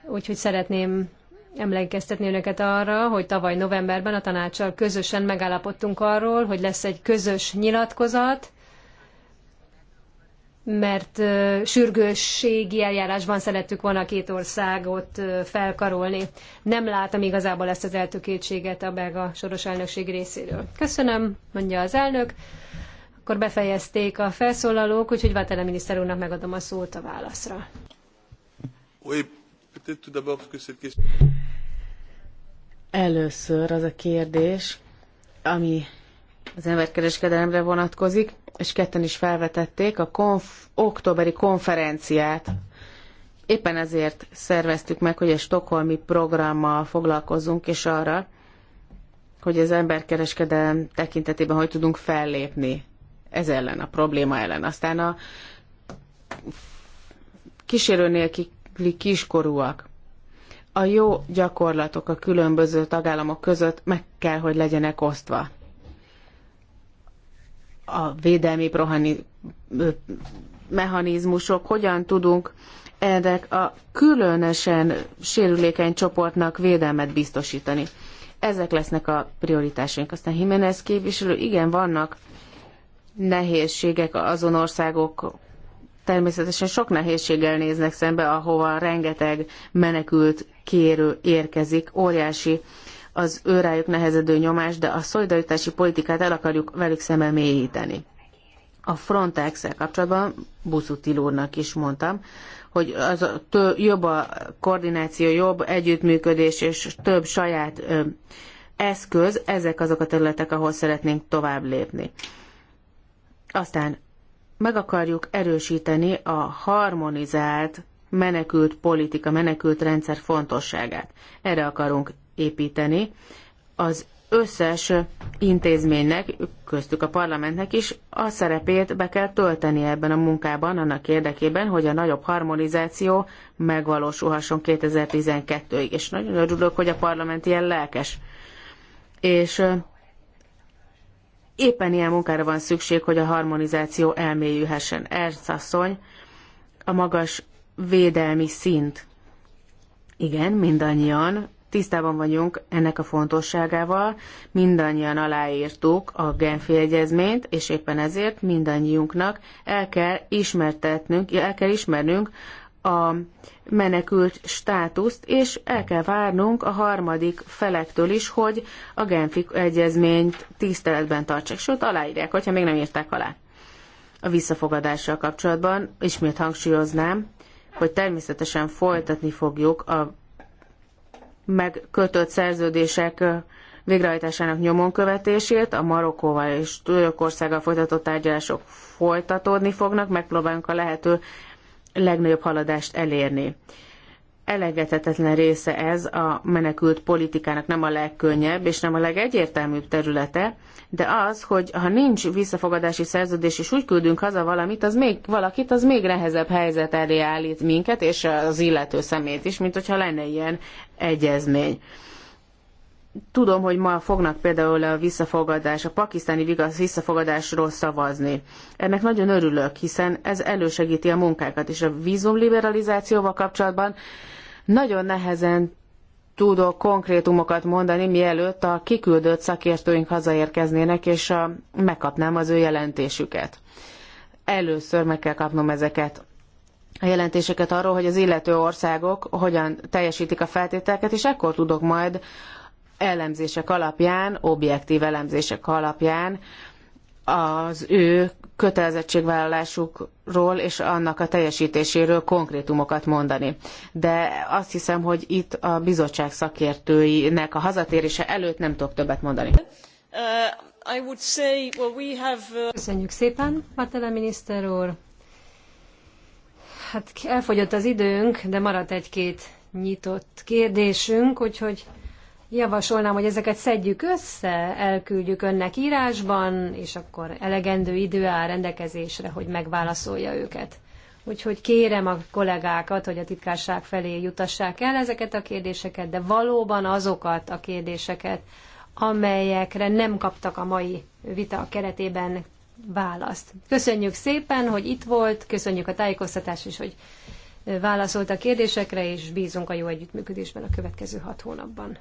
B: úgyhogy szeretném emlékeztetni önöket arra, hogy tavaly novemberben a tanácssal közösen megállapodtunk arról, hogy lesz egy közös nyilatkozat, mert sürgősségi eljárásban szerettük volna a két országot felkarolni. Nem látom igazából ezt az eltökéltséget a belga soros elnökség részéről. Köszönöm, mondja az elnök. Akkor befejezték a felszólalók, úgyhogy Vatele miniszter úrnak megadom a szót a válaszra.
C: Oui,
D: Először az a kérdés, ami az emberkereskedelemre vonatkozik, és ketten is felvetették a konf- októberi konferenciát. Éppen ezért szerveztük meg, hogy a stokholmi programmal foglalkozunk, és arra, hogy az emberkereskedelem tekintetében hogy tudunk fellépni ez ellen, a probléma ellen. Aztán a kísérőnél ki szereplő kiskorúak. A jó gyakorlatok a különböző tagállamok között meg kell, hogy legyenek osztva. A védelmi prohani, mechanizmusok, hogyan tudunk ennek a különösen sérülékeny csoportnak védelmet biztosítani. Ezek lesznek a prioritásaink. Aztán Jiménez képviselő, igen, vannak nehézségek azon országok természetesen sok nehézséggel néznek szembe, ahova rengeteg menekült kérő érkezik, óriási az őrájuk nehezedő nyomás, de a szolidaritási politikát el akarjuk velük szemben mélyíteni. A frontex kapcsolatban Buszutil úrnak is mondtam, hogy az a tő, jobb a koordináció, jobb együttműködés és több saját ö, eszköz, ezek azok a területek, ahol szeretnénk tovább lépni. Aztán meg akarjuk erősíteni a harmonizált menekült politika, menekült rendszer fontosságát. Erre akarunk építeni. Az összes intézménynek, köztük a parlamentnek is a szerepét be kell tölteni ebben a munkában, annak érdekében, hogy a nagyobb harmonizáció megvalósulhasson 2012-ig. És nagyon örülök, hogy a parlament ilyen lelkes. És éppen ilyen munkára van szükség, hogy a harmonizáció elmélyülhessen. Ernst asszony, a magas védelmi szint. Igen, mindannyian tisztában vagyunk ennek a fontosságával, mindannyian aláírtuk a Genfi Egyezményt, és éppen ezért mindannyiunknak el kell ismertetnünk, el kell ismernünk a menekült státuszt, és el kell várnunk a harmadik felektől is, hogy a Genfi egyezményt tiszteletben tartsák, sőt aláírják, hogyha még nem írták alá. A visszafogadással kapcsolatban ismét hangsúlyoznám, hogy természetesen folytatni fogjuk a megkötött szerződések végrehajtásának nyomon követését, a Marokkóval és Törökországgal folytatott tárgyalások folytatódni fognak, megpróbálunk a lehető legnagyobb haladást elérni. Elegetetetlen része ez a menekült politikának nem a legkönnyebb és nem a legegyértelműbb területe, de az, hogy ha nincs visszafogadási szerződés és úgy küldünk haza valamit, az még, valakit, az még nehezebb helyzet elé állít minket és az illető szemét is, mint hogyha lenne ilyen egyezmény tudom, hogy ma fognak például a visszafogadás, a pakisztáni visszafogadásról szavazni. Ennek nagyon örülök, hiszen ez elősegíti a munkákat, és a vízumliberalizációval kapcsolatban nagyon nehezen tudok konkrétumokat mondani, mielőtt a kiküldött szakértőink hazaérkeznének, és a, megkapnám az ő jelentésüket. Először meg kell kapnom ezeket a jelentéseket arról, hogy az illető országok hogyan teljesítik a feltételeket, és ekkor tudok majd elemzések alapján, objektív elemzések alapján az ő kötelezettségvállalásukról és annak a teljesítéséről konkrétumokat mondani. De azt hiszem, hogy itt a bizottság szakértőinek a hazatérése előtt nem tudok többet mondani.
B: Uh, say, well, we have, uh, Köszönjük szépen, Matele miniszter úr. Hát elfogyott az időnk, de maradt egy-két nyitott kérdésünk, úgyhogy javasolnám, hogy ezeket szedjük össze, elküldjük önnek írásban, és akkor elegendő idő áll rendelkezésre, hogy megválaszolja őket. Úgyhogy kérem a kollégákat, hogy a titkárság felé jutassák el ezeket a kérdéseket, de valóban azokat a kérdéseket, amelyekre nem kaptak a mai vita keretében választ. Köszönjük szépen, hogy itt volt, köszönjük a tájékoztatást is, hogy válaszolt a kérdésekre, és bízunk a jó együttműködésben a következő hat hónapban.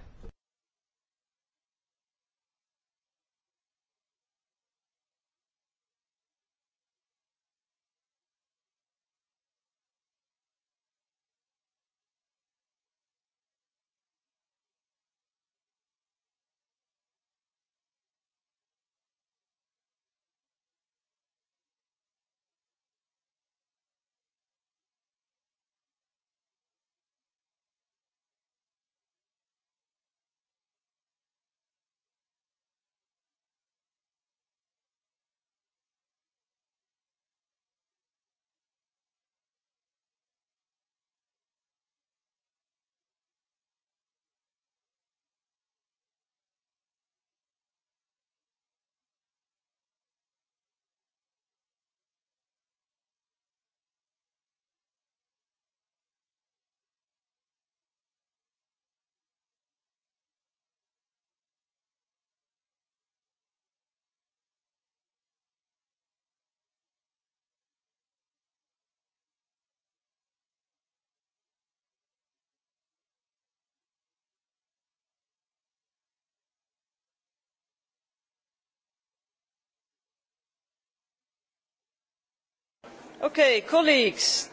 A: colleagues.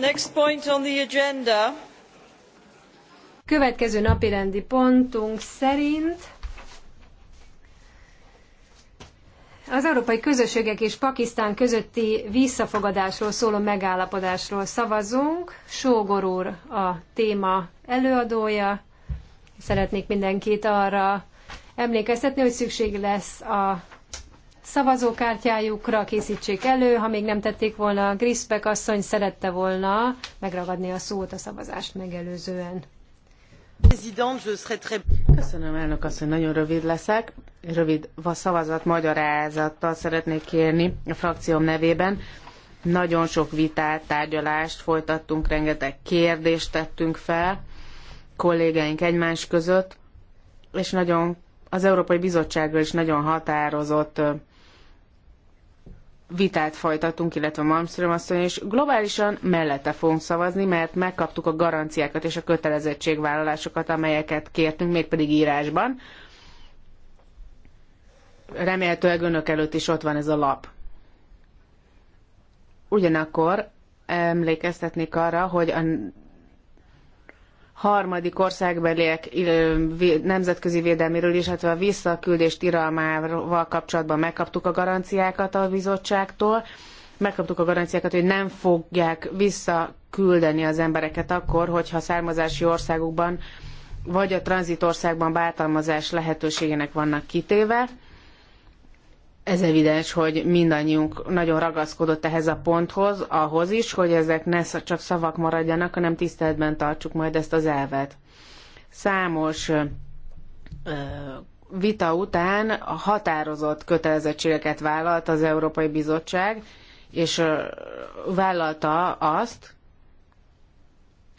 A: Next point on the agenda.
B: Következő napirendi pontunk szerint az Európai Közösségek és Pakisztán közötti visszafogadásról szóló megállapodásról szavazunk. Sógor úr a téma előadója. Szeretnék mindenkit arra emlékeztetni, hogy szükség lesz a szavazókártyájukra készítsék elő, ha még nem tették volna, Griszbek asszony szerette volna megragadni a szót
D: a szavazást megelőzően. Köszönöm, elnök asszony, nagyon rövid leszek. Rövid szavazat magyarázattal szeretnék kérni a frakcióm nevében. Nagyon sok vitát, tárgyalást folytattunk, rengeteg kérdést tettünk fel kollégáink egymás között, és nagyon az Európai bizottságról is nagyon határozott vitát folytatunk, illetve Malmström asszony, és globálisan mellette fogunk szavazni, mert megkaptuk a garanciákat és a kötelezettségvállalásokat, amelyeket kértünk, mégpedig írásban. Remélhetőleg önök előtt is ott van ez a lap. Ugyanakkor emlékeztetnék arra, hogy a harmadik országbeliek nemzetközi védelméről, illetve a visszaküldés tilalmával kapcsolatban megkaptuk a garanciákat a bizottságtól, megkaptuk a garanciákat, hogy nem fogják visszaküldeni az embereket akkor, hogyha származási országukban vagy a tranzitországban bántalmazás lehetőségének vannak kitéve ez evidens, hogy mindannyiunk nagyon ragaszkodott ehhez a ponthoz, ahhoz is, hogy ezek ne csak szavak maradjanak, hanem tiszteletben tartsuk majd ezt az elvet. Számos vita után határozott kötelezettségeket vállalt az Európai Bizottság, és vállalta azt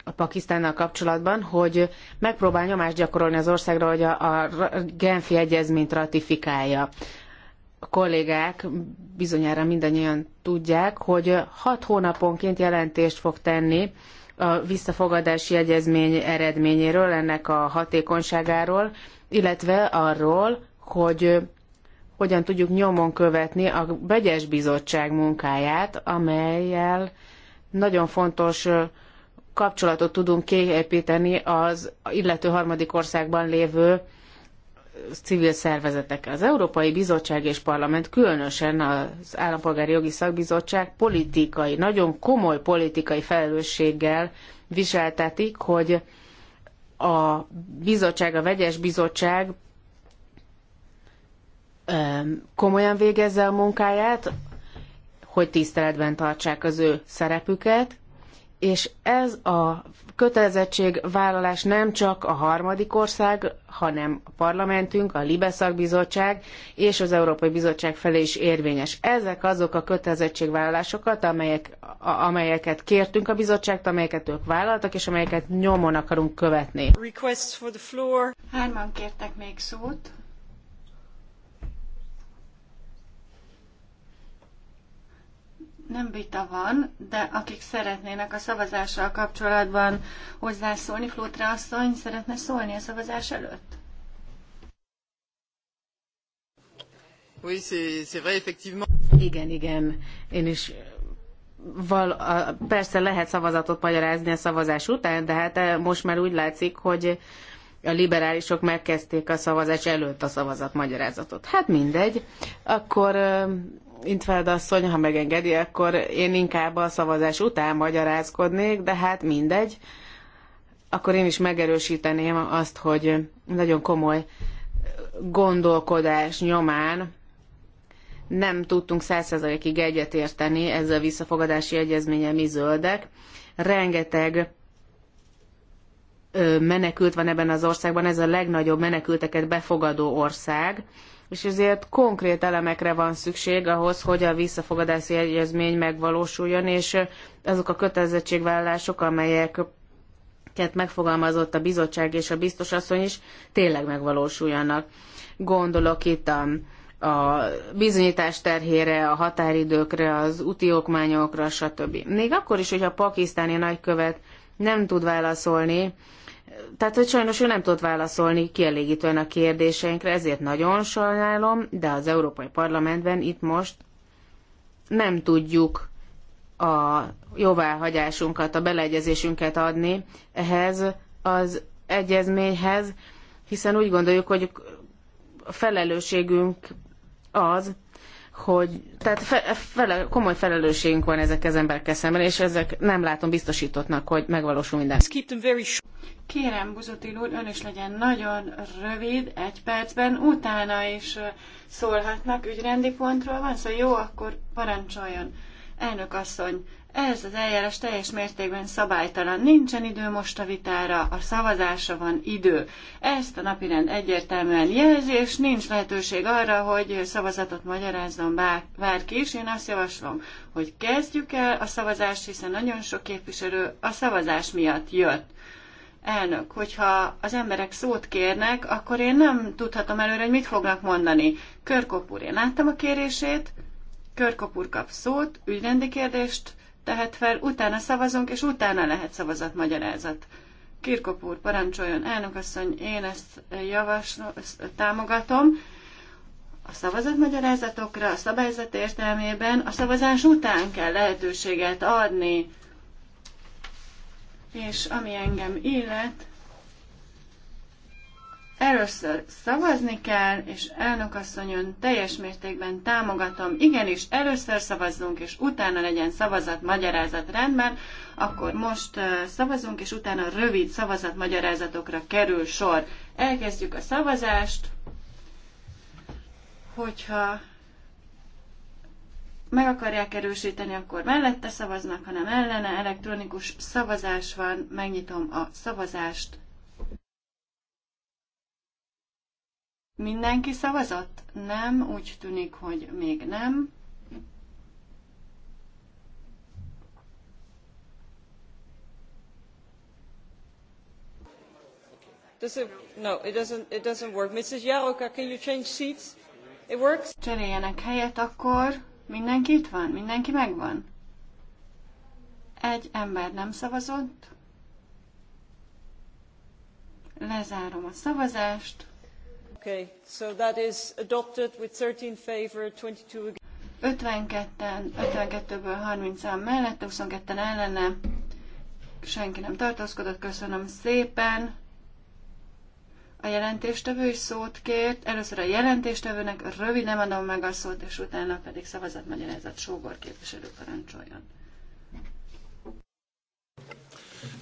D: a Pakisztánnal kapcsolatban, hogy megpróbál nyomást gyakorolni az országra, hogy a, a Genfi egyezményt ratifikálja a kollégák bizonyára mindannyian tudják, hogy hat hónaponként jelentést fog tenni a visszafogadási egyezmény eredményéről, ennek a hatékonyságáról, illetve arról, hogy hogyan tudjuk nyomon követni a vegyes bizottság munkáját, amelyel nagyon fontos kapcsolatot tudunk kiépíteni az illető harmadik országban lévő civil szervezetek Az Európai Bizottság és Parlament, különösen az Állampolgári Jogi Szakbizottság politikai, nagyon komoly politikai felelősséggel viseltetik, hogy a bizottság, a vegyes bizottság komolyan végezze a munkáját, hogy tiszteletben tartsák az ő szerepüket, és ez a kötelezettségvállalás nem csak a harmadik ország, hanem a parlamentünk, a Libe szakbizottság és az Európai Bizottság felé is érvényes. Ezek azok a kötelezettségvállalásokat, amelyek, amelyeket kértünk a bizottságtól, amelyeket ők vállaltak, és amelyeket nyomon akarunk követni.
A: Hárman kértek még szót. nem vita van, de akik szeretnének a szavazással kapcsolatban hozzászólni, Flótra asszony szeretne szólni a szavazás előtt?
D: Oui, c'est vrai, effectivement. Igen, igen. Én is val, persze lehet szavazatot magyarázni a szavazás után, de hát most már úgy látszik, hogy a liberálisok megkezdték a szavazás előtt a szavazat magyarázatot. Hát mindegy. Akkor Intváld asszony, ha megengedi, akkor én inkább a szavazás után magyarázkodnék, de hát mindegy. Akkor én is megerősíteném azt, hogy nagyon komoly gondolkodás nyomán nem tudtunk százszerzalékig egyetérteni ezzel a visszafogadási egyezménye mi zöldek. Rengeteg menekült van ebben az országban, ez a legnagyobb menekülteket befogadó ország és ezért konkrét elemekre van szükség ahhoz, hogy a visszafogadási egyezmény megvalósuljon, és azok a kötelezettségvállalások, amelyeket megfogalmazott a bizottság és a biztos asszony is, tényleg megvalósuljanak. Gondolok itt a a bizonyítás terhére, a határidőkre, az úti okmányokra, stb. Még akkor is, hogyha a pakisztáni nagykövet nem tud válaszolni tehát, hogy sajnos ő nem tudott válaszolni kielégítően a kérdéseinkre, ezért nagyon sajnálom, de az Európai Parlamentben itt most nem tudjuk a jóváhagyásunkat, a beleegyezésünket adni ehhez az egyezményhez, hiszen úgy gondoljuk, hogy a felelősségünk az, hogy tehát fe, fele, komoly felelősségünk van ezek az emberek szemben, és ezek nem látom biztosítottnak, hogy megvalósul minden.
A: Kérem, Buzotil úr, ön is legyen nagyon rövid, egy percben, utána is szólhatnak, ügyrendi pontról van szó, szóval jó, akkor parancsoljon. Elnök asszony, ez az eljárás teljes mértékben szabálytalan. Nincsen idő most a vitára, a szavazásra van idő. Ezt a napirend egyértelműen jelzi, és nincs lehetőség arra, hogy szavazatot magyarázzon bár, bárki is. Én azt javaslom, hogy kezdjük el a szavazást, hiszen nagyon sok képviselő a szavazás miatt jött. Elnök, hogyha az emberek szót kérnek, akkor én nem tudhatom előre, hogy mit fognak mondani. Körkopúr, én láttam a kérését, Körkopúr kap szót, ügyrendi kérdést, tehet fel, utána szavazunk, és utána lehet szavazatmagyarázat. Kirkop úr, parancsoljon, elnökasszony, én ezt javaslom, ezt támogatom. A szavazatmagyarázatokra a szabályzat értelmében a szavazás után kell lehetőséget adni. És ami engem illet, Először szavazni kell, és elnökasszonyon teljes mértékben támogatom. Igenis, először szavazzunk, és utána legyen szavazat, magyarázat rendben, akkor most szavazunk, és utána rövid szavazat, magyarázatokra kerül sor. Elkezdjük a szavazást, hogyha meg akarják erősíteni, akkor mellette szavaznak, hanem ellene elektronikus szavazás van. Megnyitom a szavazást. Mindenki szavazott? Nem, úgy tűnik, hogy még nem. Does it, no, it doesn't, it doesn't work. Mrs. Jaroka, can you change seats? It works? Cseréljenek helyet akkor. Mindenki itt van? Mindenki megvan? Egy ember nem szavazott. Lezárom a szavazást. Okay, so that is adopted with 13 favor, 52 52-ből 30-en mellette, 22-en ellene, senki nem tartózkodott, köszönöm szépen. A jelentéstevő is szót kért, először a jelentéstevőnek röviden adom meg a szót, és utána pedig szavazatmagyarázat Sógor képviselő parancsoljon.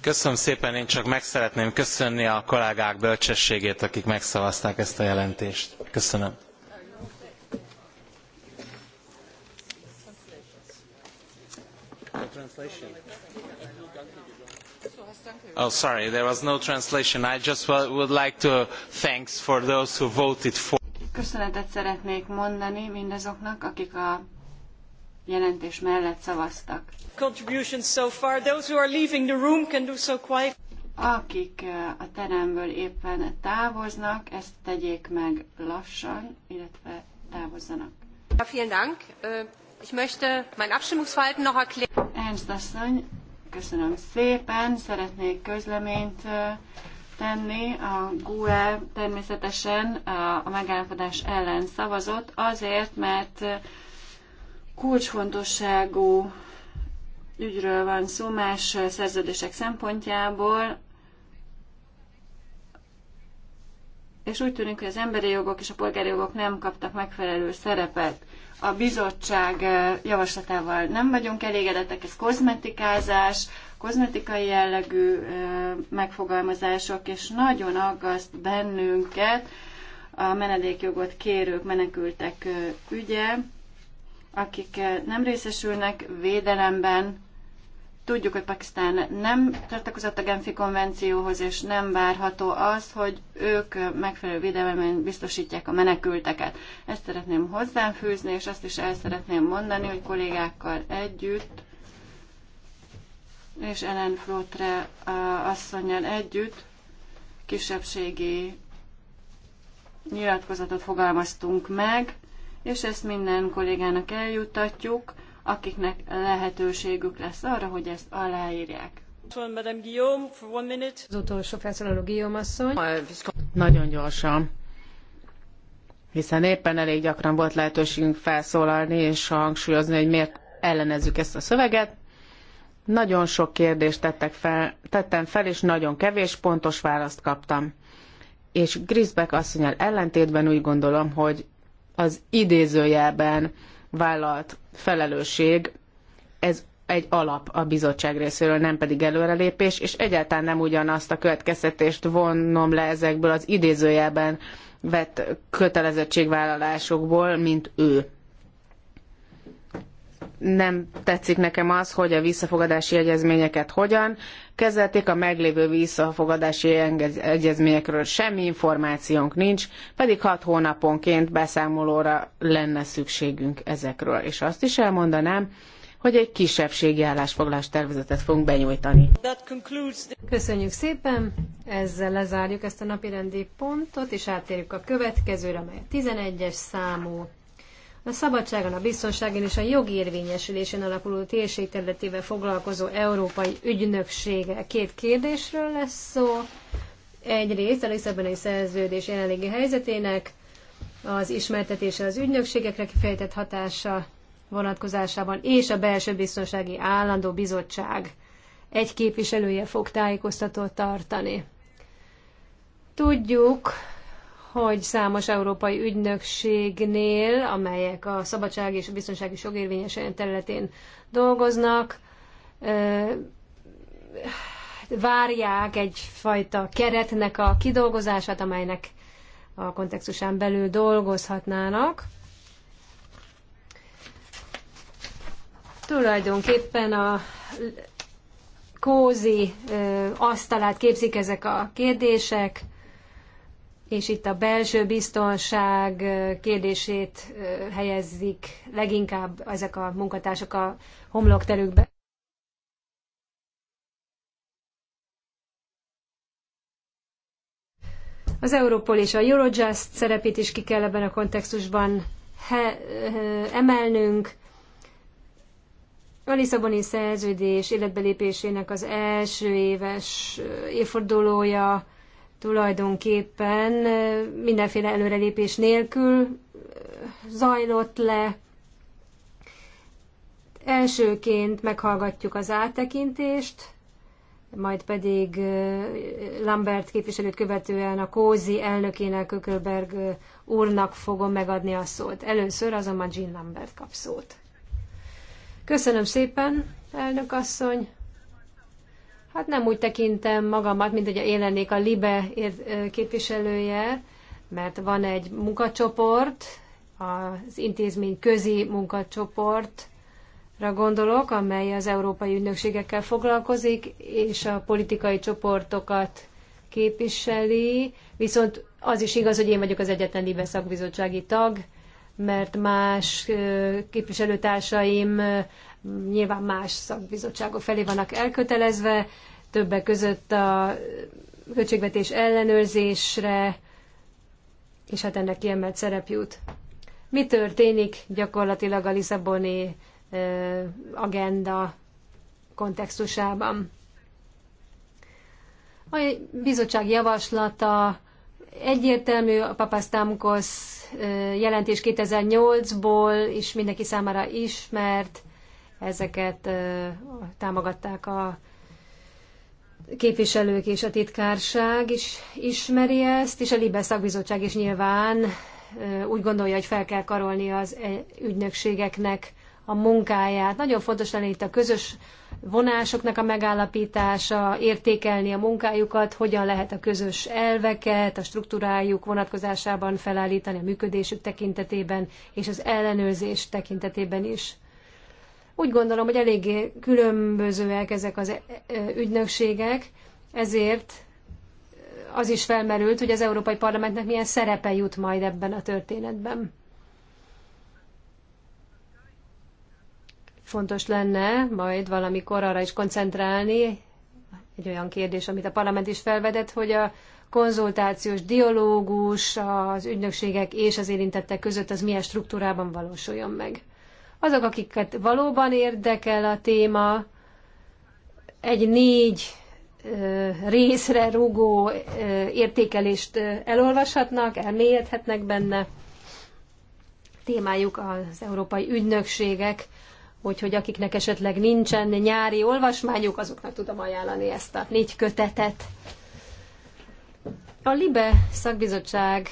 C: Köszönöm szépen, én csak meg szeretném köszönni a kollégák bölcsességét, akik megszavazták ezt a jelentést. Köszönöm. Oh, sorry, there was no translation. I just would like to thanks for those who voted for.
A: Köszönetet szeretnék mondani mindazoknak, akik a jelentés mellett szavaztak. Akik eh, a teremből éppen távoznak, ezt tegyék meg lassan, illetve távozzanak. Ja, vielen Dank. Äh, ich möchte mein Abstimmungsverhalten noch erklären. Ernst asszony, köszönöm szépen. Szeretnék közleményt eh, tenni. A GUE természetesen eh, a megállapodás ellen szavazott, azért, mert kulcsfontosságú ügyről van szó más szerződések szempontjából, és úgy tűnik, hogy az emberi jogok és a polgári jogok nem kaptak megfelelő szerepet. A bizottság javaslatával nem vagyunk elégedettek, ez kozmetikázás, kozmetikai jellegű megfogalmazások, és nagyon aggaszt bennünket a menedékjogot kérők, menekültek ügye akik eh, nem részesülnek védelemben. Tudjuk, hogy Pakisztán nem tartakozott a Genfi konvencióhoz, és nem várható az, hogy ők megfelelő védelemben biztosítják a menekülteket. Ezt szeretném hozzáfűzni, és azt is el szeretném mondani, hogy kollégákkal együtt és Ellen Flótre eh, asszonyjal együtt kisebbségi nyilatkozatot fogalmaztunk meg, és ezt minden kollégának eljuttatjuk, akiknek lehetőségük lesz arra, hogy ezt aláírják. Az utolsó felszólaló Guillaume asszony.
D: Nagyon gyorsan hiszen éppen elég gyakran volt lehetőségünk felszólalni és hangsúlyozni, hogy miért ellenezzük ezt a szöveget. Nagyon sok kérdést tettek fel, tettem fel, és nagyon kevés pontos választ kaptam. És Grisbeck asszonyal ellentétben úgy gondolom, hogy az idézőjelben vállalt felelősség, ez egy alap a bizottság részéről, nem pedig előrelépés, és egyáltalán nem ugyanazt a következtetést vonnom le ezekből az idézőjelben vett kötelezettségvállalásokból, mint ő nem tetszik nekem az, hogy a visszafogadási egyezményeket hogyan kezelték, a meglévő visszafogadási egyezményekről semmi információnk nincs, pedig hat hónaponként beszámolóra lenne szükségünk ezekről. És azt is elmondanám, hogy egy kisebbségi állásfoglalás tervezetet fogunk benyújtani.
B: Köszönjük szépen, ezzel lezárjuk ezt a napirendi pontot, és áttérjük a következőre, amely a 11-es számú a szabadságon, a biztonságon és a jogi érvényesülésén alapuló térség területével foglalkozó európai ügynöksége. Két kérdésről lesz szó. Egyrészt a Lisszaboni szerződés jelenlegi helyzetének, az ismertetése az ügynökségekre kifejtett hatása vonatkozásában, és a belső biztonsági állandó bizottság egy képviselője fog tájékoztatót tartani. Tudjuk, hogy számos európai ügynökségnél, amelyek a szabadság és a biztonsági jogérvényesen területén dolgoznak, várják egyfajta keretnek a kidolgozását, amelynek a kontextusán belül dolgozhatnának. Tulajdonképpen a kózi asztalát képzik ezek a kérdések, és itt a belső biztonság kérdését helyezzik leginkább ezek a munkatársak a homlokterükbe. Az Europol és a Eurojust szerepét is ki kell ebben a kontextusban emelnünk. A Lisszaboni szerződés életbelépésének az első éves évfordulója tulajdonképpen mindenféle előrelépés nélkül zajlott le. Elsőként meghallgatjuk az áttekintést, majd pedig Lambert képviselőt követően a Kózi elnökének Kökölberg úrnak fogom megadni a szót. Először azonban Jean Lambert kap szót. Köszönöm szépen, elnök asszony! Hát nem úgy tekintem magamat, mint hogy lennék a LIBE eh, képviselője, mert van egy munkacsoport, az intézmény közi munkacsoport, gondolok, amely az európai ügynökségekkel foglalkozik, és a politikai csoportokat képviseli, viszont az is igaz, hogy én vagyok az egyetlen LIBE szakbizottsági tag, mert más eh, képviselőtársaim nyilván más szakbizottságok felé vannak elkötelezve, többek között a költségvetés ellenőrzésre, és hát ennek kiemelt szerep jut. Mi történik gyakorlatilag a Lisszaboni agenda kontextusában? A bizottság javaslata egyértelmű, a Papasztámkosz jelentés 2008-ból, és mindenki számára ismert, ezeket támogatták a képviselők és a titkárság is ismeri ezt, és a Libes szakbizottság is nyilván úgy gondolja, hogy fel kell karolni az e, ügynökségeknek a munkáját. Nagyon fontos lenne itt a közös vonásoknak a megállapítása, értékelni a munkájukat, hogyan lehet a közös elveket, a struktúrájuk vonatkozásában felállítani, a működésük tekintetében és az ellenőrzés tekintetében is. Úgy gondolom, hogy eléggé különbözőek ezek az e, e, ügynökségek, ezért az is felmerült, hogy az Európai Parlamentnek milyen szerepe jut majd ebben a történetben. Fontos lenne majd valamikor arra is koncentrálni, egy olyan kérdés, amit a parlament is felvedett, hogy a konzultációs dialógus az ügynökségek és az érintettek között az milyen struktúrában valósuljon meg. Azok, akiket valóban érdekel a téma, egy négy részre rugó értékelést elolvashatnak, elmélyedhetnek benne. Témájuk az európai ügynökségek, úgyhogy akiknek esetleg nincsen nyári olvasmányuk, azoknak tudom ajánlani ezt a négy kötetet. A LIBE szakbizottság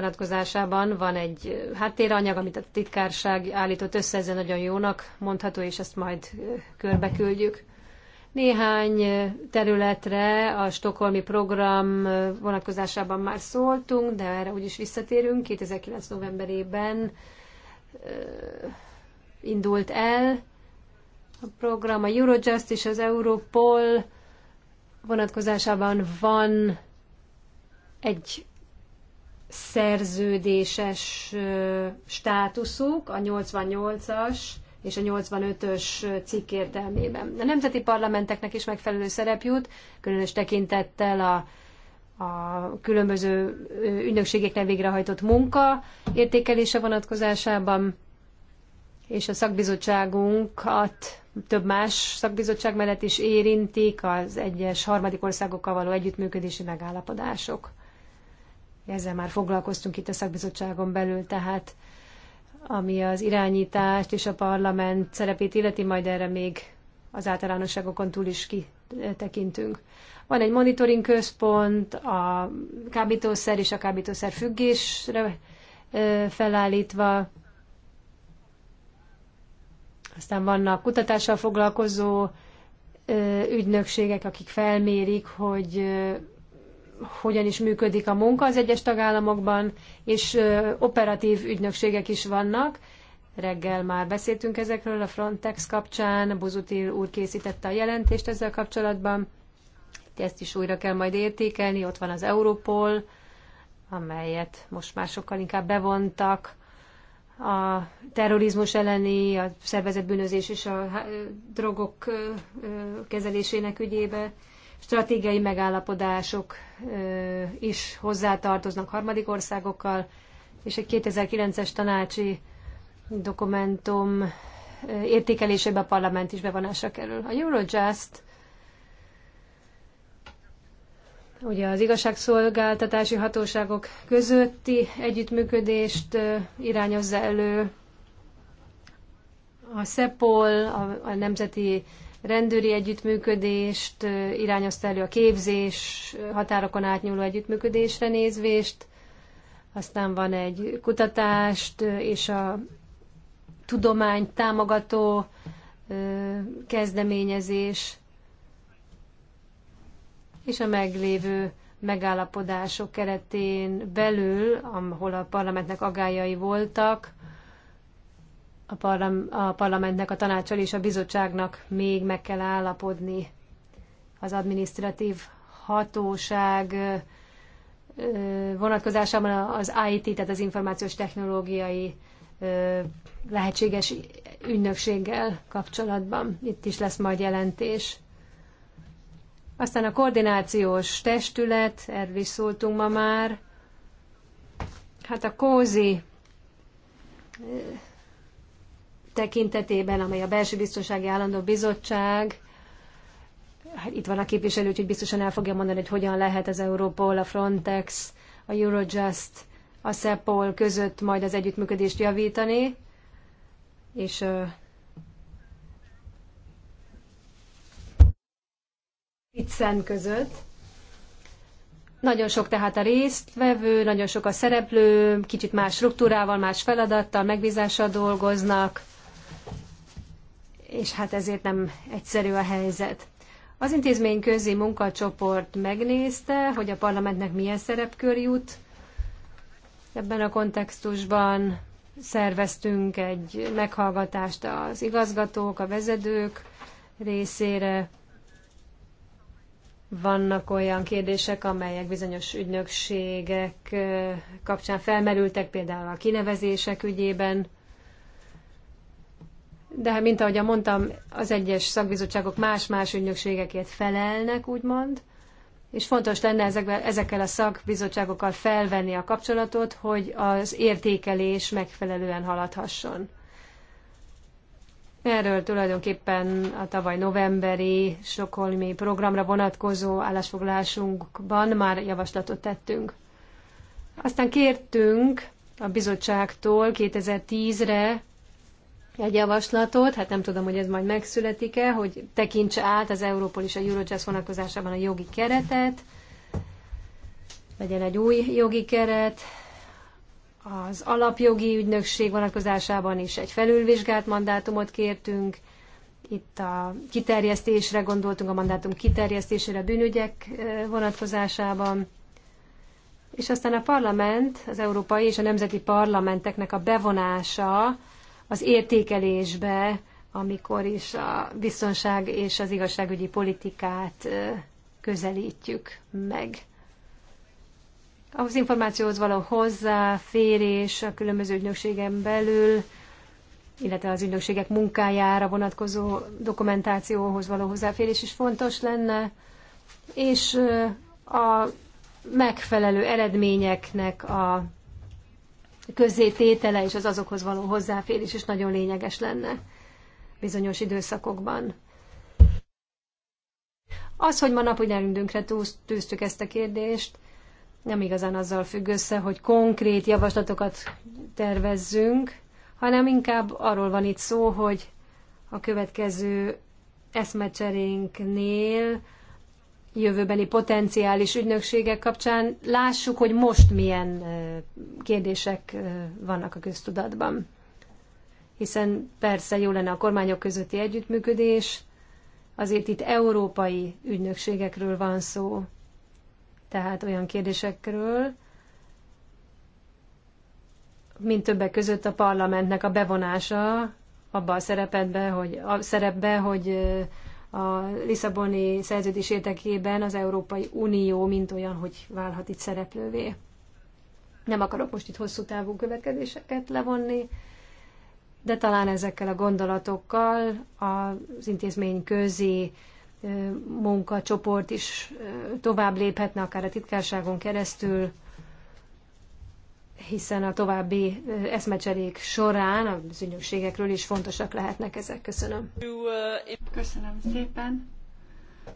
B: vonatkozásában van egy háttéranyag, amit a titkárság állított össze, ez nagyon jónak mondható, és ezt majd körbeküldjük. Néhány területre a stokholmi program vonatkozásában már szóltunk, de erre úgyis visszatérünk. 2009. novemberében indult el a program. A Eurojust és az Europol vonatkozásában van egy szerződéses státuszuk a 88-as és a 85-ös cikk értelmében. A nemzeti parlamenteknek is megfelelő szerep jut, különös tekintettel a, a különböző ügynökségeknek végrehajtott munka értékelése vonatkozásában, és a szakbizottságunkat több más szakbizottság mellett is érintik az egyes harmadik országokkal való együttműködési megállapodások ezzel már foglalkoztunk itt a szakbizottságon belül, tehát ami az irányítást és a parlament szerepét illeti, majd erre még az általánosságokon túl is kitekintünk. Van egy monitoring központ, a kábítószer és a kábítószer függésre felállítva, aztán vannak kutatással foglalkozó ügynökségek, akik felmérik, hogy hogyan is működik a munka az egyes tagállamokban, és operatív ügynökségek is vannak. Reggel már beszéltünk ezekről a Frontex kapcsán, Buzutil úr készítette a jelentést ezzel kapcsolatban. Ezt is újra kell majd értékelni, ott van az Europol, amelyet most már sokkal inkább bevontak a terrorizmus elleni, a szervezetbűnözés és a drogok kezelésének ügyébe stratégiai megállapodások is hozzátartoznak harmadik országokkal, és egy 2009-es tanácsi dokumentum értékelésébe a parlament is bevonásra kerül. A Eurojust ugye az igazságszolgáltatási hatóságok közötti együttműködést irányozza elő, a SEPOL, a, a Nemzeti rendőri együttműködést, irányozta elő a képzés, határokon átnyúló együttműködésre nézvést, aztán van egy kutatást és a tudomány támogató kezdeményezés, és a meglévő megállapodások keretén belül, ahol a parlamentnek agályai voltak, a, parlam- a parlamentnek, a tanácsal és a bizottságnak még meg kell állapodni az administratív hatóság vonatkozásában az IT, tehát az információs technológiai lehetséges ügynökséggel kapcsolatban. Itt is lesz majd jelentés. Aztán a koordinációs testület, erről is szóltunk ma már. Hát a kózi tekintetében, amely a Belső Biztonsági Állandó Bizottság, hát itt van a képviselő, úgyhogy biztosan el fogja mondani, hogy hogyan lehet az Europol, a Frontex, a Eurojust, a CEPOL között majd az együttműködést javítani, és itt Icen között. Nagyon sok tehát a résztvevő, nagyon sok a szereplő, kicsit más struktúrával, más feladattal, megbízással dolgoznak, és hát ezért nem egyszerű a helyzet. Az intézmény közi munkacsoport megnézte, hogy a parlamentnek milyen szerepkör jut. Ebben a kontextusban szerveztünk egy meghallgatást az igazgatók, a vezetők részére. Vannak olyan kérdések, amelyek bizonyos ügynökségek kapcsán felmerültek, például a kinevezések ügyében de hát, mint ahogy mondtam, az egyes szakbizottságok más-más ügynökségekért felelnek, úgymond, és fontos lenne ezekvel ezekkel a szakbizottságokkal felvenni a kapcsolatot, hogy az értékelés megfelelően haladhasson. Erről tulajdonképpen a tavaly novemberi Sokolmi programra vonatkozó állásfoglalásunkban már javaslatot tettünk. Aztán kértünk a bizottságtól 2010-re egy javaslatot, hát nem tudom, hogy ez majd megszületik-e, hogy tekintse át az Európol és a Eurojust vonatkozásában a jogi keretet, legyen egy új jogi keret, az alapjogi ügynökség vonatkozásában is egy felülvizsgált mandátumot kértünk, itt a kiterjesztésre gondoltunk, a mandátum kiterjesztésére bűnügyek vonatkozásában, és aztán a parlament, az európai és a nemzeti parlamenteknek a bevonása az értékelésbe, amikor is a biztonság és az igazságügyi politikát közelítjük meg. Az információhoz való hozzáférés a különböző ügynökségen belül, illetve az ügynökségek munkájára vonatkozó dokumentációhoz való hozzáférés is fontos lenne, és a megfelelő eredményeknek a közzététele és az azokhoz való hozzáférés is nagyon lényeges lenne bizonyos időszakokban. Az, hogy ma napügyelmünkre tűztük ezt a kérdést, nem igazán azzal függ össze, hogy konkrét javaslatokat tervezzünk, hanem inkább arról van itt szó, hogy a következő eszmecserénknél jövőbeni potenciális ügynökségek kapcsán lássuk, hogy most milyen kérdések vannak a köztudatban. Hiszen persze jó lenne a kormányok közötti együttműködés, azért itt európai ügynökségekről van szó, tehát olyan kérdésekről, mint többek között a parlamentnek a bevonása abba a szerepedbe, hogy, a szerepbe, hogy a Lisszaboni szerződés érdekében az Európai Unió mint olyan, hogy válhat itt szereplővé. Nem akarok most itt hosszú távú következéseket levonni, de talán ezekkel a gondolatokkal az intézmény közé munkacsoport is tovább léphetne, akár a titkárságon keresztül, hiszen a további eszmecserék során a ügynökségekről is fontosak lehetnek
A: ezek. Köszönöm. Köszönöm szépen.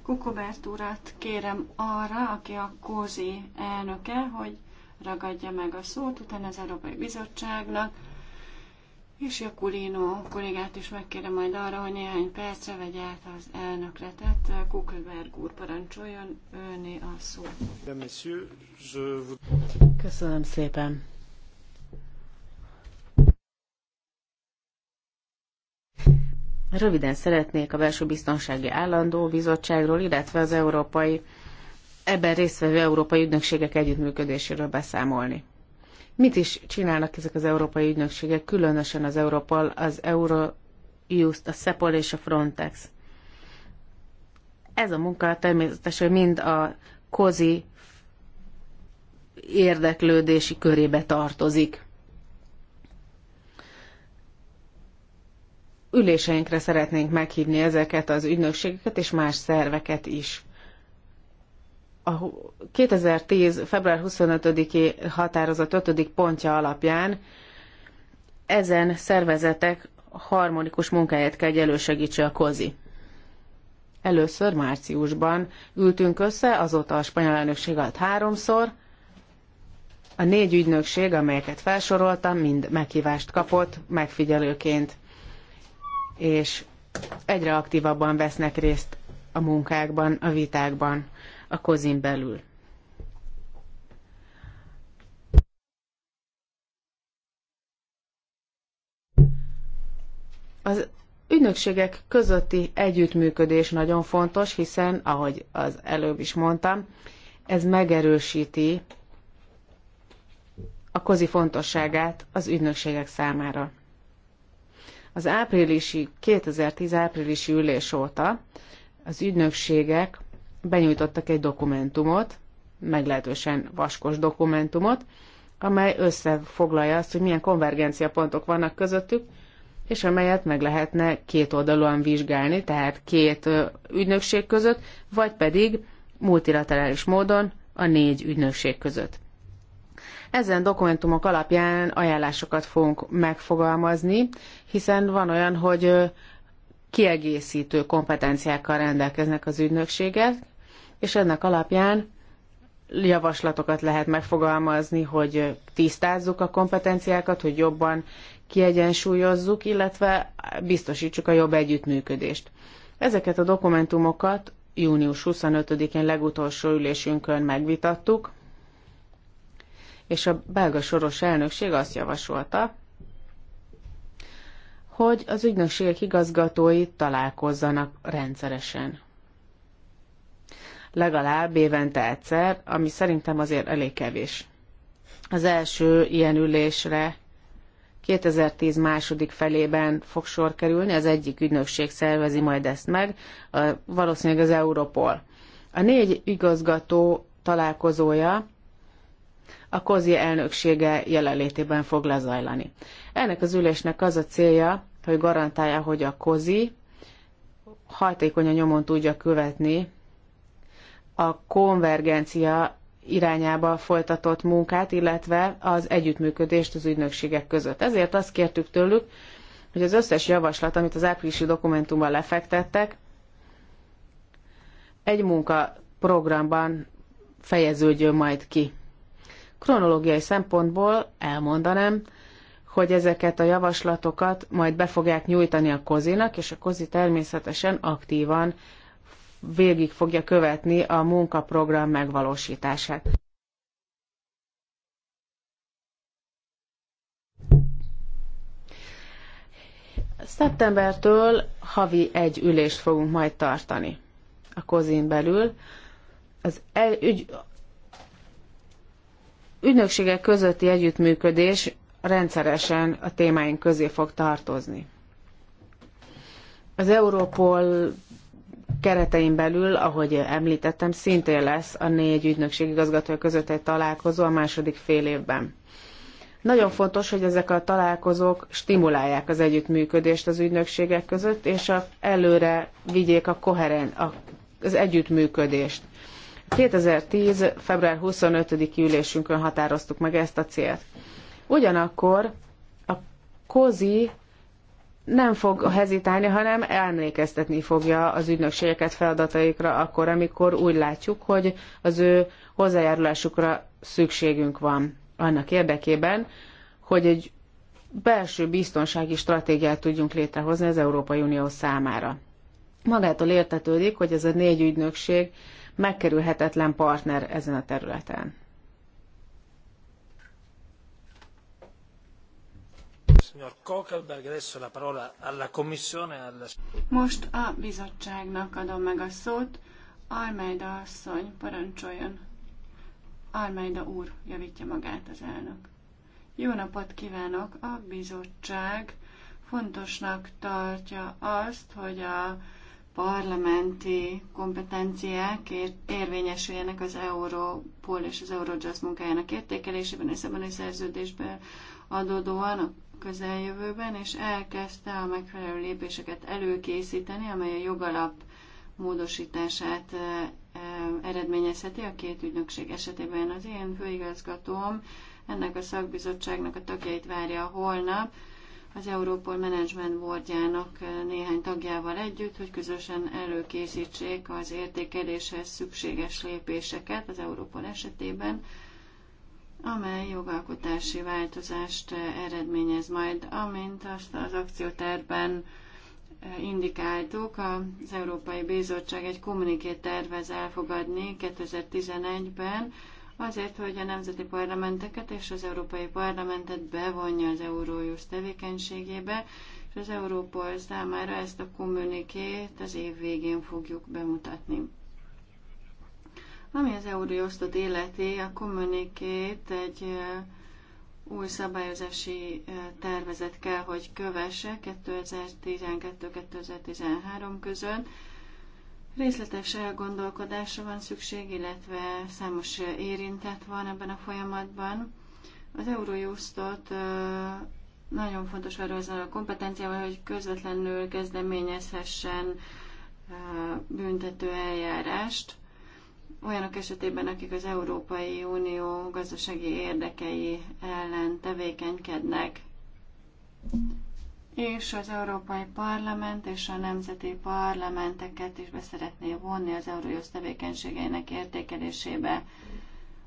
A: Kukubert urat kérem arra, aki a Kózi elnöke, hogy ragadja meg a szót, utána az Európai Bizottságnak, és Jakulino kollégát is megkérem majd arra, hogy néhány percre vegye át az elnökre. Tehát Kukelberg úr parancsoljon, őné a szót.
D: Köszönöm szépen. Röviden szeretnék a Belső Biztonsági Állandó Bizottságról, illetve az európai, ebben résztvevő európai ügynökségek együttműködéséről beszámolni. Mit is csinálnak ezek az európai ügynökségek, különösen az Európol, az Eurojust, a CEPOL és a Frontex? Ez a munka természetesen mind a kozi érdeklődési körébe tartozik. üléseinkre szeretnénk meghívni ezeket az ügynökségeket és más szerveket is. A 2010. február 25-i határozat 5. pontja alapján ezen szervezetek harmonikus munkáját kell, hogy elősegítse a kozi. Először márciusban ültünk össze, azóta a spanyol elnökség alatt háromszor. A négy ügynökség, amelyeket felsoroltam, mind meghívást kapott megfigyelőként és egyre aktívabban vesznek részt a munkákban, a vitákban, a kozin belül. Az ügynökségek közötti együttműködés nagyon fontos, hiszen, ahogy az előbb is mondtam, ez megerősíti a kozi fontosságát az ügynökségek számára. Az áprilisi, 2010 áprilisi ülés óta az ügynökségek benyújtottak egy dokumentumot, meglehetősen vaskos dokumentumot, amely összefoglalja azt, hogy milyen konvergenciapontok vannak közöttük, és amelyet meg lehetne két oldalúan vizsgálni, tehát két ügynökség között, vagy pedig multilaterális módon a négy ügynökség között. Ezen dokumentumok alapján ajánlásokat fogunk megfogalmazni, hiszen van olyan, hogy kiegészítő kompetenciákkal rendelkeznek az ügynökségek, és ennek alapján javaslatokat lehet megfogalmazni, hogy tisztázzuk a kompetenciákat, hogy jobban kiegyensúlyozzuk, illetve biztosítsuk a jobb együttműködést. Ezeket a dokumentumokat június 25-én legutolsó ülésünkön megvitattuk, és a belga soros elnökség azt javasolta, hogy az ügynökségek igazgatói találkozzanak rendszeresen. Legalább évente egyszer, ami szerintem azért elég kevés. Az első ilyen ülésre 2010 második felében fog sor kerülni, az egyik ügynökség szervezi majd ezt meg, valószínűleg az Europol. A négy igazgató találkozója a kozi elnöksége jelenlétében fog lezajlani. Ennek az ülésnek az a célja, hogy garantálja, hogy a kozi hatékonyan nyomon tudja követni a konvergencia irányába folytatott munkát, illetve az együttműködést az ügynökségek között. Ezért azt kértük tőlük, hogy az összes javaslat, amit az áprilisi dokumentumban lefektettek, egy munkaprogramban fejeződjön majd ki. Kronológiai szempontból elmondanám, hogy ezeket a javaslatokat majd be fogják nyújtani a kozinak, és a kozi természetesen aktívan végig fogja követni a munkaprogram megvalósítását. Szeptembertől havi egy ülést fogunk majd tartani a kozin belül. Az el, ügy, ügynökségek közötti együttműködés rendszeresen a témáink közé fog tartozni. Az Europol keretein belül, ahogy említettem, szintén lesz a négy ügynökség igazgatója között egy találkozó a második fél évben. Nagyon fontos, hogy ezek a találkozók stimulálják az együttműködést az ügynökségek között, és a, előre vigyék a koheren, a, az együttműködést. 2010. február 25-i ülésünkön határoztuk meg ezt a célt. Ugyanakkor a COZI nem fog hezitálni, hanem emlékeztetni fogja az ügynökségeket feladataikra akkor, amikor úgy látjuk, hogy az ő hozzájárulásukra szükségünk van. Annak érdekében, hogy egy belső biztonsági stratégiát tudjunk létrehozni az Európai Unió számára. Magától értetődik, hogy ez a négy ügynökség megkerülhetetlen partner ezen a területen.
A: Most a bizottságnak adom meg a szót. Almeida asszony, parancsoljon. Almeida úr, javítja magát az elnök. Jó napot kívánok! A bizottság fontosnak tartja azt, hogy a parlamenti kompetenciák érvényesüljenek az Európol és az Eurojust munkájának értékelésében, és a szerződésben adódóan a közeljövőben, és elkezdte a megfelelő lépéseket előkészíteni, amely a jogalap módosítását eredményezheti a két ügynökség esetében. Az én főigazgatóm ennek a szakbizottságnak a tagjait várja holnap, az Európol Management Boardjának eh, néhány tagjával együtt, hogy közösen előkészítsék az értékeléshez szükséges lépéseket az Európol esetében, amely jogalkotási változást eh, eredményez majd, amint azt az akcióterben eh, indikáltuk, az Európai Bizottság egy kommunikét tervez elfogadni 2011-ben azért, hogy a nemzeti parlamenteket és az Európai Parlamentet bevonja az Eurojust tevékenységébe, és az Európol számára ezt a kommunikét az év végén fogjuk bemutatni. Ami az Eurójusztot illeti, a kommunikét egy új szabályozási tervezet kell, hogy kövesse 2012-2013 között, Részletes elgondolkodásra van szükség, illetve számos érintett van ebben a folyamatban. Az Eurojustot nagyon fontos arra az a kompetenciával, hogy közvetlenül kezdeményezhessen büntető eljárást olyanok esetében, akik az Európai Unió gazdasági érdekei ellen tevékenykednek és az Európai Parlament és a nemzeti parlamenteket is beszeretné vonni az Eurojust tevékenységeinek értékelésébe.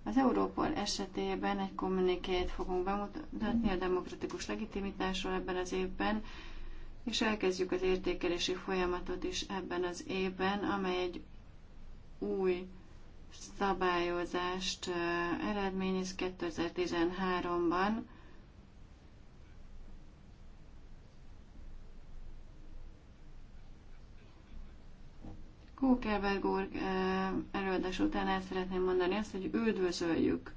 A: Az Európol esetében egy kommunikét fogunk bemutatni a demokratikus legitimitásról ebben az évben, és elkezdjük az értékelési folyamatot is ebben az évben, amely egy új szabályozást eredményez 2013-ban Kókelberg úr előadás után el szeretném mondani azt, hogy üdvözöljük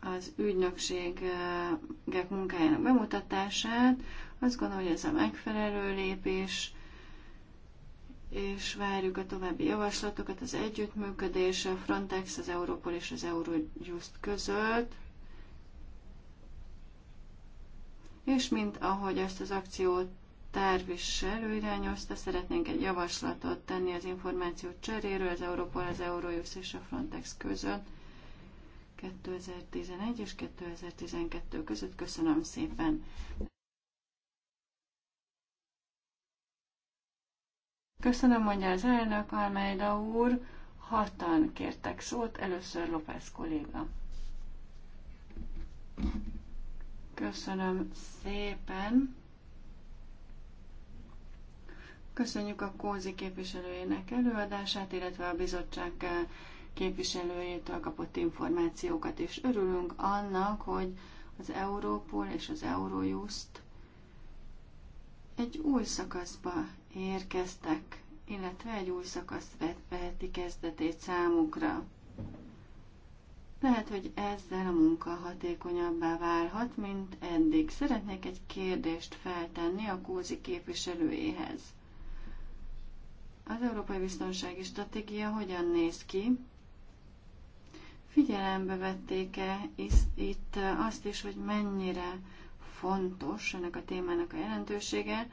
A: az ügynökségek munkájának bemutatását. Azt gondolom, hogy ez a megfelelő lépés, és várjuk a további javaslatokat, az együttműködés a Frontex, az Europol és az Eurojust között. És mint ahogy ezt az akciót tárviselő irányozta, szeretnénk egy javaslatot tenni az információ cseréről az Európol, az Eurojust és a Frontex között 2011 és 2012 között. Köszönöm szépen! Köszönöm, mondja az elnök, Almeida úr. Hatan kértek szót, először López kolléga. Köszönöm szépen! Köszönjük a Kózi képviselőjének előadását, illetve a bizottság képviselőjétől kapott információkat, és örülünk annak, hogy az Európol és az Eurojust egy új szakaszba érkeztek, illetve egy új szakasz veheti kezdetét számukra. Lehet, hogy ezzel a munka hatékonyabbá válhat, mint eddig. Szeretnék egy kérdést feltenni a Kózi képviselőjéhez. Az Európai Biztonsági Stratégia hogyan néz ki? Figyelembe vették-e itt azt is, hogy mennyire fontos ennek a témának a jelentősége?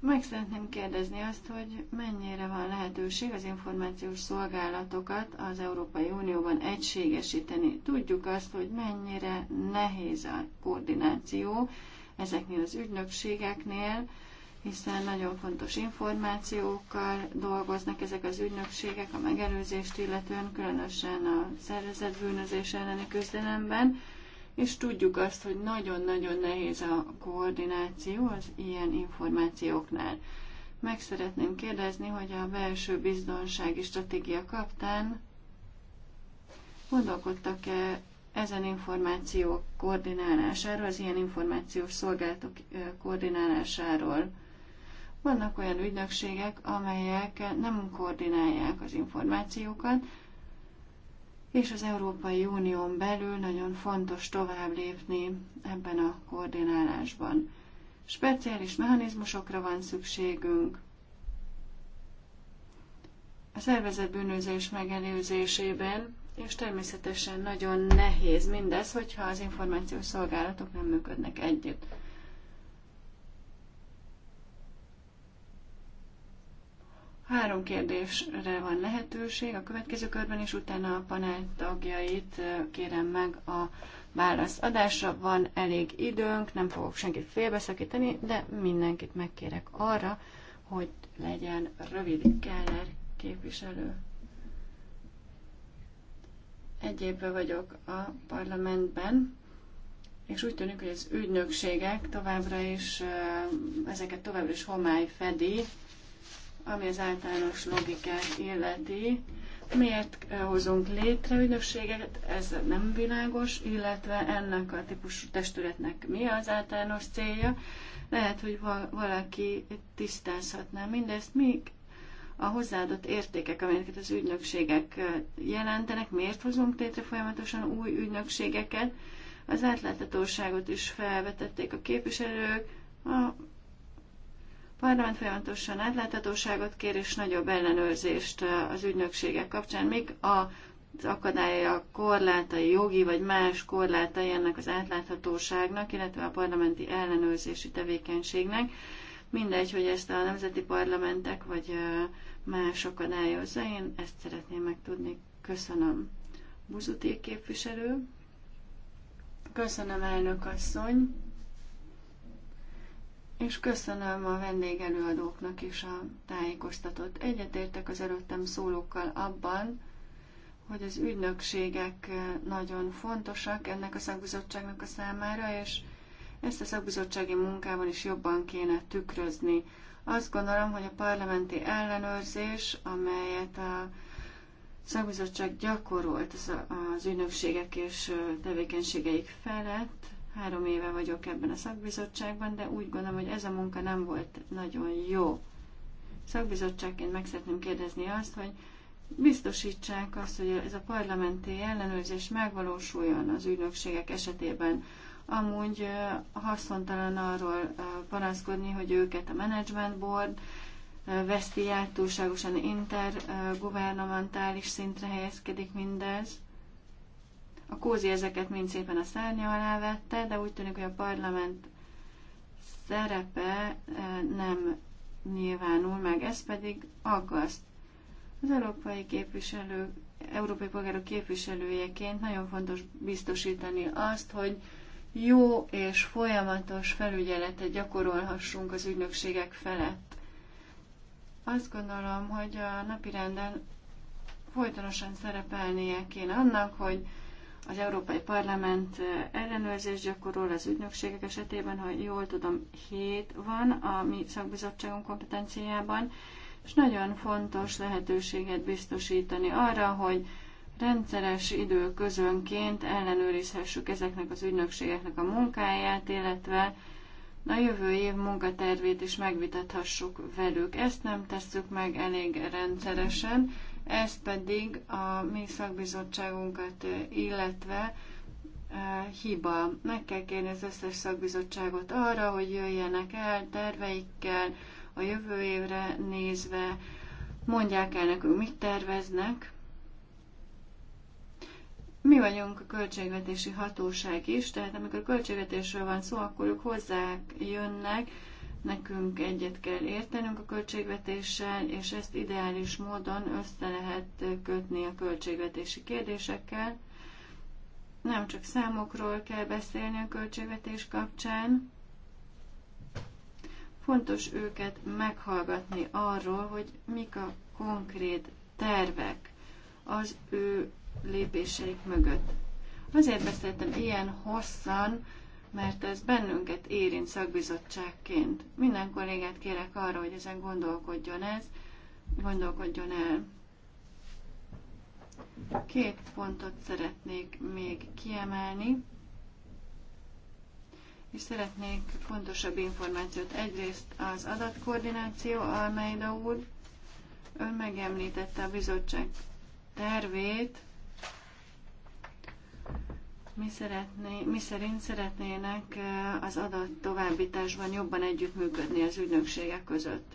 A: Meg szeretném kérdezni azt, hogy mennyire van lehetőség az információs szolgálatokat az Európai Unióban egységesíteni. Tudjuk azt, hogy mennyire nehéz a koordináció ezeknél az ügynökségeknél, hiszen nagyon fontos információkkal dolgoznak ezek az ügynökségek a megelőzést illetően, különösen a szervezett bűnözés elleni küzdelemben, és tudjuk azt, hogy nagyon-nagyon nehéz a koordináció az ilyen információknál. Meg szeretném kérdezni, hogy a belső biztonsági stratégia kaptán gondolkodtak-e ezen információk koordinálásáról, az ilyen információs szolgáltok koordinálásáról. Vannak olyan ügynökségek, amelyek nem koordinálják az információkat, és az Európai Unión belül nagyon fontos tovább lépni ebben a koordinálásban. Speciális mechanizmusokra van szükségünk. A szervezet bűnözés megelőzésében, és természetesen nagyon nehéz mindez, hogyha az információs szolgálatok nem működnek együtt. Három kérdésre van lehetőség a következő körben, és utána a panel tagjait kérem meg a válasz adásra. Van elég időnk, nem fogok senkit félbeszakítani, de mindenkit megkérek arra, hogy legyen rövid Keller képviselő. Egy vagyok a parlamentben, és úgy tűnik, hogy az ügynökségek továbbra is, ezeket továbbra is homály fedi, ami az általános logikát illeti, miért hozunk létre ügynökséget, ez nem világos, illetve ennek a típusú testületnek mi az általános célja. Lehet, hogy valaki tisztázhatná mindezt, míg a hozzáadott értékek, amelyeket az ügynökségek jelentenek, miért hozunk létre folyamatosan új ügynökségeket, az átláthatóságot is felvetették a képviselők, a parlament folyamatosan átláthatóságot kér és nagyobb ellenőrzést az ügynökségek kapcsán, még a az akadálya, korlátai, jogi vagy más korlátai ennek az átláthatóságnak, illetve a parlamenti ellenőrzési tevékenységnek. Mindegy, hogy ezt a nemzeti parlamentek vagy más akadályozza, én ezt szeretném megtudni. Köszönöm. Buzuti képviselő. Köszönöm, elnök asszony és köszönöm a vendégelőadóknak is a tájékoztatót. Egyetértek az előttem szólókkal abban, hogy az ügynökségek nagyon fontosak ennek a szakbizottságnak a számára, és ezt a szakbizottsági munkában is jobban kéne tükrözni. Azt gondolom, hogy a parlamenti ellenőrzés, amelyet a szakbizottság gyakorolt az, az ügynökségek és tevékenységeik felett, Három éve vagyok ebben a szakbizottságban, de úgy gondolom, hogy ez a munka nem volt nagyon jó. Szakbizottságként meg szeretném kérdezni azt, hogy biztosítsák azt, hogy ez a parlamenti ellenőrzés megvalósuljon az ügynökségek esetében. Amúgy haszontalan arról panaszkodni, hogy őket a management board veszti át, túlságosan intergovernamentális szintre helyezkedik mindez. A kózi ezeket mind szépen a szárnya alá vette, de úgy tűnik, hogy a parlament szerepe eh, nem nyilvánul meg, ez pedig aggaszt. Az európai képviselő, európai polgárok képviselőjeként nagyon fontos biztosítani azt, hogy jó és folyamatos felügyeletet gyakorolhassunk az ügynökségek felett. Azt gondolom, hogy a napirenden folytonosan szerepelnie kéne annak, hogy az Európai Parlament ellenőrzést gyakorol az ügynökségek esetében, ha jól tudom, hét van a mi szakbizottságunk kompetenciájában, és nagyon fontos lehetőséget biztosítani arra, hogy rendszeres időközönként ellenőrizhessük ezeknek az ügynökségeknek a munkáját, illetve a jövő év munkatervét is megvitathassuk velük. Ezt nem tesszük meg elég rendszeresen, ez pedig a mi szakbizottságunkat illetve hiba. Meg kell kérni az összes szakbizottságot arra, hogy jöjjenek el terveikkel a jövő évre nézve, mondják el nekünk, mit terveznek. Mi vagyunk a költségvetési hatóság is, tehát amikor a költségvetésről van szó, akkor ők hozzá jönnek, Nekünk egyet kell értenünk a költségvetéssel, és ezt ideális módon össze lehet kötni a költségvetési kérdésekkel. Nem csak számokról kell beszélni a költségvetés kapcsán, fontos őket meghallgatni arról, hogy mik a konkrét tervek az ő lépéseik mögött. Azért beszéltem ilyen hosszan mert ez bennünket érint szakbizottságként. Minden kollégát kérek arra, hogy ezen gondolkodjon ez, gondolkodjon el. Két pontot szeretnék még kiemelni, és szeretnék fontosabb információt. Egyrészt az adatkoordináció, Almeida úr, ön megemlítette a bizottság tervét, mi, szeretné, mi szerint szeretnének az adat továbbításban jobban együttműködni az ügynökségek között.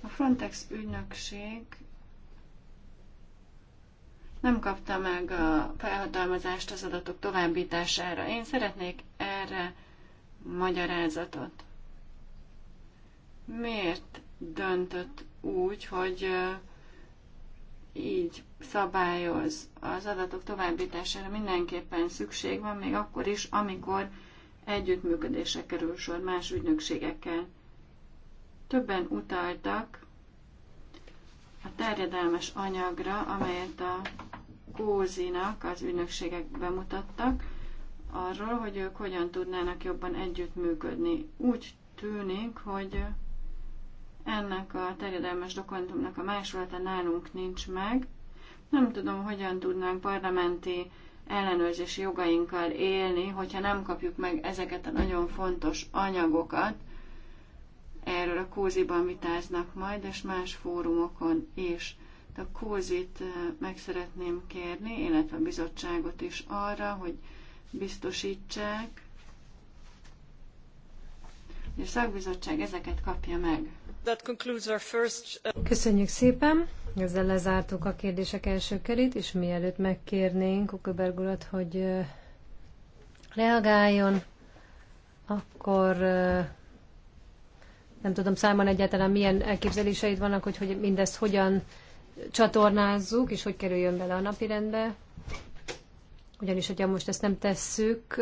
A: A Frontex ügynökség nem kapta meg a felhatalmazást az adatok továbbítására. Én szeretnék erre magyarázatot. Miért döntött úgy, hogy így szabályoz. Az adatok továbbítására mindenképpen szükség van, még akkor is, amikor együttműködésre kerül sor más ügynökségekkel. Többen utaltak a terjedelmes anyagra, amelyet a Kózinak az ügynökségek bemutattak, arról, hogy ők hogyan tudnának jobban együttműködni. Úgy tűnik, hogy ennek a terjedelmes dokumentumnak a másolata nálunk nincs meg, nem tudom, hogyan tudnánk parlamenti ellenőrzési jogainkkal élni, hogyha nem kapjuk meg ezeket a nagyon fontos anyagokat. Erről a kóziban vitáznak majd, és más fórumokon is. De a kózit eh, meg szeretném kérni, illetve a bizottságot is arra, hogy biztosítsák, hogy a szakbizottság ezeket kapja meg. Eh,
B: Köszönjük szépen! Ezzel lezártuk a kérdések első körét, és mielőtt megkérnénk a Köbergulat, hogy reagáljon, akkor nem tudom számon egyáltalán milyen elképzeléseid vannak, hogy, hogy mindezt hogyan csatornázzuk, és hogy kerüljön bele a napirendbe. Ugyanis, hogyha most ezt nem tesszük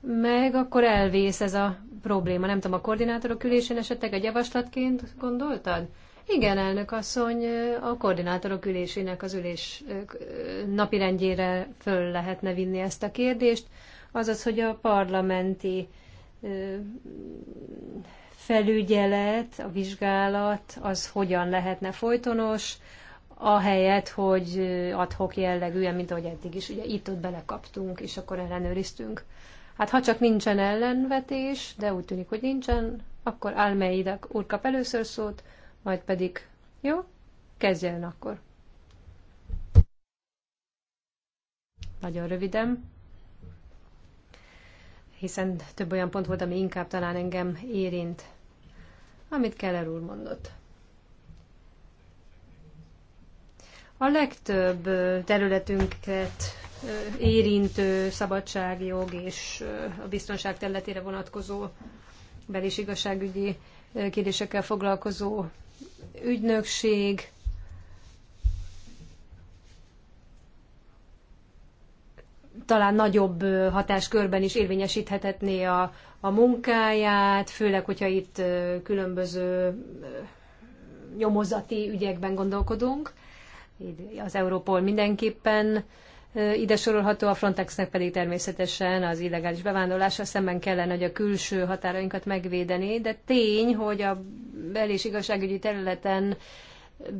B: meg, akkor elvész ez a probléma. Nem tudom, a koordinátorok ülésén esetleg egy javaslatként gondoltad? Igen, elnök asszony, a koordinátorok ülésének az ülés napirendjére föl lehetne vinni ezt a kérdést, azaz, hogy a parlamenti felügyelet, a vizsgálat, az hogyan lehetne folytonos, ahelyett, hogy adhok jellegűen, mint ahogy eddig is, ugye itt-ott belekaptunk, és akkor ellenőriztünk. Hát ha csak nincsen ellenvetés, de úgy tűnik, hogy nincsen, akkor Almeida úr kap először szót, majd pedig, jó? Kezdjen akkor. Nagyon röviden, hiszen több olyan pont volt, ami inkább talán engem érint, amit Keller úr mondott. A legtöbb területünket érintő szabadságjog és a biztonság területére vonatkozó bel- igazságügyi kérdésekkel foglalkozó ügynökség, talán nagyobb hatáskörben is érvényesíthetné a, a munkáját, főleg, hogyha itt különböző nyomozati ügyekben gondolkodunk. Az Európol mindenképpen ide sorolható, a Frontexnek pedig természetesen az illegális bevándorlással szemben kellene, hogy a külső határainkat megvédeni, de tény, hogy a bel- és igazságügyi területen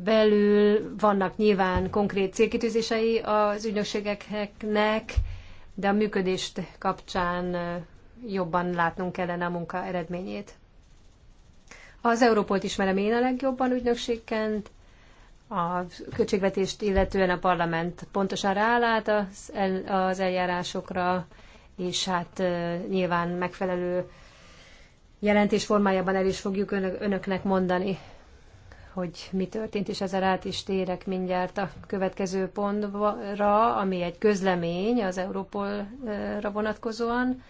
B: belül vannak nyilván konkrét célkitűzései az ügynökségeknek, de a működést kapcsán jobban látnunk kellene a munka eredményét. Az Európolt ismerem én a legjobban ügynökségként, a költségvetést illetően a parlament pontosan ráállt az, el, az eljárásokra, és hát nyilván megfelelő jelentés formájában el is fogjuk önök, önöknek mondani, hogy mi történt, és ezzel át is térek mindjárt a következő pontra, ami egy közlemény az Európolra vonatkozóan.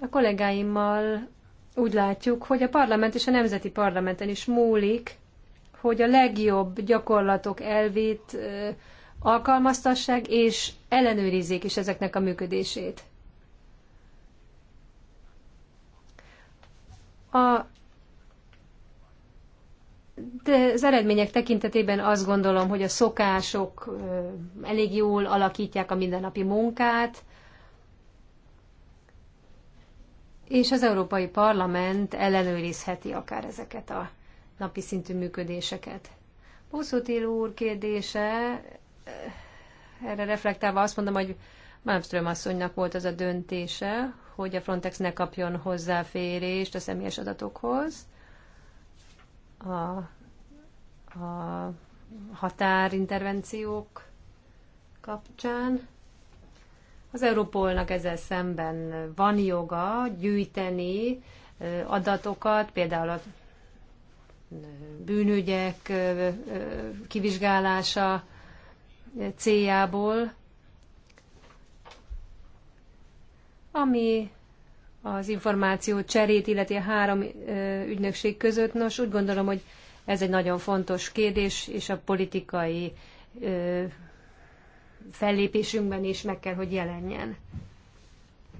B: A kollégáimmal úgy látjuk, hogy a parlament és a nemzeti parlamenten is múlik, hogy a legjobb gyakorlatok elvét alkalmaztassák, és ellenőrizzék is ezeknek a működését. A de az eredmények tekintetében azt gondolom, hogy a szokások elég jól alakítják a mindennapi munkát, és az Európai Parlament ellenőrizheti akár ezeket a napi szintű működéseket. Bosszútil úr kérdése, eh, erre reflektálva azt mondom, hogy Malmström asszonynak volt az a döntése, hogy a Frontex ne kapjon hozzáférést a személyes adatokhoz, a, a határintervenciók kapcsán. Az Európolnak ezzel szemben van joga gyűjteni eh, adatokat, például a bűnügyek kivizsgálása céljából, ami az információ cserét, illeti a három ügynökség között. Nos, úgy gondolom, hogy ez egy nagyon fontos kérdés, és a politikai fellépésünkben is meg kell, hogy jelenjen.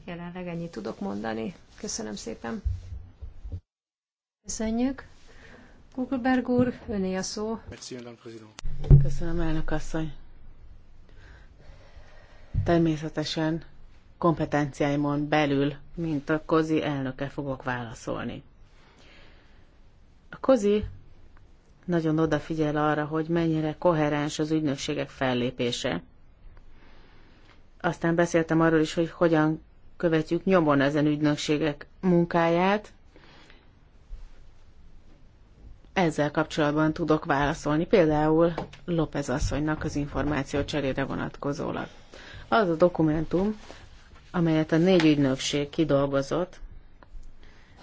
B: Jelenleg ennyit tudok mondani. Köszönöm szépen. Köszönjük. Kugelberg úr, öné a szó. Köszönöm, elnök
D: asszony. Természetesen kompetenciáimon belül, mint a kozi elnöke fogok válaszolni. A kozi nagyon odafigyel arra, hogy mennyire koherens az ügynökségek fellépése. Aztán beszéltem arról is, hogy hogyan követjük nyomon ezen ügynökségek munkáját, ezzel kapcsolatban tudok válaszolni, például López asszonynak az információ cserére vonatkozólag. Az a dokumentum, amelyet a négy ügynökség kidolgozott,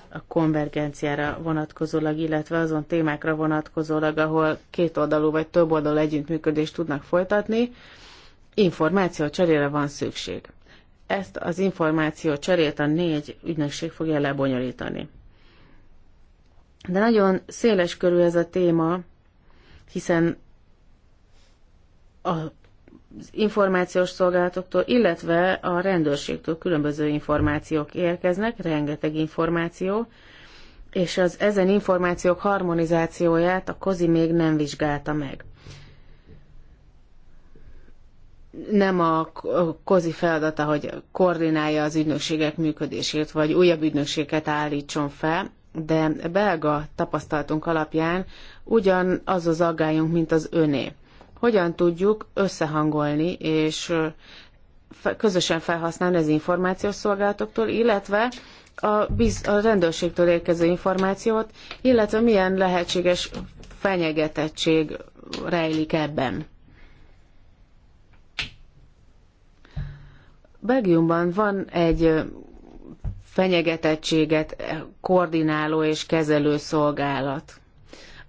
D: a konvergenciára vonatkozólag, illetve azon témákra vonatkozólag, ahol két oldalú vagy több oldalú együttműködést tudnak folytatni, információ cserére van szükség. Ezt az információ cserét a négy ügynökség fogja lebonyolítani. De nagyon széles körül ez a téma, hiszen az információs szolgálatoktól, illetve a rendőrségtől különböző információk érkeznek, rengeteg információ, és az ezen információk harmonizációját a kozi még nem vizsgálta meg. Nem a kozi feladata, hogy koordinálja az ügynökségek működését, vagy újabb ügynökséget állítson fel, de belga tapasztalatunk alapján ugyan az az aggályunk, mint az öné. Hogyan tudjuk összehangolni és közösen felhasználni az információs szolgálatoktól, illetve a, biz, a rendőrségtől érkező információt, illetve milyen lehetséges fenyegetettség rejlik ebben. Belgiumban van egy fenyegetettséget koordináló és kezelő szolgálat,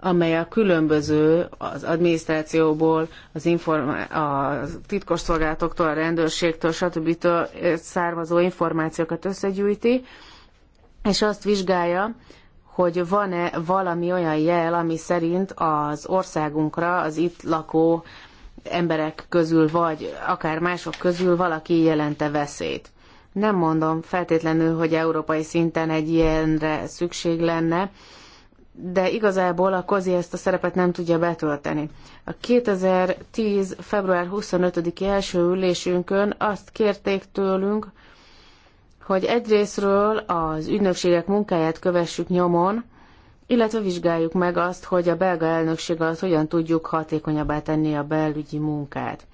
D: amely a különböző az adminisztrációból, az, informa- a titkos szolgálatoktól, a rendőrségtől, stb. származó információkat összegyűjti, és azt vizsgálja, hogy van-e valami olyan jel, ami szerint az országunkra az itt lakó emberek közül, vagy akár mások közül valaki jelente veszélyt. Nem mondom feltétlenül, hogy európai szinten egy ilyenre szükség lenne, de igazából a Kozi ezt a szerepet nem tudja betölteni. A 2010. február 25-i első ülésünkön azt kérték tőlünk, hogy egyrésztről az ügynökségek munkáját kövessük nyomon, illetve vizsgáljuk meg azt, hogy a belga elnökség az hogyan tudjuk hatékonyabbá tenni a belügyi munkát.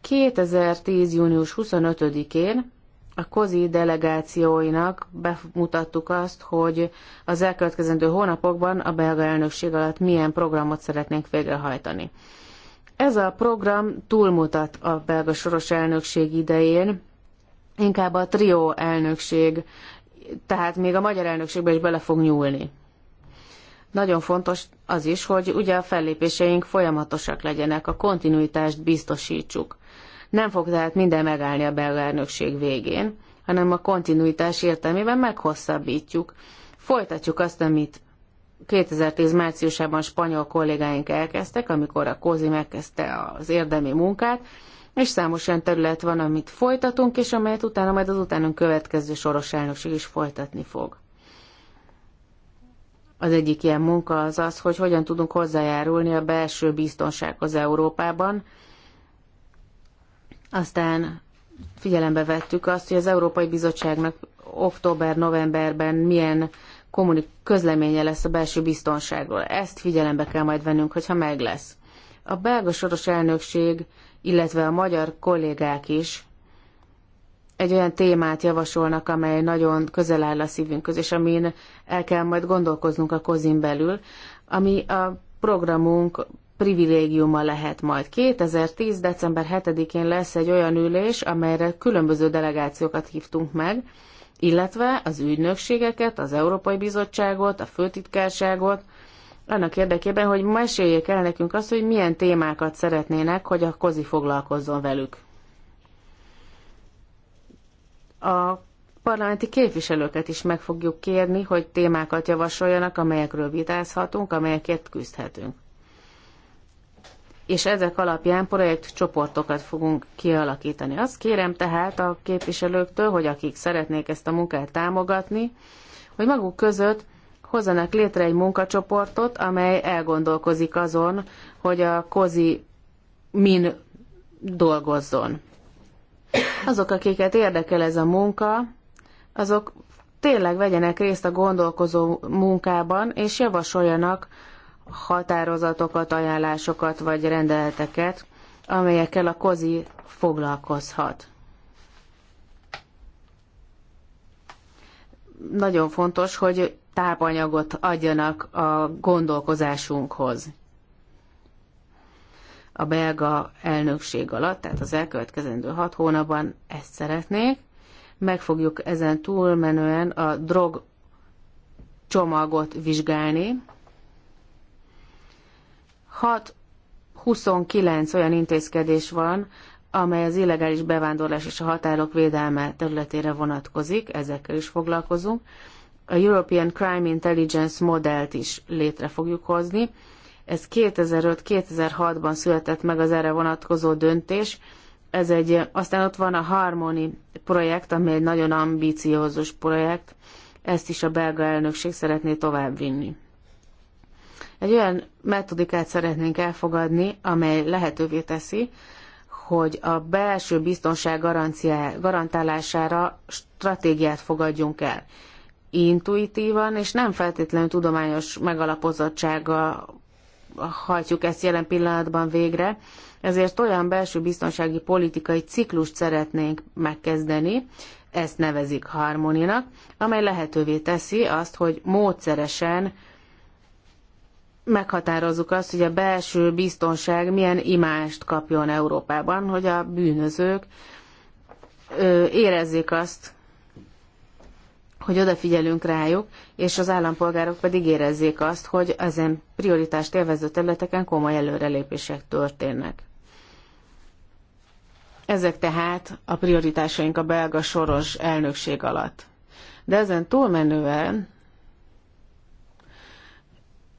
D: 2010. június 25-én a kozi delegációinak bemutattuk azt, hogy az elkövetkezendő hónapokban a belga elnökség alatt milyen programot szeretnénk végrehajtani. Ez a program túlmutat a belga soros elnökség idején, inkább a trió elnökség, tehát még a magyar elnökségbe is bele fog nyúlni. Nagyon fontos az is, hogy ugye a fellépéseink folyamatosak legyenek, a kontinuitást biztosítsuk. Nem fog tehát minden megállni a belgárnökség végén, hanem a kontinuitás értelmében meghosszabbítjuk. Folytatjuk azt, amit 2010 márciusában spanyol kollégáink elkezdtek, amikor a Kozi megkezdte az érdemi munkát, és számos olyan terület van, amit folytatunk, és amelyet utána majd az utánunk következő soros elnökség is folytatni fog. Az egyik ilyen munka az az, hogy hogyan tudunk hozzájárulni a belső biztonsághoz Európában, aztán figyelembe vettük azt, hogy az Európai Bizottságnak október-novemberben milyen kommunik közleménye lesz a belső biztonságról. Ezt figyelembe kell majd vennünk, hogyha meg lesz. A belga soros elnökség, illetve a magyar kollégák is egy olyan témát javasolnak, amely nagyon közel áll a szívünkhöz, és amin el kell majd gondolkoznunk a kozin belül, ami a programunk privilégiuma lehet majd. 2010. december 7-én lesz egy olyan ülés, amelyre különböző delegációkat hívtunk meg, illetve az ügynökségeket, az Európai Bizottságot, a Főtitkárságot, annak érdekében, hogy meséljék el nekünk azt, hogy milyen témákat szeretnének, hogy a kozi foglalkozzon velük. A parlamenti képviselőket is meg fogjuk kérni, hogy témákat javasoljanak, amelyekről vitázhatunk, amelyeket küzdhetünk és ezek alapján projektcsoportokat fogunk kialakítani. Azt kérem tehát a képviselőktől, hogy akik szeretnék ezt a munkát támogatni, hogy maguk között hozzanak létre egy munkacsoportot, amely elgondolkozik azon, hogy a kozi min dolgozzon. Azok, akiket érdekel ez a munka, azok tényleg vegyenek részt a gondolkozó munkában, és javasoljanak határozatokat, ajánlásokat vagy rendeleteket, amelyekkel a kozi foglalkozhat. Nagyon fontos, hogy tápanyagot adjanak a gondolkozásunkhoz. A belga elnökség alatt, tehát az elkövetkezendő hat hónapban ezt szeretnék. Meg fogjuk ezen túlmenően a drog csomagot vizsgálni, 6-29 olyan intézkedés van, amely az illegális bevándorlás és a határok védelme területére vonatkozik, ezekkel is foglalkozunk. A European Crime Intelligence modellt is létre fogjuk hozni. Ez 2005-2006-ban született meg az erre vonatkozó döntés. Ez egy, aztán ott van a Harmony projekt, ami egy nagyon ambiciózus projekt. Ezt is a belga elnökség szeretné továbbvinni. Egy olyan metodikát szeretnénk elfogadni, amely lehetővé teszi, hogy a belső biztonság garantálására stratégiát fogadjunk el. Intuitívan és nem feltétlenül tudományos megalapozottsággal hajtjuk ezt jelen pillanatban végre, ezért olyan belső biztonsági politikai ciklust szeretnénk megkezdeni, ezt nevezik harmoninak, amely lehetővé teszi azt, hogy módszeresen meghatározzuk azt, hogy a belső biztonság milyen imást kapjon Európában, hogy a bűnözők érezzék azt, hogy odafigyelünk rájuk, és az állampolgárok pedig érezzék azt, hogy ezen prioritást élvező területeken komoly előrelépések történnek. Ezek tehát a prioritásaink a belga soros elnökség alatt. De ezen túlmenően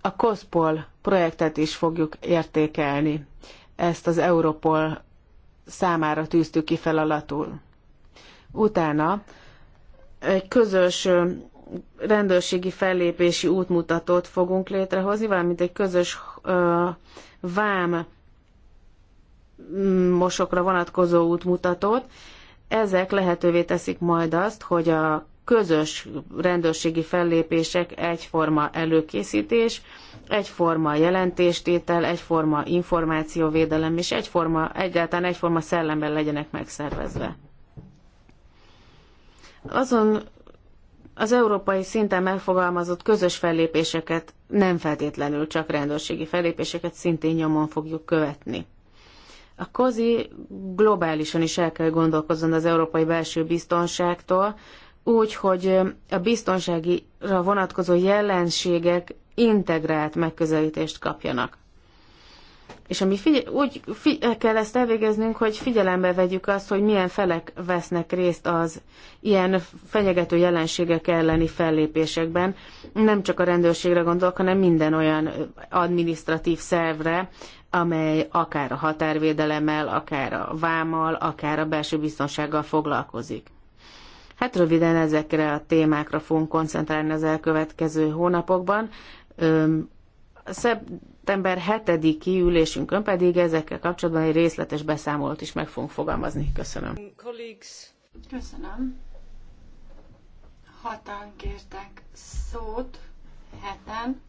D: a COSPOL projektet is fogjuk értékelni. Ezt az Europol számára tűztük ki feladatul. Utána egy közös rendőrségi fellépési útmutatót fogunk létrehozni, valamint egy közös ö, vám mm, mosokra vonatkozó útmutatót. Ezek lehetővé teszik majd azt, hogy a közös rendőrségi fellépések, egyforma előkészítés, egyforma jelentéstétel, egyforma információvédelem, és egyforma, egyáltalán egyforma szellemben legyenek megszervezve. Azon az európai szinten megfogalmazott közös fellépéseket, nem feltétlenül csak rendőrségi fellépéseket szintén nyomon fogjuk követni. A COZI globálisan is el kell gondolkozzon az európai belső biztonságtól, úgy, hogy a biztonságira vonatkozó jelenségek integrált megközelítést kapjanak. És ami figy- úgy figy- kell ezt elvégeznünk, hogy figyelembe vegyük azt, hogy milyen felek vesznek részt az ilyen fenyegető jelenségek elleni fellépésekben. Nem csak a rendőrségre gondolok, hanem minden olyan administratív szervre, amely akár a határvédelemmel, akár a vámmal, akár a belső biztonsággal foglalkozik. Hát röviden ezekre a témákra fogunk koncentrálni az elkövetkező hónapokban. Szeptember 7-i ülésünkön pedig ezekkel kapcsolatban egy részletes beszámolót is meg fogunk fogalmazni. Köszönöm.
A: Köszönöm. Hatan kértek szót, heten.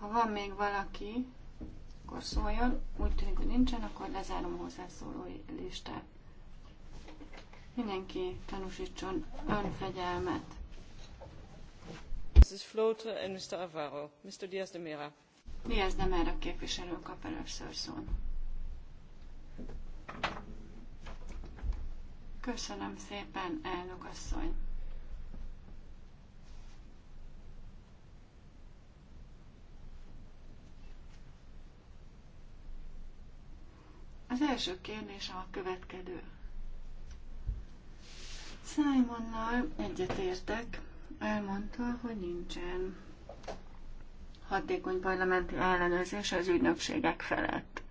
A: Ha van még valaki, akkor szóljon. Úgy tűnik, hogy nincsen, akkor lezárom a hozzászólói listát. Mindenki tanúsítson önfegyelmet. Mrs. Flotre and Mr. Avaro. Mr. Diaz de Mera. Diaz de Mera képviselő kap először szón? Köszönöm szépen, elnök asszony. Az első kérdésem a következő. Simonnal egyetértek, elmondta, hogy nincsen hatékony parlamenti ellenőrzés az ügynökségek felett.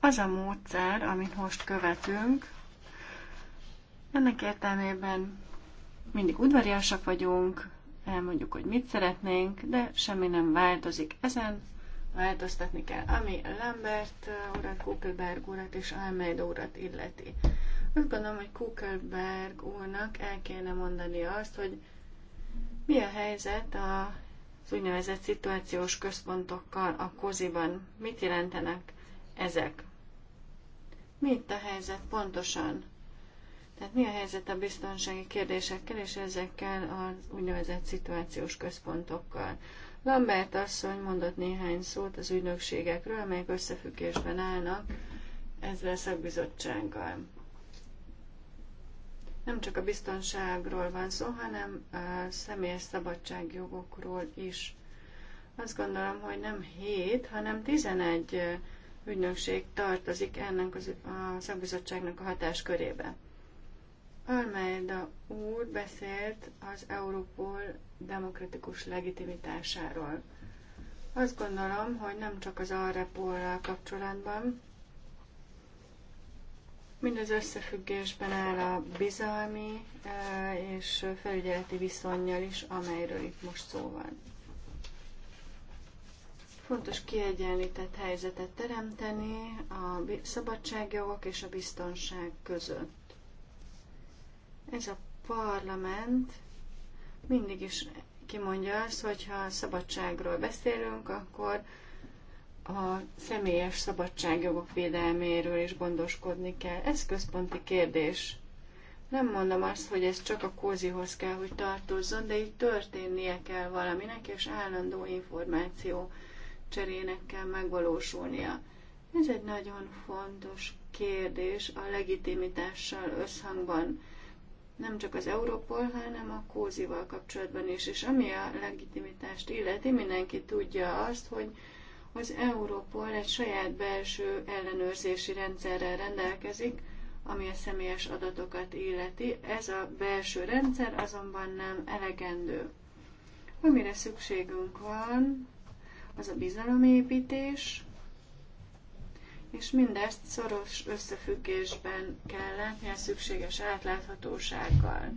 A: Az a módszer, amit most követünk, ennek értelmében mindig udvariasak vagyunk, elmondjuk, hogy mit szeretnénk, de semmi nem változik ezen, változtatni kell, ami Lambert uh, urat, Kukelberg urat és Almeida urat illeti. Azt gondolom, hogy Kukerberg úrnak el kéne mondani azt, hogy mi a helyzet a az úgynevezett szituációs központokkal a koziban. Mit jelentenek ezek? Mi itt a helyzet pontosan? Tehát mi a helyzet a biztonsági kérdésekkel és ezekkel az úgynevezett szituációs központokkal? Lambert asszony mondott néhány szót az ügynökségekről, amelyek összefüggésben állnak ezzel a szakbizottsággal. Nem csak a biztonságról van szó, hanem a személyes szabadságjogokról is. Azt gondolom, hogy nem 7, hanem 11 ügynökség tartozik ennek az, a szakbizottságnak a hatáskörébe. Almeida úr beszélt az Európol demokratikus legitimitásáról. Azt gondolom, hogy nem csak az Arrepol kapcsolatban, Mindez összefüggésben áll a bizalmi eh, és felügyeleti viszonyjal is, amelyről itt most szó van. Fontos kiegyenlített helyzetet teremteni a szabadságjogok és a biztonság között. Ez a parlament mindig is kimondja azt, hogy ha szabadságról beszélünk, akkor a személyes szabadságjogok védelméről is gondoskodni kell. Ez központi kérdés. Nem mondom azt, hogy ez csak a kózihoz kell, hogy tartozzon, de így történnie kell valaminek, és állandó információ cserének kell megvalósulnia. Ez egy nagyon fontos kérdés a legitimitással összhangban, nem csak az Európol, hanem a kózival kapcsolatban is. És ami a legitimitást illeti, mindenki tudja azt, hogy az Europol egy saját belső ellenőrzési rendszerrel rendelkezik, ami a személyes adatokat illeti. Ez a belső rendszer azonban nem elegendő. Amire szükségünk van, az a bizalomépítés, és mindezt szoros összefüggésben kell látni a szükséges átláthatósággal.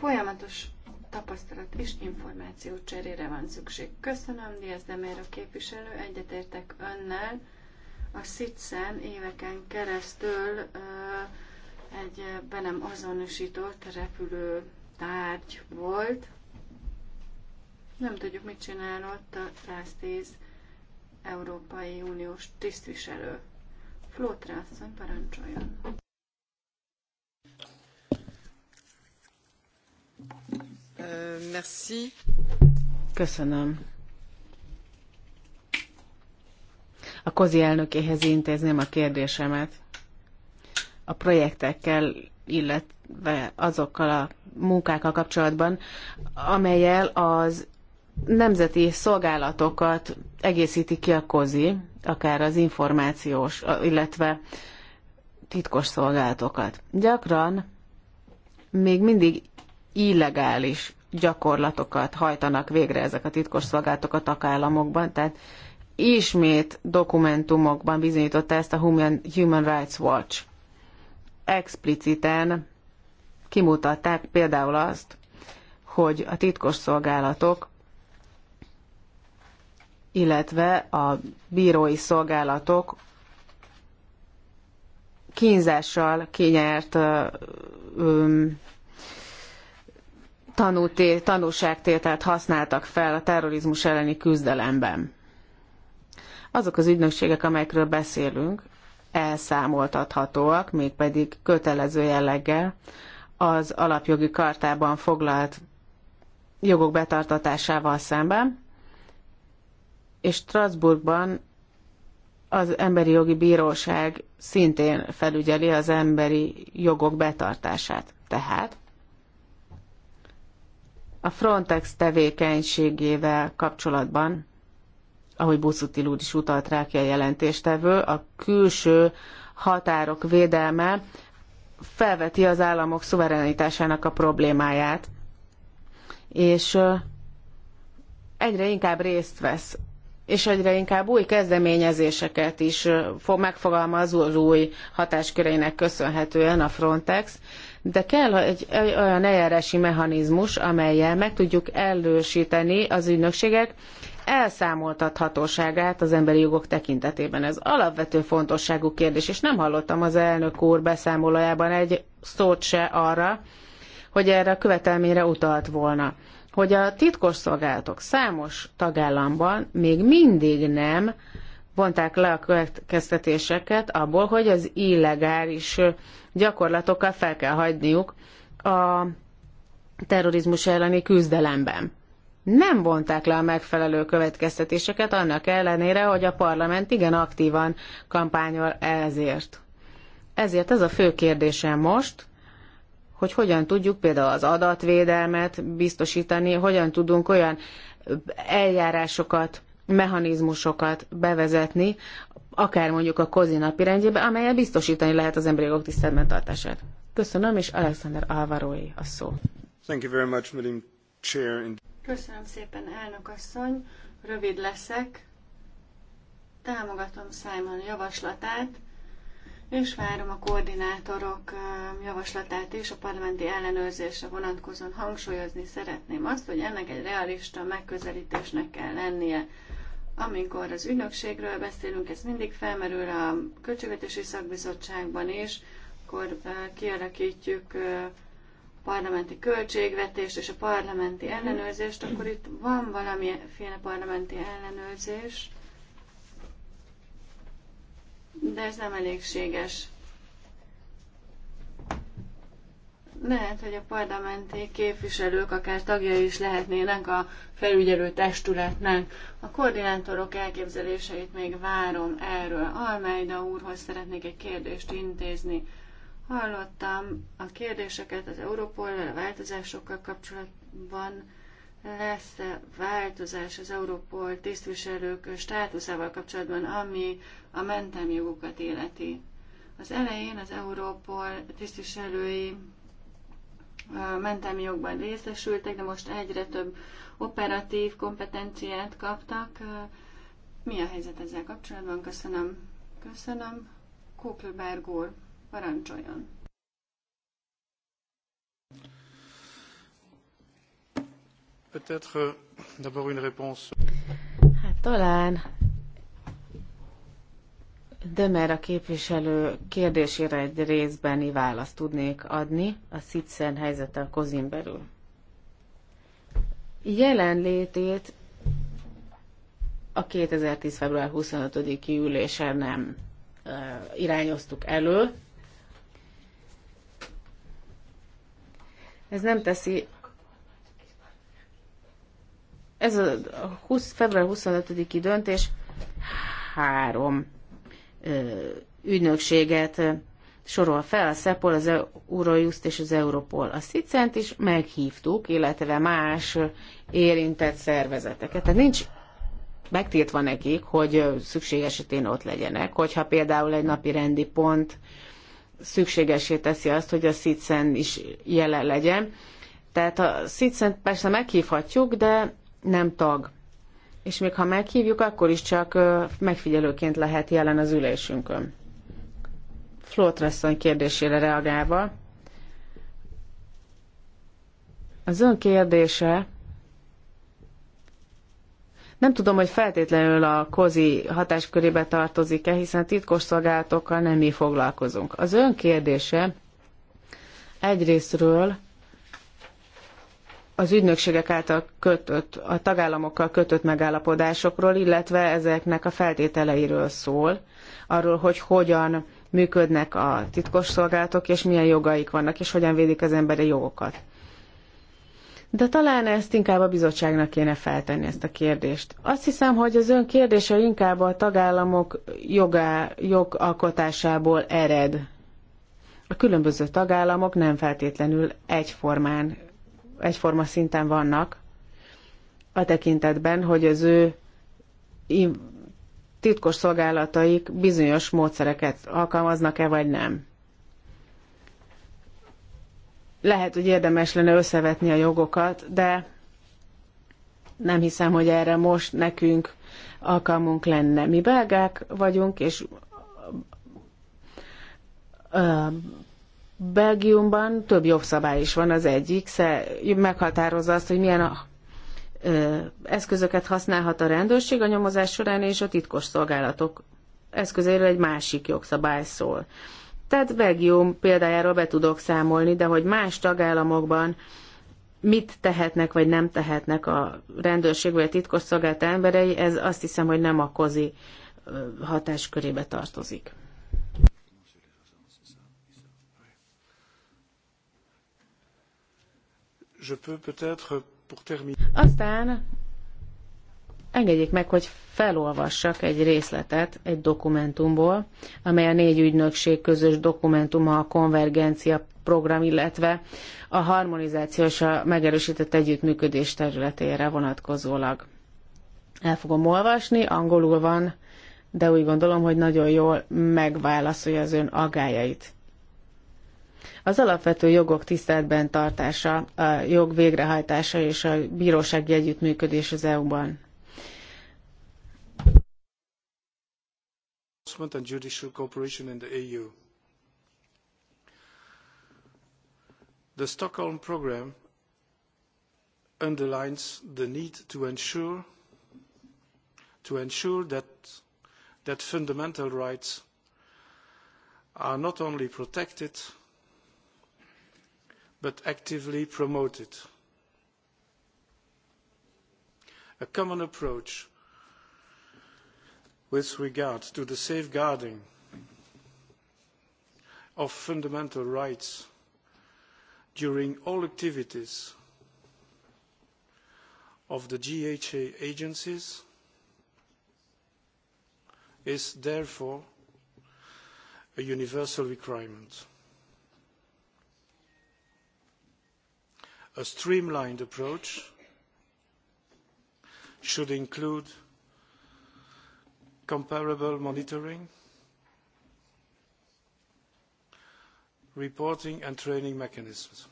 A: Folyamatos tapasztalat és információ cserére van szükség. Köszönöm, Diaz Demér a képviselő, egyetértek önnel. A SZICEN éveken keresztül egy be nem azonosított repülő tárgy volt. Nem tudjuk, mit csinál ott a 110 Európai Uniós tisztviselő. Flótra asszony parancsoljon.
D: Euh, merci. Köszönöm. A kozi elnökéhez intézném a kérdésemet. A projektekkel, illetve azokkal a munkákkal kapcsolatban, amelyel az nemzeti szolgálatokat egészíti ki a kozi, akár az információs, illetve titkos szolgálatokat. Gyakran még mindig illegális gyakorlatokat hajtanak végre ezek a titkos szolgálatok a tagállamokban, tehát ismét dokumentumokban bizonyította ezt a Human, Human Rights Watch. Expliciten kimutatták például azt, hogy a titkos szolgálatok, illetve a bírói szolgálatok kínzással kinyert ö, ö, tanúté, tanúságtételt használtak fel a terrorizmus elleni küzdelemben. Azok az ügynökségek, amelyekről beszélünk, elszámoltathatóak, mégpedig kötelező jelleggel az alapjogi kartában foglalt jogok betartatásával szemben, és Strasbourgban az Emberi Jogi Bíróság szintén felügyeli az emberi jogok betartását. Tehát a Frontex tevékenységével kapcsolatban, ahogy Buszuti Lúd is utalt rá ki a jelentéstevő, a külső határok védelme felveti az államok szuverenitásának a problémáját, és egyre inkább részt vesz és egyre inkább új kezdeményezéseket is megfogalmaz az új hatásköreinek köszönhetően a Frontex, de kell egy, egy olyan eljárási mechanizmus, amelyel meg tudjuk elősíteni az ügynökségek elszámoltathatóságát az emberi jogok tekintetében. Ez alapvető fontosságú kérdés, és nem hallottam az elnök úr beszámolójában egy szót se arra, hogy erre a követelményre utalt volna hogy a titkosszolgálatok számos tagállamban még mindig nem vonták le a következtetéseket abból, hogy az illegális gyakorlatokkal fel kell hagyniuk a terrorizmus elleni küzdelemben. Nem vonták le a megfelelő következtetéseket annak ellenére, hogy a parlament igen aktívan kampányol ezért. Ezért ez a fő kérdésem most, hogy hogyan tudjuk például az adatvédelmet biztosítani, hogyan tudunk olyan eljárásokat, mechanizmusokat bevezetni, akár mondjuk a kozi napirendjébe, amelyel biztosítani lehet az emberi jogok tiszteletben tartását. Köszönöm, és Alexander Alvaroi a szó.
C: Thank you very much, Madam Chair.
A: Köszönöm szépen, elnök asszony. Rövid leszek. Támogatom Simon javaslatát és várom a koordinátorok javaslatát is a parlamenti ellenőrzésre vonatkozóan hangsúlyozni szeretném azt, hogy ennek egy realista megközelítésnek kell lennie. Amikor az ügynökségről beszélünk, ez mindig felmerül a Költségvetési Szakbizottságban is, akkor kialakítjuk a parlamenti költségvetést és a parlamenti ellenőrzést, akkor itt van valamiféle parlamenti ellenőrzés, de ez nem elégséges. Lehet, hogy a parlamenti képviselők akár tagjai is lehetnének a felügyelő testületnek. A koordinátorok elképzeléseit még várom erről. Almeida úrhoz szeretnék egy kérdést intézni. Hallottam a kérdéseket az Európol, a változásokkal kapcsolatban, lesz-e változás az Európol tisztviselők státuszával kapcsolatban, ami a mentem jogokat életi. Az elején az Európol tisztviselői mentelmi jogban részesültek, de most egyre több operatív kompetenciát kaptak. Mi a helyzet ezzel kapcsolatban? Köszönöm. Köszönöm. Kuklberg úr, parancsoljon.
C: peut-être euh, d'abord une réponse.
D: Hát talán Demer a képviselő kérdésére egy részben választ tudnék adni a Szicsen helyzete a kozin belül. Jelenlétét a 2010. február 25-i ülésen nem uh, irányoztuk elő. Ez nem teszi ez a 20, február 25-i döntés három ö, ügynökséget sorol fel, a SEPOL, az Eurojust és az Europol. A SZICENT is meghívtuk, illetve más érintett szervezeteket. Tehát nincs megtiltva nekik, hogy szükség esetén ott legyenek. Hogyha például egy napi rendi pont szükségesé teszi azt, hogy a SZICENT is jelen legyen. Tehát a SZICENT persze meghívhatjuk, de nem tag. És még ha meghívjuk, akkor is csak megfigyelőként lehet jelen az ülésünkön. Flótresszony kérdésére reagálva, az ön kérdése nem tudom, hogy feltétlenül a kozi hatáskörébe tartozik-e, hiszen titkos szolgálatokkal nem mi foglalkozunk. Az ön kérdése egyrésztről az ügynökségek által kötött, a tagállamokkal kötött megállapodásokról, illetve ezeknek a feltételeiről szól, arról, hogy hogyan működnek a titkosszolgálatok, és milyen jogaik vannak, és hogyan védik az emberi jogokat. De talán ezt inkább a bizottságnak kéne feltenni ezt a kérdést. Azt hiszem, hogy az ön kérdése inkább a tagállamok jogá, jogalkotásából ered. A különböző tagállamok nem feltétlenül egyformán egyforma szinten vannak, a tekintetben, hogy az ő titkos szolgálataik bizonyos módszereket alkalmaznak-e, vagy nem. Lehet, hogy érdemes lenne összevetni a jogokat, de nem hiszem, hogy erre most nekünk alkalmunk lenne. Mi belgák vagyunk, és Belgiumban több jogszabály is van, az egyik meghatározza azt, hogy milyen a, ö, eszközöket használhat a rendőrség a nyomozás során, és a titkos szolgálatok eszközéről egy másik jogszabály szól. Tehát Belgium példájáról be tudok számolni, de hogy más tagállamokban mit tehetnek vagy nem tehetnek a rendőrség vagy a titkos szolgált emberei, ez azt hiszem, hogy nem a kozi hatáskörébe tartozik. Aztán engedjék meg, hogy felolvassak egy részletet egy dokumentumból, amely a négy ügynökség közös dokumentuma a konvergencia program, illetve a harmonizációs a megerősített együttműködés területére vonatkozólag. El fogom olvasni, angolul van, de úgy gondolom, hogy nagyon jól megválaszolja az ön agájait. Az alapvető jogok tiszteletben tartása, a jog végrehajtása és a bírósági együttműködés az EU-ban.
C: The Stockholm Programme underlines the need to ensure, to ensure that, that fundamental rights are not only protected but actively promote it. A common approach with regard to the safeguarding of fundamental rights during all activities of the GHA agencies is therefore a universal requirement. a streamlined approach should include comparable monitoring, reporting and training mechanisms.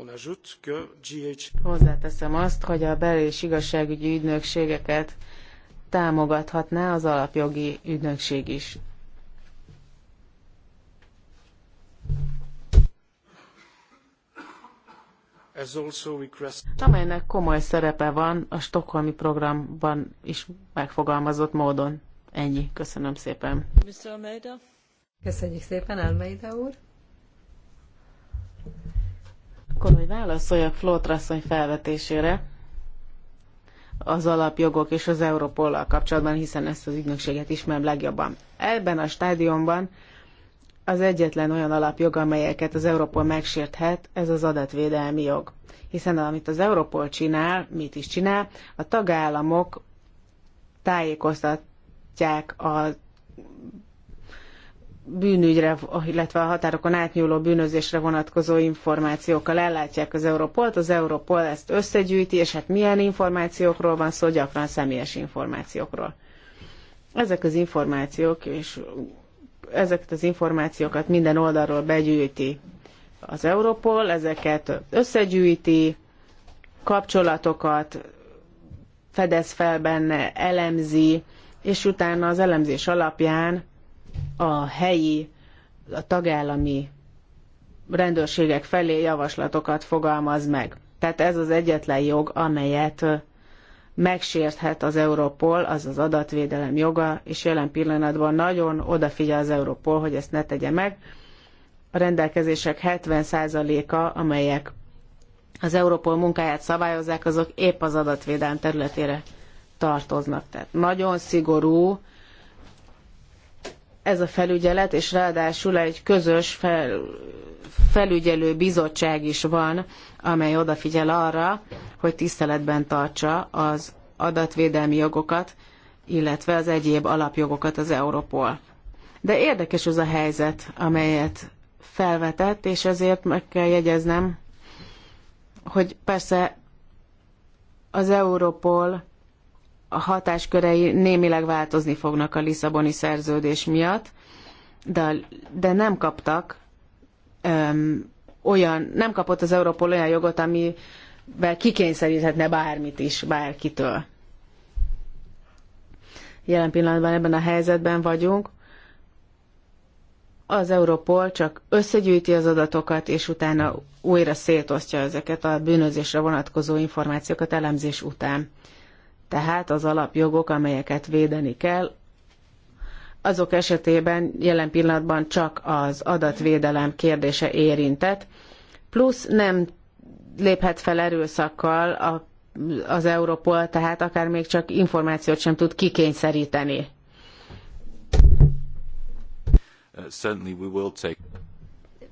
C: On ajoute que GH...
D: Hozzáteszem azt, hogy a bel- és igazságügyi ügynökségeket támogathatná az alapjogi ügynökség is. amelynek komoly szerepe van a Stockholmi programban is megfogalmazott módon. Ennyi. Köszönöm szépen. Köszönjük szépen,
B: Almeida úr.
D: Akkor, hogy válaszoljak Flótrasszony felvetésére, az alapjogok és az Európollal kapcsolatban, hiszen ezt az ügynökséget ismerem legjobban. Ebben a stádiumban az egyetlen olyan alapjog, amelyeket az Európol megsérthet, ez az adatvédelmi jog. Hiszen amit az Európol csinál, mit is csinál, a tagállamok tájékoztatják a bűnügyre, illetve a határokon átnyúló bűnözésre vonatkozó információkkal ellátják az Európolt. az Európol ezt összegyűjti, és hát milyen információkról van szó, gyakran személyes információkról. Ezek az információk és ezeket az információkat minden oldalról begyűjti az Europol, ezeket összegyűjti, kapcsolatokat fedez fel benne, elemzi, és utána az elemzés alapján a helyi, a tagállami rendőrségek felé javaslatokat fogalmaz meg. Tehát ez az egyetlen jog, amelyet megsérthet az Europol, az az adatvédelem joga, és jelen pillanatban nagyon odafigyel az Europol, hogy ezt ne tegye meg. A rendelkezések 70%-a, amelyek az Europol munkáját szabályozzák, azok épp az adatvédelem területére tartoznak. Tehát nagyon szigorú ez a felügyelet, és ráadásul egy közös fel, felügyelő bizottság is van, amely odafigyel arra, hogy tiszteletben tartsa az adatvédelmi jogokat, illetve az egyéb alapjogokat az Europol. De érdekes az a helyzet, amelyet felvetett, és ezért meg kell jegyeznem, hogy persze az Europol a hatáskörei némileg változni fognak a Lisszaboni szerződés miatt, de, de nem kaptak öm, olyan, nem kapott az Európol olyan jogot, amivel kikényszeríthetne bármit is bárkitől. Jelen pillanatban ebben a helyzetben vagyunk. Az Europol csak összegyűjti az adatokat, és utána újra szétosztja ezeket a bűnözésre vonatkozó információkat elemzés után. Tehát az alapjogok, amelyeket védeni kell, azok esetében jelen pillanatban csak az adatvédelem kérdése érintett, plusz nem léphet fel erőszakkal a, az Európol, tehát akár még csak információt sem tud kikényszeríteni.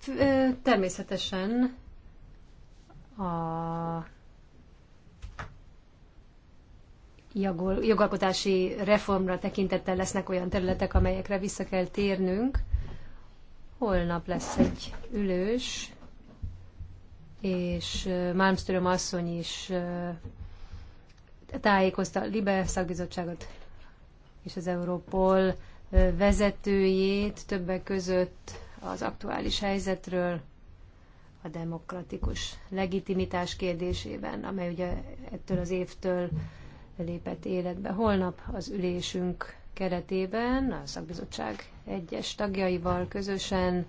B: Uh, Természetesen a jogol, jogalkotási reformra tekintettel lesznek olyan területek, amelyekre vissza kell térnünk. Holnap lesz egy ülős, és Malmström asszony is tájékozta a Libe szakbizottságot és az Európol vezetőjét többek között az aktuális helyzetről, a demokratikus legitimitás kérdésében, amely ugye ettől az évtől lépett életbe. Holnap az ülésünk keretében a szakbizottság egyes tagjaival közösen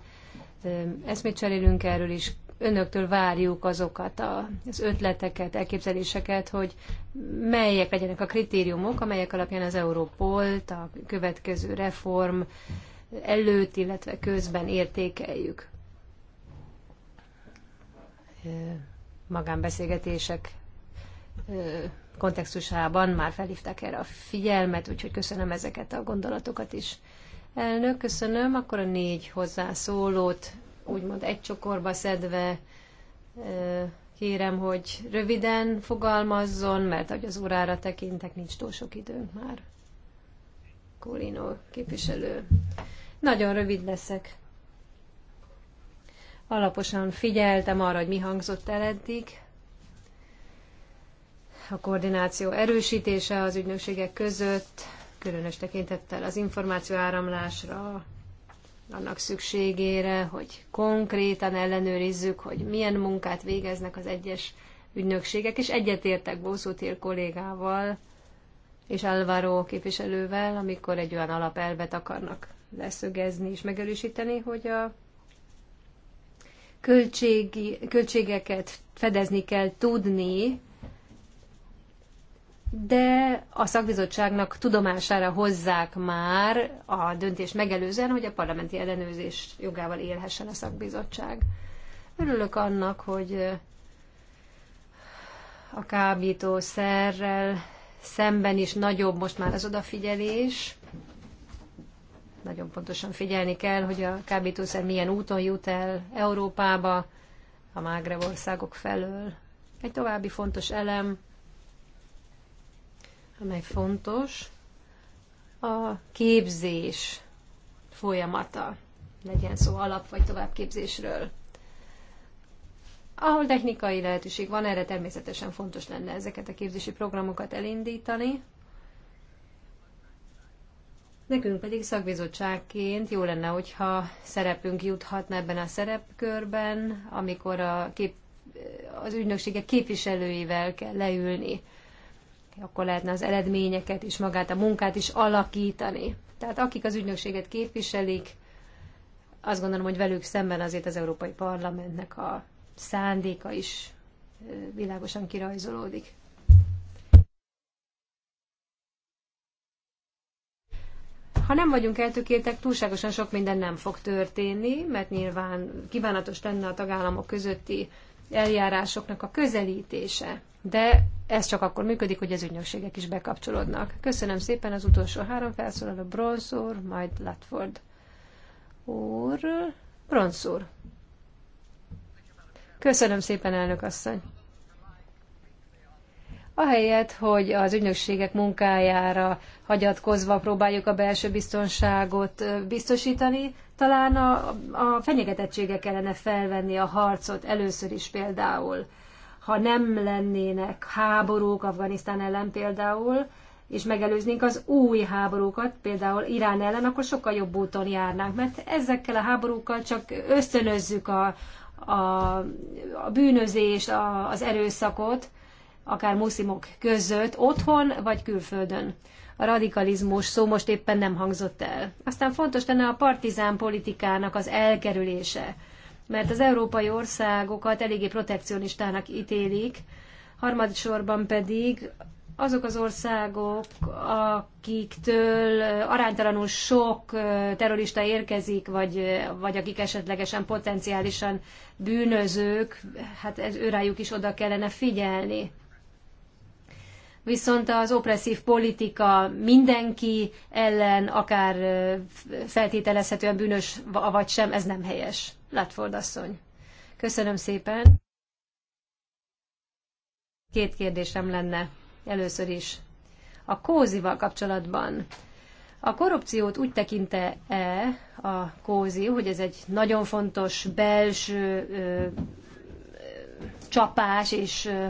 B: eszmét cserélünk erről is. Önöktől várjuk azokat az ötleteket, elképzeléseket, hogy melyek legyenek a kritériumok, amelyek alapján az Európolt a következő reform előtt, illetve közben értékeljük. Magánbeszélgetések kontextusában már felhívták erre a figyelmet, úgyhogy köszönöm ezeket a gondolatokat is. Elnök, köszönöm. Akkor a négy hozzászólót úgymond egy csokorba szedve kérem, hogy röviden fogalmazzon, mert ahogy az órára tekintek, nincs túl sok időnk már. Kulino képviselő. Nagyon rövid leszek. Alaposan figyeltem arra, hogy mi hangzott el eddig, a koordináció erősítése az ügynökségek között, különös tekintettel az információ áramlásra, annak szükségére, hogy konkrétan ellenőrizzük, hogy milyen munkát végeznek az egyes ügynökségek, és egyetértek Bószótér kollégával és Álvaro képviselővel, amikor egy olyan alapelvet akarnak leszögezni és megerősíteni, hogy a költségi, költségeket fedezni kell tudni de a szakbizottságnak tudomására hozzák már a döntés megelőzően, hogy a parlamenti ellenőrzés jogával élhessen a szakbizottság. Örülök annak, hogy eh, a kábítószerrel szemben is nagyobb most már az odafigyelés. Nagyon pontosan figyelni kell, hogy a kábítószer milyen úton jut el Európába, a Mágrev országok felől. Egy további fontos elem, amely fontos, a képzés folyamata, legyen szó alap vagy továbbképzésről. Ahol technikai lehetőség van, erre természetesen fontos lenne ezeket a képzési programokat elindítani. Nekünk pedig szakbizottságként jó lenne, hogyha szerepünk juthatna ebben a szerepkörben, amikor a kép, az ügynökségek képviselőivel kell leülni akkor lehetne az eredményeket és magát a munkát is alakítani. Tehát akik az ügynökséget képviselik, azt gondolom, hogy velük szemben azért az Európai Parlamentnek a szándéka is világosan kirajzolódik. Ha nem vagyunk eltökéltek, túlságosan sok minden nem fog történni, mert nyilván kívánatos lenne a tagállamok közötti eljárásoknak a közelítése. De ez csak akkor működik, hogy az ügynökségek is bekapcsolódnak. Köszönöm szépen az utolsó három felszólaló, Bronz úr, majd Latford úr, Bronz úr. Köszönöm szépen, elnök asszony. Ahelyett, hogy az ügynökségek munkájára hagyatkozva próbáljuk a belső biztonságot biztosítani, talán a, a fenyegetettsége kellene felvenni a harcot először is például. Ha nem lennének háborúk Afganisztán ellen például, és megelőznénk az új háborúkat, például Irán ellen, akkor sokkal jobb úton járnánk, mert ezekkel a háborúkkal csak ösztönözzük a, a, a bűnözést, a, az erőszakot, akár muszlimok között, otthon vagy külföldön a radikalizmus szó most éppen nem hangzott el. Aztán fontos lenne a partizán politikának az elkerülése, mert az európai országokat eléggé protekcionistának ítélik, harmadsorban pedig azok az országok, akiktől aránytalanul sok terrorista érkezik, vagy, vagy akik esetlegesen potenciálisan bűnözők, hát ez őrájuk is oda kellene figyelni viszont az opresszív politika mindenki ellen, akár feltételezhetően bűnös vagy sem, ez nem helyes. Látford asszony. Köszönöm szépen. Két kérdésem lenne először is. A kózival kapcsolatban a korrupciót úgy tekinte-e a kózi, hogy ez egy nagyon fontos belső ö, ö, csapás és ö,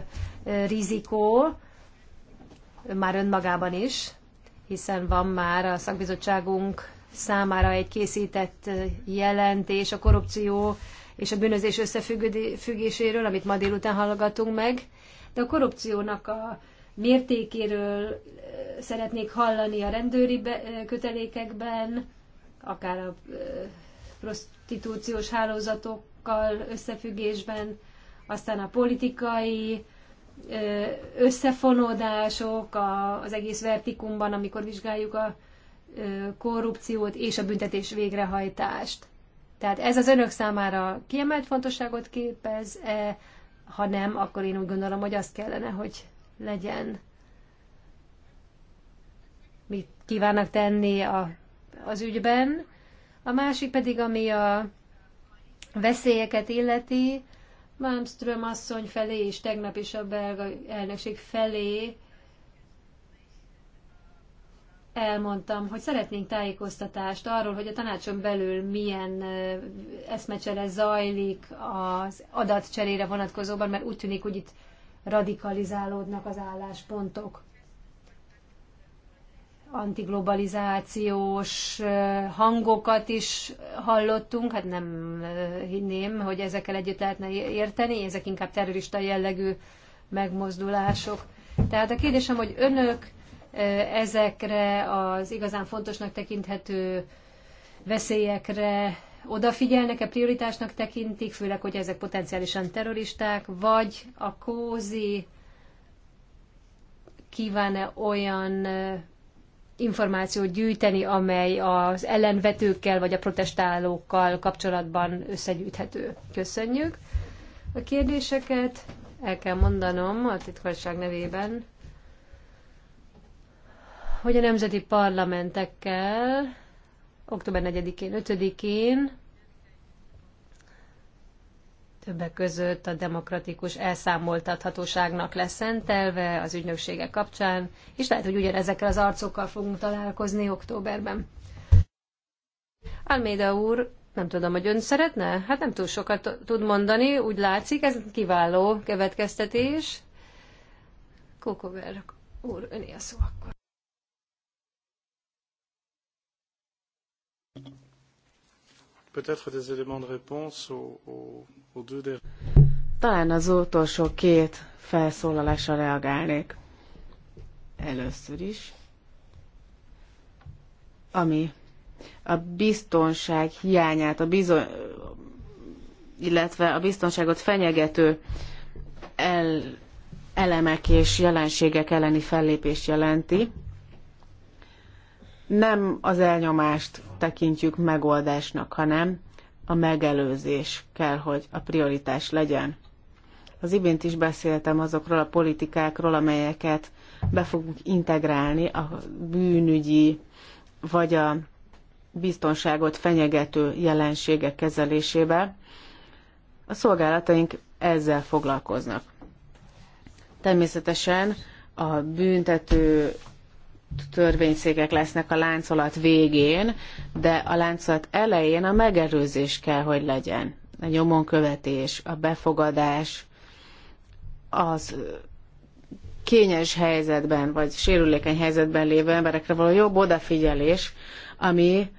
B: rizikó, már önmagában is, hiszen van már a szakbizottságunk számára egy készített jelentés a korrupció és a bűnözés összefüggéséről, amit ma délután hallgatunk meg, de a korrupciónak a mértékéről szeretnék hallani a rendőri kötelékekben, akár a prostitúciós hálózatokkal összefüggésben, aztán a politikai összefonódások az egész vertikumban, amikor vizsgáljuk a korrupciót és a büntetés végrehajtást. Tehát ez az önök számára kiemelt fontosságot képez, -e? ha nem, akkor én úgy gondolom, hogy azt kellene, hogy legyen. Mit kívánnak tenni a, az ügyben? A másik pedig, ami a veszélyeket illeti, Malmström asszony felé, és tegnap is a belga elnökség felé elmondtam, hogy szeretnénk tájékoztatást arról, hogy a tanácson belül milyen eszmecsere zajlik az adatcserére vonatkozóban, mert úgy tűnik, hogy itt radikalizálódnak az álláspontok antiglobalizációs hangokat is hallottunk, hát nem hinném, hogy ezekkel együtt lehetne érteni, ezek inkább terrorista jellegű megmozdulások. Tehát a kérdésem, hogy önök ezekre az igazán fontosnak tekinthető veszélyekre odafigyelnek-e, prioritásnak tekintik, főleg, hogy ezek potenciálisan terroristák, vagy a kózi kíván-e olyan információt gyűjteni, amely az ellenvetőkkel vagy a protestálókkal kapcsolatban összegyűjthető. Köszönjük a kérdéseket. El kell mondanom a titkosság nevében, hogy a nemzeti parlamentekkel október 4-én, 5-én többek között a demokratikus elszámoltathatóságnak lesz szentelve az ügynökségek kapcsán, és lehet, hogy ugyanezekkel az arcokkal fogunk találkozni októberben. Alméda úr, nem tudom, hogy ön szeretne? Hát nem túl sokat tud mondani, úgy látszik, ez kiváló következtetés. Kókover úr, öné a szó akkor.
C: peut-être des éléments de réponse aux, aux, aux deux
D: Talán az utolsó két felszólalásra reagálnék.
C: Először is.
D: Ami a biztonság hiányát, a bizo- illetve a biztonságot fenyegető el, elemek és jelenségek elleni fellépést jelenti nem az elnyomást tekintjük megoldásnak, hanem a megelőzés kell, hogy a prioritás legyen. Az imént is beszéltem azokról a politikákról, amelyeket be fogunk integrálni a bűnügyi vagy a biztonságot fenyegető jelenségek kezelésébe. A szolgálataink ezzel foglalkoznak. Természetesen a büntető törvényszékek lesznek a láncolat végén, de a láncolat elején a megerőzés kell, hogy legyen. A nyomonkövetés, a befogadás, az kényes helyzetben, vagy sérülékeny helyzetben lévő emberekre való jobb odafigyelés, ami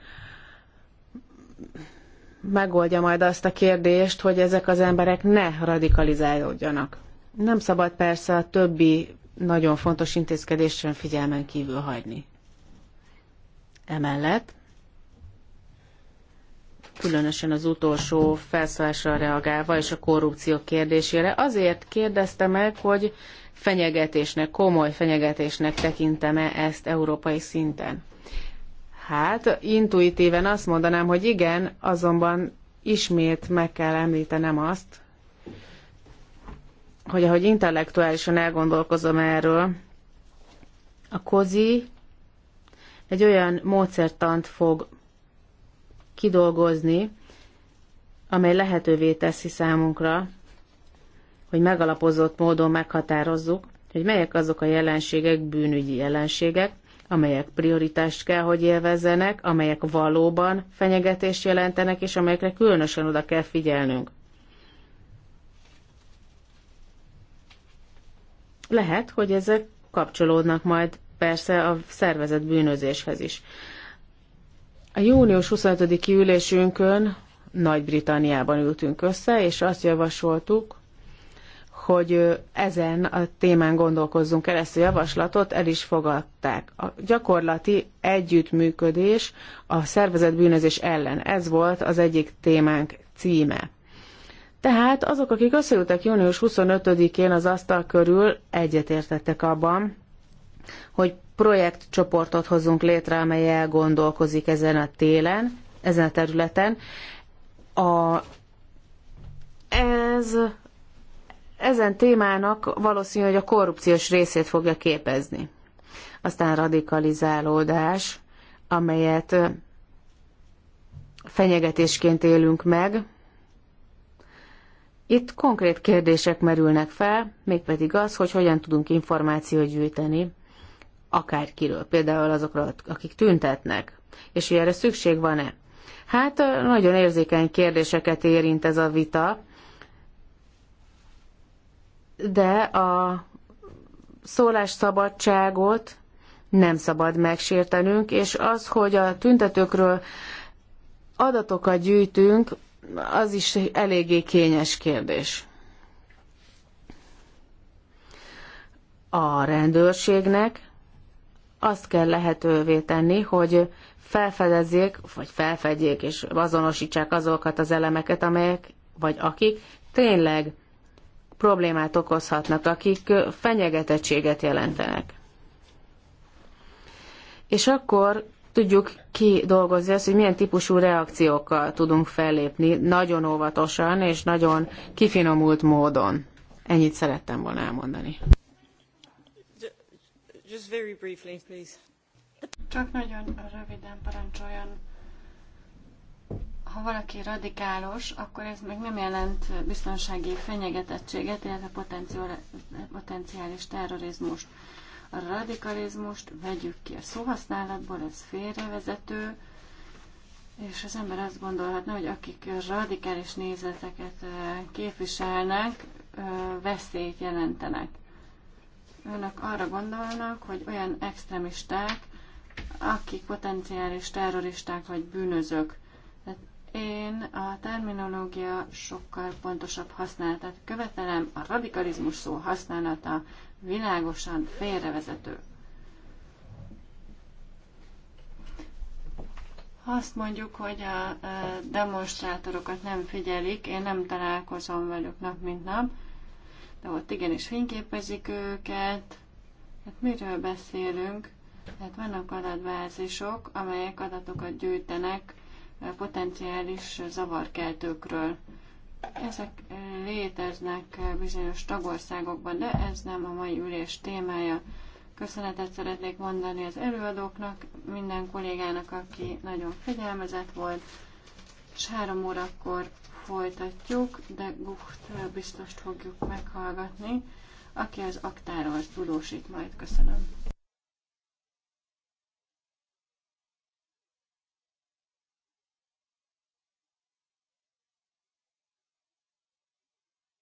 D: megoldja majd azt a kérdést, hogy ezek az emberek ne radikalizálódjanak. Nem szabad persze a többi nagyon fontos intézkedést sem figyelmen kívül hagyni. Emellett különösen az utolsó felszólásra reagálva és a korrupció kérdésére. Azért kérdezte meg, hogy fenyegetésnek, komoly fenyegetésnek tekintem-e ezt európai szinten. Hát, intuitíven azt mondanám, hogy igen, azonban ismét meg kell említenem azt, hogy ahogy intellektuálisan elgondolkozom erről, a kozi egy olyan módszertant fog kidolgozni, amely lehetővé teszi számunkra, hogy megalapozott módon meghatározzuk, hogy melyek azok a jelenségek, bűnügyi jelenségek, amelyek prioritást kell, hogy élvezzenek, amelyek valóban fenyegetést jelentenek, és amelyekre különösen oda kell figyelnünk. Lehet, hogy ezek kapcsolódnak majd persze a szervezet bűnözéshez is. A június 25-i ülésünkön Nagy-Britanniában ültünk össze, és azt javasoltuk, hogy ezen a témán gondolkozzunk el, ezt a javaslatot el is fogadták. A gyakorlati együttműködés a szervezet bűnözés ellen. Ez volt az egyik témánk címe. Tehát azok, akik összeültek június 25-én az asztal körül, egyetértettek abban, hogy projektcsoportot hozunk létre, amely elgondolkozik ezen a télen, ezen a területen. A, ez ezen témának valószínű, hogy a korrupciós részét fogja képezni. Aztán radikalizálódás, amelyet fenyegetésként élünk meg, itt konkrét kérdések merülnek fel, mégpedig az, hogy hogyan tudunk információt gyűjteni akárkiről, például azokról, akik tüntetnek, és hogy erre szükség van-e. Hát nagyon érzékeny kérdéseket érint ez a vita, de a szólásszabadságot nem szabad megsértenünk, és az, hogy a tüntetőkről adatokat gyűjtünk, az is eléggé kényes kérdés. A rendőrségnek azt kell lehetővé tenni, hogy felfedezzék, vagy felfedjék és azonosítsák azokat az elemeket, amelyek, vagy akik tényleg problémát okozhatnak, akik fenyegetettséget jelentenek. És akkor tudjuk kidolgozni azt, hogy milyen típusú reakciókkal tudunk fellépni, nagyon óvatosan és nagyon kifinomult módon. Ennyit szerettem volna elmondani.
C: Just very briefly, please.
A: Csak nagyon röviden parancsoljon. Ha valaki radikálos, akkor ez még nem jelent biztonsági fenyegetettséget, illetve potenciális terrorizmust a radikalizmust vegyük ki a szóhasználatból, ez félrevezető, és az ember azt gondolhatna, hogy akik radikális nézeteket eh, képviselnek, eh, veszélyt jelentenek. Önök arra gondolnak, hogy olyan extremisták, akik potenciális terroristák vagy bűnözők. Tehát én a terminológia sokkal pontosabb használatát követelem, a radikalizmus szó használata világosan félrevezető. Ha azt mondjuk, hogy a e, demonstrátorokat nem figyelik, én nem találkozom velük nap mint nap, de ott igenis fényképezik őket. Hát miről beszélünk? Tehát vannak adatbázisok, amelyek adatokat gyűjtenek e, potenciális zavarkeltőkről. Ezek léteznek bizonyos tagországokban, de ez nem a mai ülés témája. Köszönetet szeretnék mondani az előadóknak, minden kollégának, aki nagyon figyelmezett volt, és három órakor folytatjuk, de Gucht biztos fogjuk meghallgatni, aki az aktáról tudósít majd. Köszönöm.